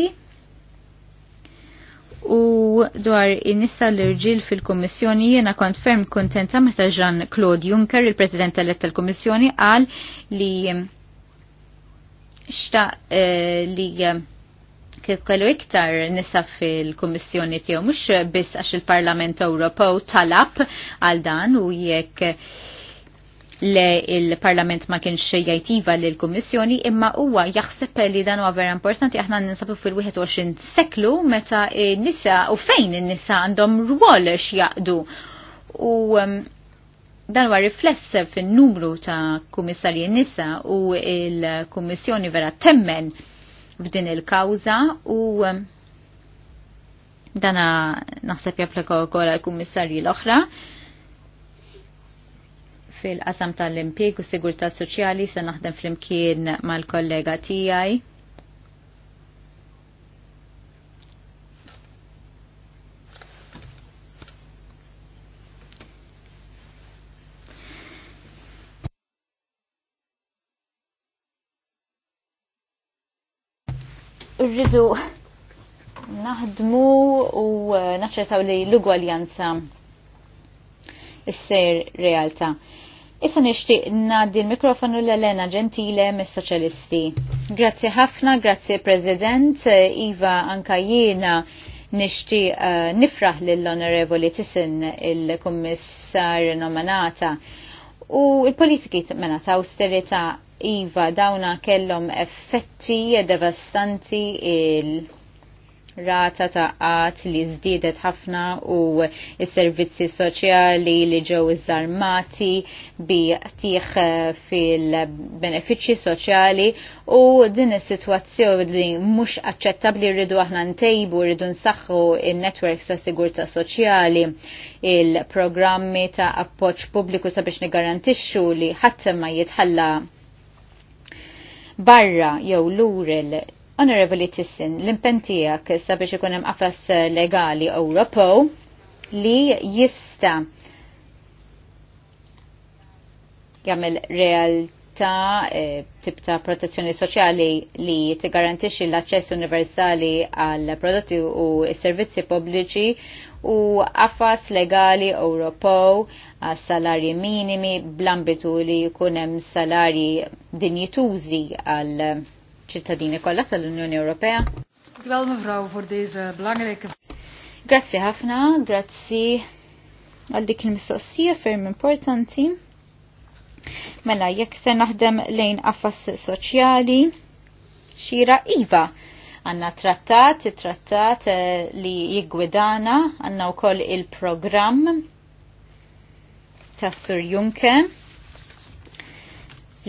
U dwar in-nisa l-irġil fil kummissjoni jiena kont ferm kontenta meta Jean Claude Juncker, il-President elett tal kummissjoni qal li xta eh, li eh, kif kellu iktar nisa fil-Kummissjoni tiegħu mhux biss għax il-Parlament Ewropew talab għal dan u jekk le il-Parlament ma kienx jajtiva l kummissjoni imma huwa jaħseb li dan huwa vera importanti aħna ninsabu fil-21 seklu meta nisa u fejn in-nisa għandhom rwol x'jaqdu u um, dan huwa rifless fin-numru ta' kummissarji nisa u il-Kummissjoni vera temmen f'din il-kawza u um, dana naħseb japplika wkoll għall-kummissarji l-oħra fil-qasam tal-impjeg u sigurtà soċjali se naħdem flimkien mal-kollega tiegħi rridu naħdmu u eh, naċċertaw li l-ugwaljanza issir realtà. Issa nixtieq ngħaddi l-mikrofonu l-Elena Gentile mis-Soċjalisti. Grazzi ħafna, grazzi President, Iva anka jiena nixtieq uh, nifraħ lill-Onorevoli Tisin il-Kummissar nominata u l-politiki mena ta' austerita Iva dawna kellhom effetti devastanti il rata ta' qat li żdiedet ħafna u s-servizzi soċjali li ġew iżarmati bi tieħ fil-benefiċċji soċjali u din is-sitwazzjoni mhux aċċettabbli rridu aħna ntejbu rridu nsaħħu in-networks ta' sigurtà soċjali il-programmi ta' appoġġ pubbliku sabiex nigarantixxu li ħadd ma jitħalla barra jew lurel Honorable Tissin, l-impentijak sabiex ikun hemm legali Ewropo li jista' jagħmel real ta' e, tip ta' protezzjoni soċjali li tigarantixxi l-aċċess universali għal prodotti u s-servizzi pubbliċi u affas legali Ewropew għas salarji minimi bl-ambitu li jkun hemm salarji dinjitużi għal ċittadini kollha tal-Unjoni Ewropea. Grazzi ħafna, grazzi għal dik il-mistoqsija ferm importanti. Mela, jekk se naħdem lejn affas soċjali, xira iva. Għanna trattat, trattat eh, li jigwidana, għanna u koll il-program ta' Sur Junke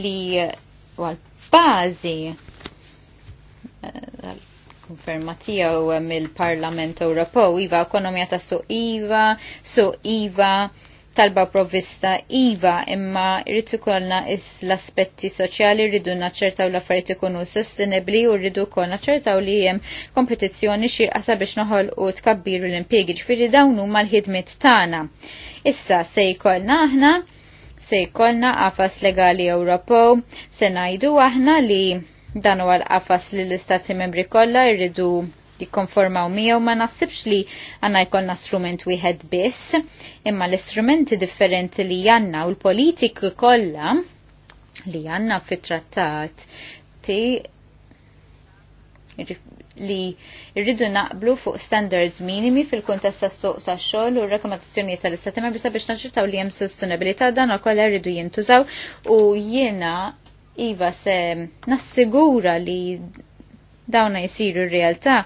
li eh, għal-bazi eh, konferma tiegħu mill-Parlament Ewropew iva ekonomija ta' suq iva, Su iva, talba provvista iva imma irrid is l-aspetti soċjali rridu naċċertaw l-affarijiet ikunu sostenibbli u rridu wkoll naċċertaw li hemm kompetizzjoni biex noħol u tkabbiru l-impjiegi ġifieri dawn huma l-ħidmiet tagħna. Issa se jkollna aħna se jkollna qafas legali Ewropew se ngħidu aħna li dan huwa l-qafas li l-istati membri kollha jridu jikkonformaw miegħu ma naħsibx li għandna jkollna strument wieħed biss, imma l-istrumenti differenti li għandna u l-politik kollha li għandna fit-trattat ti li rridu naqblu fuq standards minimi fil kuntest tas-suq tax-xogħol u r-rakkomandazzjoni tal-istati membri sabiex naċċertaw li hemm sostenibilità dan ukoll rridu jintużaw u jiena iva se nassigura li dawna jisiru r-realtà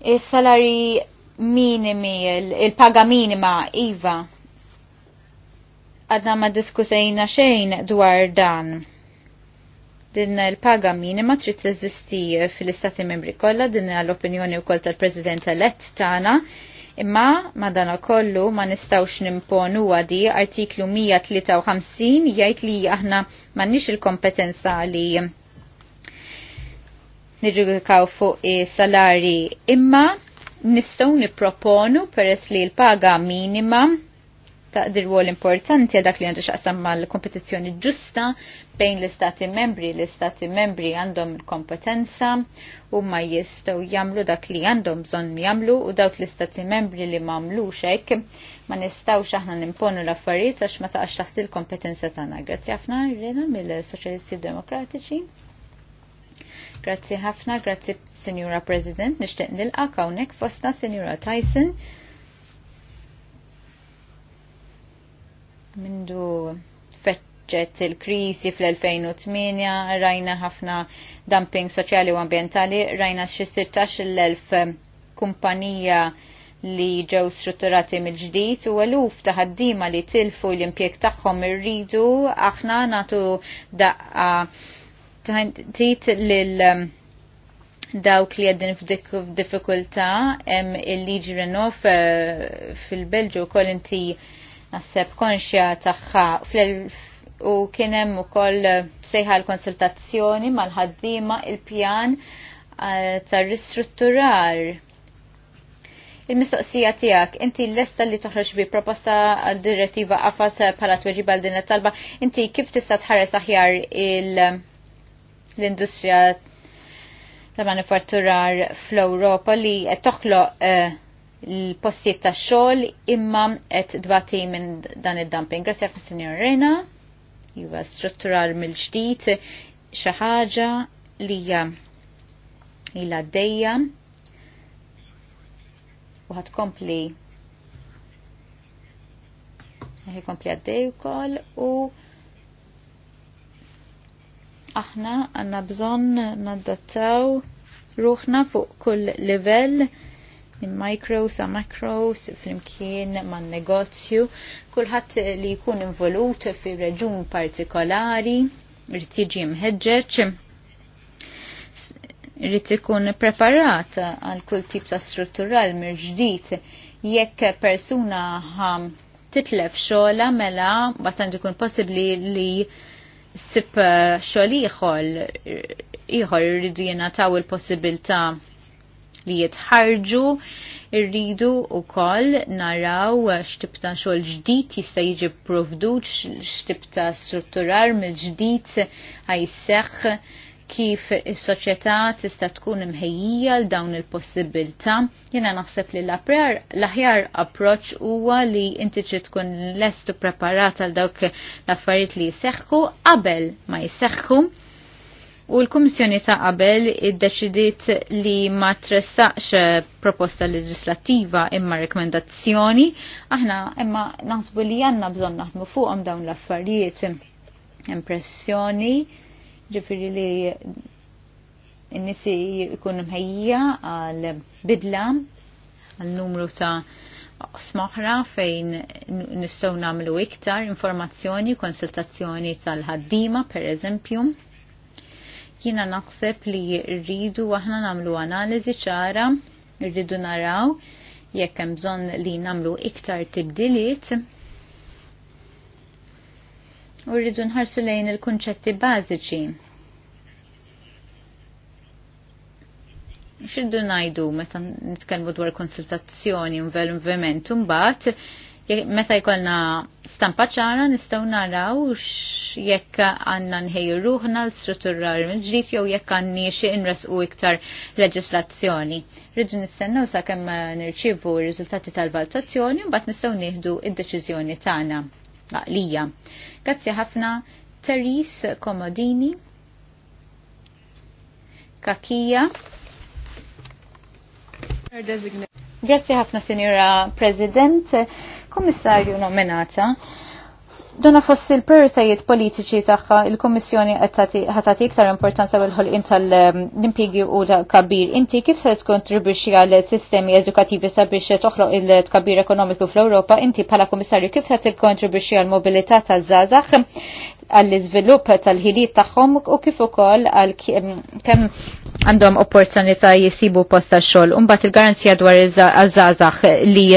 Is-salari minimi, il-paga minima, Iva. Għadna ma diskusajna xejn dwar dan. Din il-paga minima trid teżisti fil-Istati Membri kollha, din l-opinjoni wkoll tal-President elett tagħna. Imma madana kollu ma nistawx nimponu għadi artiklu 153 jgħid li aħna m'għandniex il-kompetenza li nirrikaw fuq salari imma nistgħu nipproponu peress li l-paga minima taqdir wol importanti għadak dak li għandu xaqsam mal-kompetizzjoni ġusta bejn l-istati membri. L-istati membri għandhom kompetenza u ma jistaw jamlu dak li għandhom bżon jamlu u dawk l-istati membri li ma għamlu xek ma nistaw xaħna nimponu l-affarijiet għax ma taqax taħt il-kompetenza tagħna. Grazzi ħafna Rena, mill-Soċjalisti Demokratiċi. Grazzi ħafna, grazzi Signora President, nixtieq nilqa' hawnhekk fosta, senjura Tyson. Mindu feċċet il-krisi fl-2008 rajna ħafna dumping soċjali u ambientali, rajna xi 16 kumpanija li ġew strutturati mill-ġdid u għaluf ta' li tilfu l-impjeg tagħhom irridu aħna nagħtu daqqa tit lil um, dawk li għeddin f'diffikultà hemm il-liġi Renov uh, fil-Belġu wkoll inti naħseb konxja tagħha u kien hemm ukoll uh, sejħa l-konsultazzjoni mal-ħaddiema il-pjan uh, tar-ristrutturar il-mistoqsija tijak, inti l-lesta li toħroġ bi proposta għal direttiva għafas pala tweġiba għal din talba inti kif tista tħares aħjar il- l-industrija ta' manifatturar fl-Ewropa li qed toħloq eh, l-postijiet ta' xogħol imma qed dbati minn dan id-dumping. Grazzi ħafna Sinjor Rena, jiva strutturar mill-ġdid xi ħaġa li hija ilha dejja u ħatkompli kompli għaddej ukoll u aħna għanna bżon naddattaw ruħna fuq kull livell minn micro sa macro flimkien man negozju kulħadd li jkun involut fi reġun partikolari irid jiġi mħeġġeġ irid ikun preparat għal kull tip ta' struttural mirġdid jekk persuna titlef xogħla mela mbagħad ikun possibbli li, li xol eh, xogħol ieħor ieħor jena taw il-possibilità li jitħarġu rridu u koll naraw xtibta xol ġdijt jista jiġi provdu xtibta strutturar mill ġdijt seħ kif is-soċjetà tista' tkun imħejjija l dawn il-possibilità. Jiena naħseb li l-aħjar approċċ huwa li inti trid tkun lestu preparata għal dawk l-affarijiet li jseħħu qabel ma jseħħu. U l-Kummissjoni ta' qabel iddeċidiet li ma tressaqx proposta leġislattiva imma rekomendazzjoni, aħna imma naħsbu li għandna bżonn naħdmu fuqhom dawn l-affarijiet impressjoni ġifiri li n-nisi jkunu mħejja għal bidla għal numru ta' smaħra fejn nistaw namlu iktar informazzjoni, konsultazzjoni tal-ħaddima per eżempju. Jina naħseb li rridu aħna namlu analizi ċara, rridu naraw jekk hemm bżonn li namlu iktar tibdiliet U rridu nħarsu lejn il-kunċetti bażiċi. Xiddu najdu meta nitkellmu dwar konsultazzjoni u un imbagħad meta jkollna stampa ċara nistgħu naraw jekk għandna nħejju ruħna struttura ġdid jew jekk għandni xi inresqu iktar leġislazzjoni. Rridu nistennew sakemm nirċievu r-riżultati tal-valutazzjoni u mbagħad nistgħu nieħdu id-deċiżjoni tagħna għalija. Grazzi ħafna Teris Komodini, Kakija. Grazzi ħafna Sinjora President, Komissarju nominata. Donna fost il-prioritajiet politiċi tagħha il-Kummissjoni qed iktar importanza bil ħolqien tal-impjigi u kabir. Inti kif se tkontribwixxi għal sistemi edukativi sabiex toħloq il-tkabbir ekonomiku fl-Ewropa, inti bħala komissarju kif se tikkontribwixxi għal mobilità taż-żgħażagħ għall-iżvilupp tal-ħiliet tagħhom u kif ukoll għal kemm għandhom opportunità jisibu posta xogħol. Umbat il-garanzija dwar iż żazax li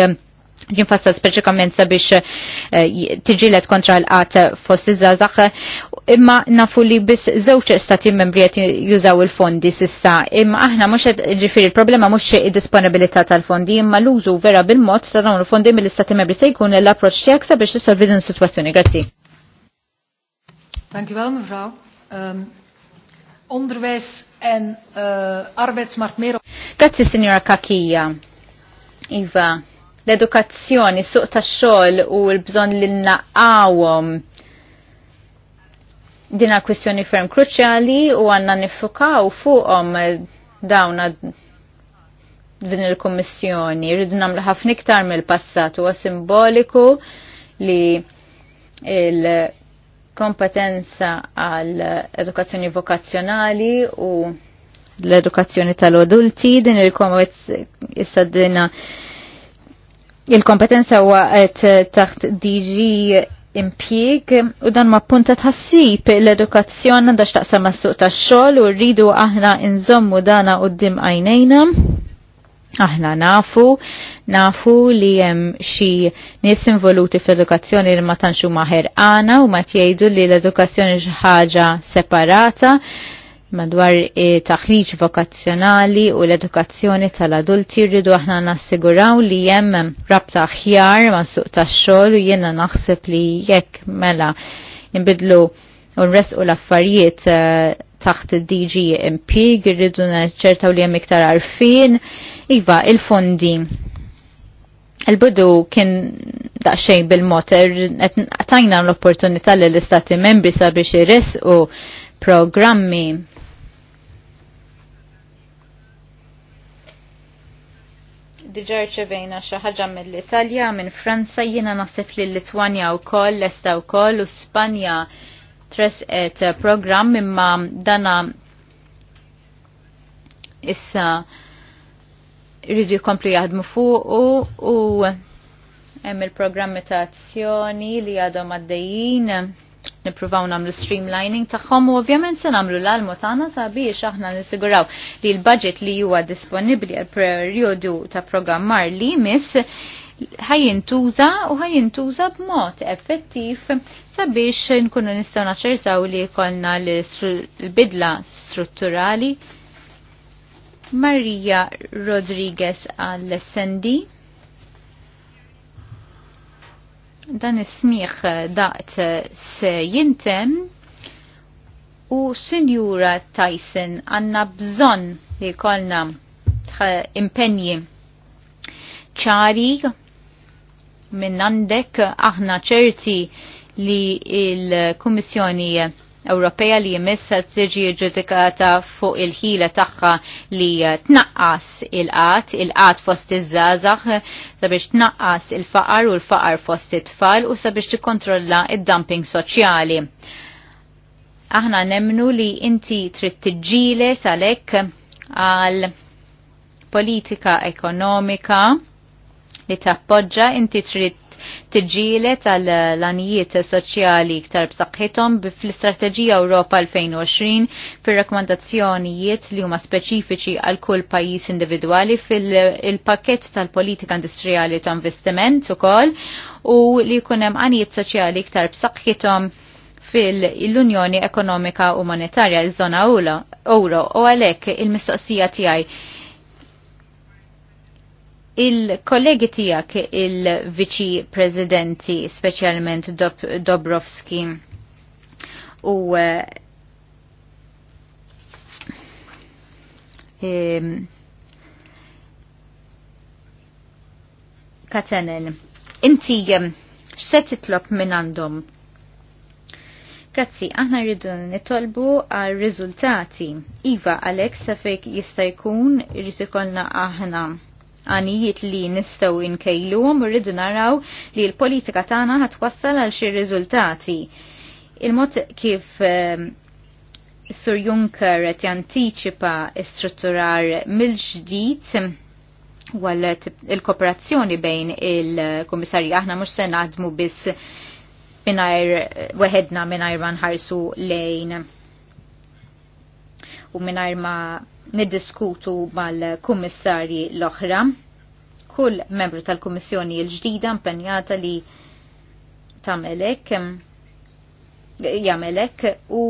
ġinfassa speċikament sabiex eh, tiġilet kontra l-qat fossi iż imma nafu li biss żewġ stati membri qed jużaw il-fondi sissa, imma aħna mhux qed il-problema mhux id-disponibilità tal-fondi, imma l-użu vera bil-mod ta' dawn il-fondi mill-istati membri se jkun l-approċċ tiegħek sabiex t-solvi din is-sitwazzjoni. Grazzi. Thank you well, mevrouw. Ehm, onderwijs en eh, arbeidsmarkt meer. Grazie signora Kakija. Iva l-edukazzjoni, suq ta' xol u l-bżon li naqawom dina kwistjoni ferm kruċjali u għanna nifukaw fuqom dawna din il-kommissjoni. Rridu namlu ħafna iktar mill-passat huwa simboliku li il-kompetenza għal edukazzjoni vokazzjonali u l-edukazzjoni tal-adulti din il kommissjoni il-kompetenza huwa qed taħt DG impjieg u dan ma punta tħassib l-edukazzjon għandha x'taqsam mas-suq tax-xogħol u rridu aħna inżommu dana quddiem għajnejna. Aħna nafu, nafu li hemm xi nies involuti fl-edukazzjoni li ma tantx huma ħerqana u ma tgħidu li l-edukazzjoni xi ħaġa separata madwar taħriġ vokazzjonali u l-edukazzjoni tal-adulti rridu aħna nassiguraw li hemm rabta aħjar ma' suq tax-xogħol u jiena naħseb li jekk mela nbidlu u nresqu l-affarijiet eh, taħt DG Impig irridu naċċertaw li hemm iktar arfin iva il-fondi Il-bidu kien daqxejn bil mot er, tajna l-opportunità l istati membri sabiex u programmi diġa rċevejna xi ħaġa mill-Italja, minn Franza, jiena naħseb li l u wkoll, l-Esta wkoll u Spanja tresqet programm imma dana issa rridu jkomplu jaħdmu fuqu u hemm il-programmi ta' azzjoni li għadhom għaddejjin nippruvaw nagħmlu streamlining tagħhom u ovvjament se nagħmlu l-almu tagħna sabiex aħna nissiguraw li l-budget li huwa disponibbli għal perjodu ta' programmar li miss ħajintuża u ħajintuża b'mod effettiv sabiex nkunu nistgħu naċċertaw li jkollna l-bidla strutturali Maria Rodriguez għall-SND. dan is-smieħ daqt se jintem u Sinjura Tyson għanna bżonn li kolna impenji ċari minn għandek aħna ċerti li il-Kummissjoni Ewropeja li jmissa tiġi ġudikata fuq il-ħila tagħha li tnaqqas il-qat, il-qat fost iż-żazax sabiex tnaqqas il-faqar u l-faqar fost it-tfal u sabiex tikkontrolla id-dumping soċjali. Aħna nemnu li inti trid tiġġielet għalhekk għal politika ekonomika li tappoġġa inti trid tiġġielet għal l-anijiet soċjali iktar b'saħħithom fl-Istrateġija Ewropa 2020 fir-rakkomandazzjonijiet li huma speċifiċi għal kull pajjiż individwali fil-pakett tal-politika industrijali ta' investiment ukoll u li jkun hemm għanijiet soċjali iktar b'saħħithom fil-Unjoni Ekonomika u Monetarja iż zona euro u għalhekk il-mistoqsija tiegħi Il-kollegi tijak il-viċi prezidenti, specialment Dob Dobrovski u um, Katenen, inti x'se titlob minn għandhom? Grazzi, aħna rridu nitolbu għal riżultati. Iva, Alex, sa fejk jista' jkun jrid ikollna aħna għanijiet li nistaw inkejluhom u rridu naraw li l-politika tagħna wassal għal xi riżultati. Il-mod kif ehm, Sur Juncker qed jantiċipa strutturar mill-ġdid għal il-kooperazzjoni bejn il-Kummissarji aħna mhux se naħdmu biss mingħajr weħedna mingħajr ma nħarsu lejn u mingħajr ma' niddiskutu mal-kummissarji l-oħra. Kull membru tal-Kummissjoni l-ġdida impenjata li tamelek jamelek u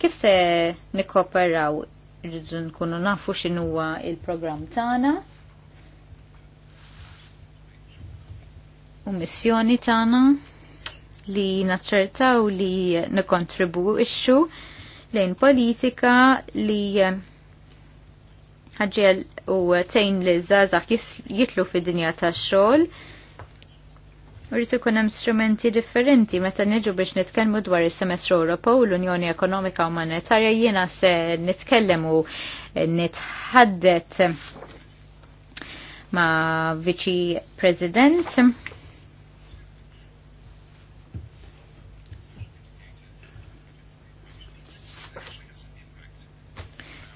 kif se nikkooperaw rridu nkunu nafu x'inhuwa il-programm tagħna. U missjoni tagħna li naċċertaw li nikkontribwixxu lejn politika li ħagġel u tejn li zazax jitlu fid-dinja tax-xogħol. Rritu ikun hemm strumenti differenti meta niġu biex nitkellmu dwar is-semestru Ewropew u l-Unjoni Ekonomika u Monetarja jiena se nitkellem u nitħaddet ma' viċi President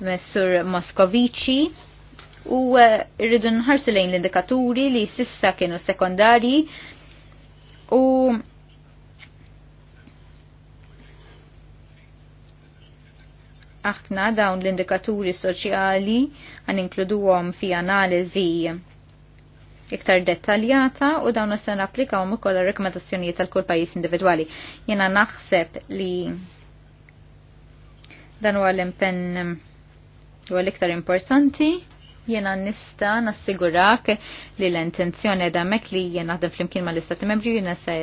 Messur Moskovici u eh, rridu nħarsu lejn l-indikaturi li sissa kienu sekondari u aħna dawn l-indikaturi soċjali għan għom fi analiżi iktar dettaljata u dawn għom u ukoll rekomendazzjoni tal kull pajjiż individwali. Jiena naħseb li dan huwa l-impenn u l-iktar importanti jena nista nassigurak li l-intenzjoni da mek li jena naħdem fl-imkien ma l-istati membri jena se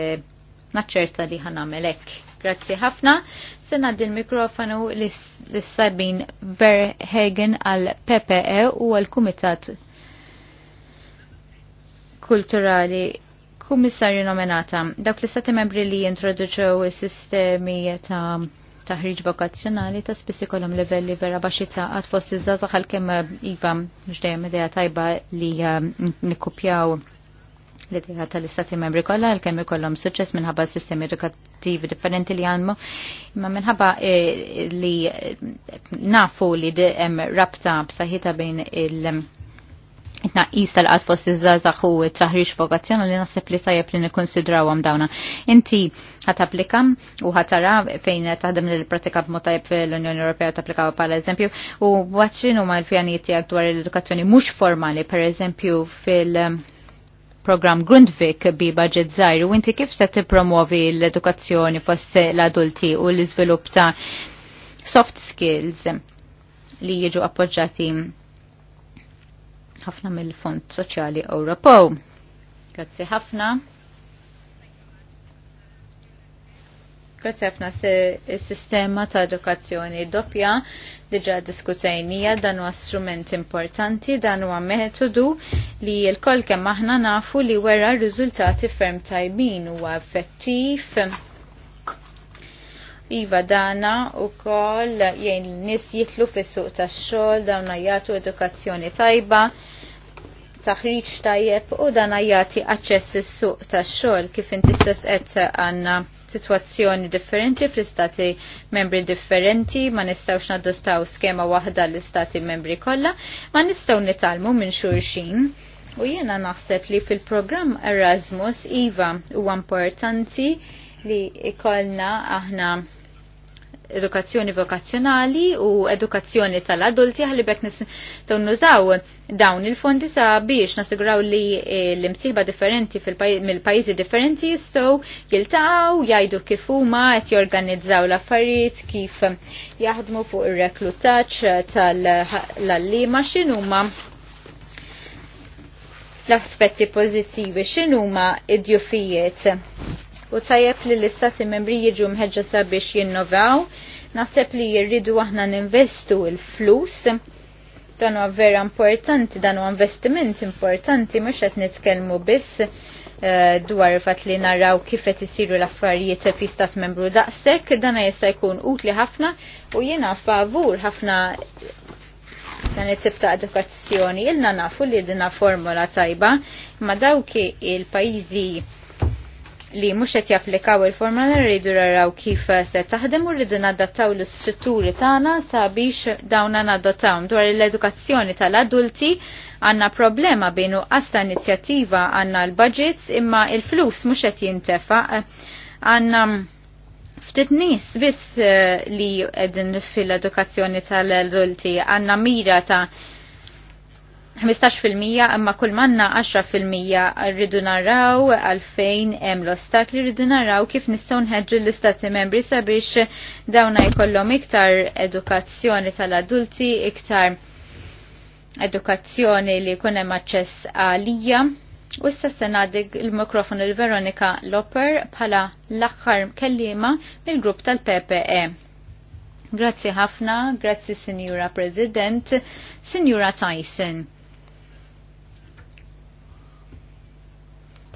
naċċerta li melek. Grazzi ħafna. Se naddi l-mikrofonu l-Sabin Verhegen għal PPE u għal Kumitat Kulturali Kummissarju nominata. Dawk l-istati membri li jintroduċew sistemi ta' taħriġ vokazzjonali ta' spiss ikollhom livelli vera baxi ta' għad fost iż-żazax għalkemm eh, iva mhux id idea tajba li eh, nikkupjaw l-idea tal-istati membri kollha għalkemm ikollhom suċċess minħabba sistemi edukattivi differenti li għandhom. Imma minħabba eh, li nafu li hemm rabta b'saħħitha bejn il- it-naqis tal-qat fost iż-żazax u t-taħriġ vokazzjonali li nasib li tajjeb li nikkonsidrawhom dawna. Inti ħat applikam u ħatara fejn taħdem li l-pratika b'mod tajjeb fl-Unjoni Ewropea tapplika bħala eżempju u waċċin huma l-pjanijiet tiegħek dwar l-edukazzjoni mhux formali, pereżempju fil- program Grundvik bi budget zaħir u inti kif se tippromovi l-edukazzjoni fost l-adulti u l-izvilup ta' soft skills li jiġu appoġġati ħafna mill-Fond Soċjali Ewropew. Grazzi ħafna. Grazzi ħafna s-sistema ta' edukazzjoni doppja diġa diskutejnija dan huwa strument importanti, dan huwa metodu li l-koll kemm aħna nafu li wera r-riżultati ferm tajbin huwa effettiv. Iva dana u koll jien nis jitlu fis-suq tax-xogħol dawn jagħtu edukazzjoni tajba taħriġ tajjeb u dan jagħti aċċess is-suq tax-xogħol kif inti stess qed għandna sitwazzjoni differenti fl-istati membri differenti, ma nistgħux nadostaw skema waħda l-istati membri kollha, ma nistgħu nitalmu minn xulxin. U jiena naħseb li fil-programm Erasmus Iva huwa importanti li ikollna aħna edukazzjoni vokazzjonali u edukazzjoni tal-adulti għalli bekk nużaw dawn il-fondi biex nasiguraw li eh, l-imsiħba differenti mill-pajizi differenti jistow jiltaw, jajdu kif huma qed jorganizzaw l-affarijiet kif jaħdmu fuq ir-reklutaċ tal-allima x'inhuma l-aspetti pozittivi x'inhuma id-djufijiet u tajjeb li l-istati membri jiġu mħedġa sabiex jinnovaw. Naħseb li jirridu aħna ninvestu il-flus dan huwa vera importanti, dan huwa investiment importanti, mhux qed nitkellmu biss eh, dwar fat li naraw kif qed isiru l-affarijiet fi stat membru daqshekk, dan jista' jkun utli ħafna u jiena favur ħafna dan it-tip ta' edukazzjoni. Ilna nafu li dina formula tajba, ma dawki il-pajjiżi li mhux qed japplikaw il-forma rridu raraw kif se taħdem u rridu nadattaw l-istrutturi tagħna sabiex dawna nadattaw dwar l-edukazzjoni tal-adulti għandna problema bejn għasta ta' inizjattiva għandna l-budgets imma il-flus mhux qed jintefa'. għandna ftit nies biss eh, li qegħdin fil-edukazzjoni tal-adulti għandna mira ta' 15% imma kull manna 10% rridu naraw għalfejn hemm l-ostakli rridu naraw kif nistgħu nħeġġu l-istati membri sabiex dawna jkollhom iktar edukazzjoni tal-adulti, iktar edukazzjoni li jkun hemm aċċess għalija. U issa se il-mikrofonu l Veronika Loper bħala l-aħħar kellima mill-grupp tal-PPE. Grazzi ħafna, grazzi Sinjura President, Sinjura Tyson.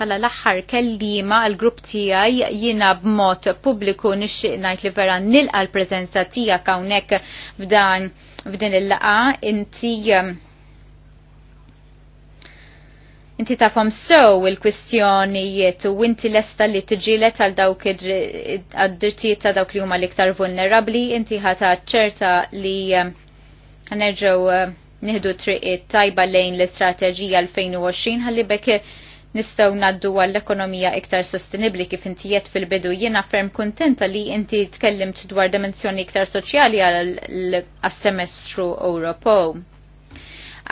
Pala mela l-axħar kellima għal-grupp tijaj jina b'mod publiku nixxiq najt li vera nilqa l-prezenza tija kawnek f'dan f'din il-laqa inti um, inti tafhom sew il-kwistjonijiet u inti lesta li tiġilet għal dawk id-dirtijiet ta' dawk li huma l-iktar vulnerabbli, inti ħata ċerta li għanerġaw um, uh, nieħdu triqiet tajba lejn l-istrateġija 2020 għalli bekk Nistgħu naddu għall-ekonomija iktar sostenibli kif intijiet fil-bidu jiena ferm kuntenta li inti tkellimt dwar dimensjoni iktar soċjali għal-semestru Ewropew.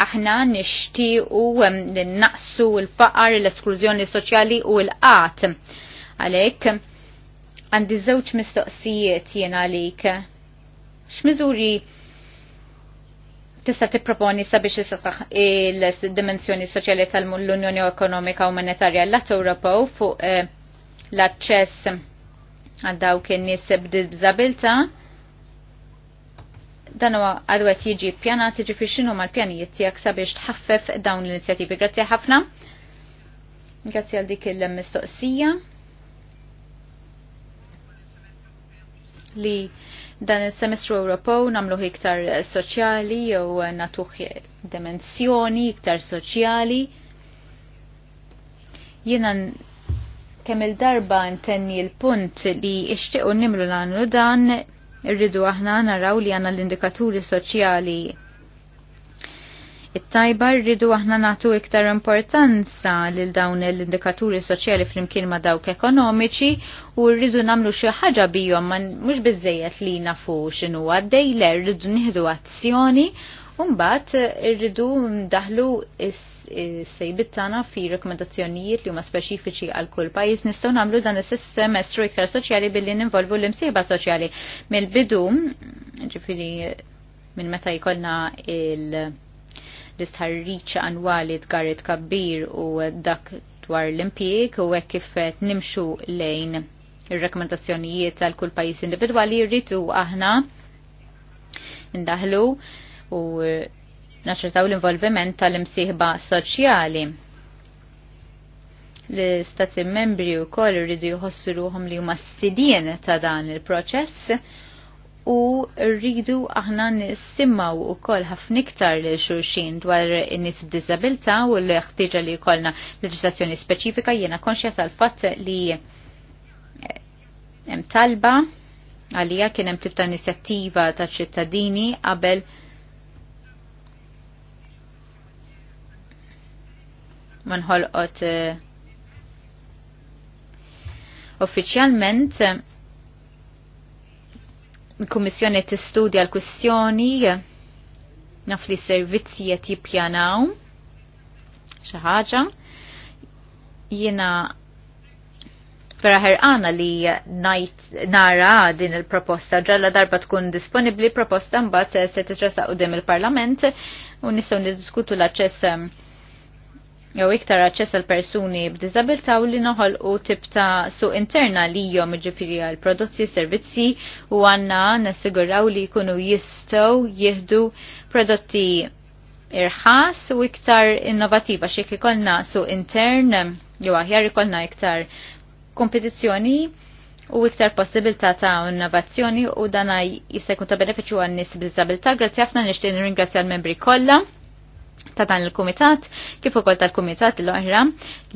Aħna nixtiequ naqsu l-faqar, l-esklużjoni soċjali u l-qat. Għalhekk għandi żewġ mistoqsijiet jiena għalik. X'miżuri tista' tipproponi sabiex isasaħ il-dimensjoni soċjali tal-Unjoni Ekonomika u Monetarja l-Att Ewropew fuq eh, l-aċċess għal dawk in-nies b'diżabilità. Dan huwa għadwet jiġi jiġi tiġi jiġifieri x'inhu mal-pjanijiet tiegħek sabiex tħaffef dawn l-inizjattivi. Grazzi ħafna. Grazzi għal dik il-mistoqsija li dan il-semestru Ewropew namlu iktar soċjali jew natuħ dimensjoni iktar soċjali. Jiena kemm il-darba ntenni l-punt li ixtiequ nimlu l dan irridu aħna naraw li għandna l-indikaturi soċjali it-tajba rridu aħna natu iktar importanza lil dawn l-indikaturi soċjali flimkien ma dawk ekonomiċi u rridu namlu xi ħaġa bihom mhux biżejjed li nafu x'inhu għaddej le rridu nieħdu azzjoni Umbat irridu daħlu is-sejbit tagħna fi rekomendazzjonijiet li huma speċifiċi għal kull pajjiż nistgħu nagħmlu dan is-sistem estru iktar soċjali billi ninvolvu l-imsieba soċjali mill-bidu ġifieri minn meta jkollna il- l-istħarriċa annwali tgarret kabbir u dak dwar l-impjeg u hekk kif nimxu lejn ir-rekomendazzjonijiet tal kull pajjiż individwali rritu aħna ndaħlu u naċċertaw l-involviment tal-imsieħba soċjali l-istati membri u koll rridu jħossu ruħom li huma s-sidien ta' dan il-proċess u rridu aħna nissimmaw u koll ħafniktar li xurxin dwar nis disabilta u l ħtieġa li kollna leġislazzjoni speċifika jena konxja tal-fat li eh, hemm talba għalija kien hemm tibta inizjattiva ta' ċittadini qabel ma nħolqot eh, uffiċjalment uh, il-Kummissjoni tistudja l-kwistjoni naf li servizzi qed jippjanaw xaħġa ħaġa. Jiena vera ħerqana li najt nara din il-proposta ġalla darba tkun disponibli proposta mbagħad se u qudiem il-Parlament u nistgħu niddiskutu l-aċċess jew iktar aċċess għal persuni b'diżabilità u li noħolqu tip ta' suq interna li jom ġifiri għal prodotti servizzi u għanna nassiguraw li jkunu jistgħu jieħdu prodotti irħas u iktar innovativa xiek ikolna suq intern jew aħjar ikolna iktar kompetizzjoni u iktar possibilità ta' innovazzjoni u dana jisekun ta' beneficju għan nies b'diżabilità. Grazzi ħafna nixtieq nirringrazzja l-membri kollha ta' dan il-Kumitat kif ukoll tal-Kumitat l-oħra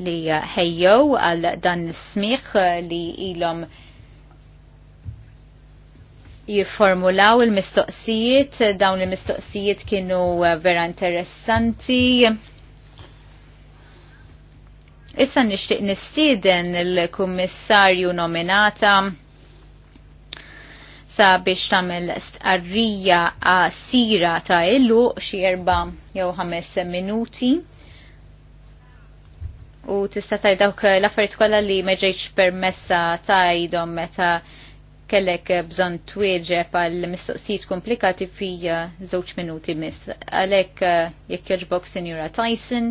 li ħejjew għal dan is-smigħ li ilhom jifformulaw il-mistoqsijiet, dawn il-mistoqsijiet kienu vera interessanti. Issa nixtieq nistieden il-kummissarju nominata sa biex tamil stqarrija sira ta' illu xi erba' jew ħames minuti. U tista' taj dawk l-affarijiet kollha li ma ġejtx permessa tajdhom meta kellek bżonn twieġeb għal mistoqsijiet komplikati fi uh, żewġ minuti miss. Għalhekk uh, jekk jogħġbok Sinjura Tyson,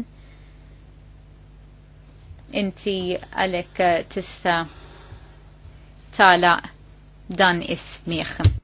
inti għalhekk uh, tista' tala' dan is-smieħ.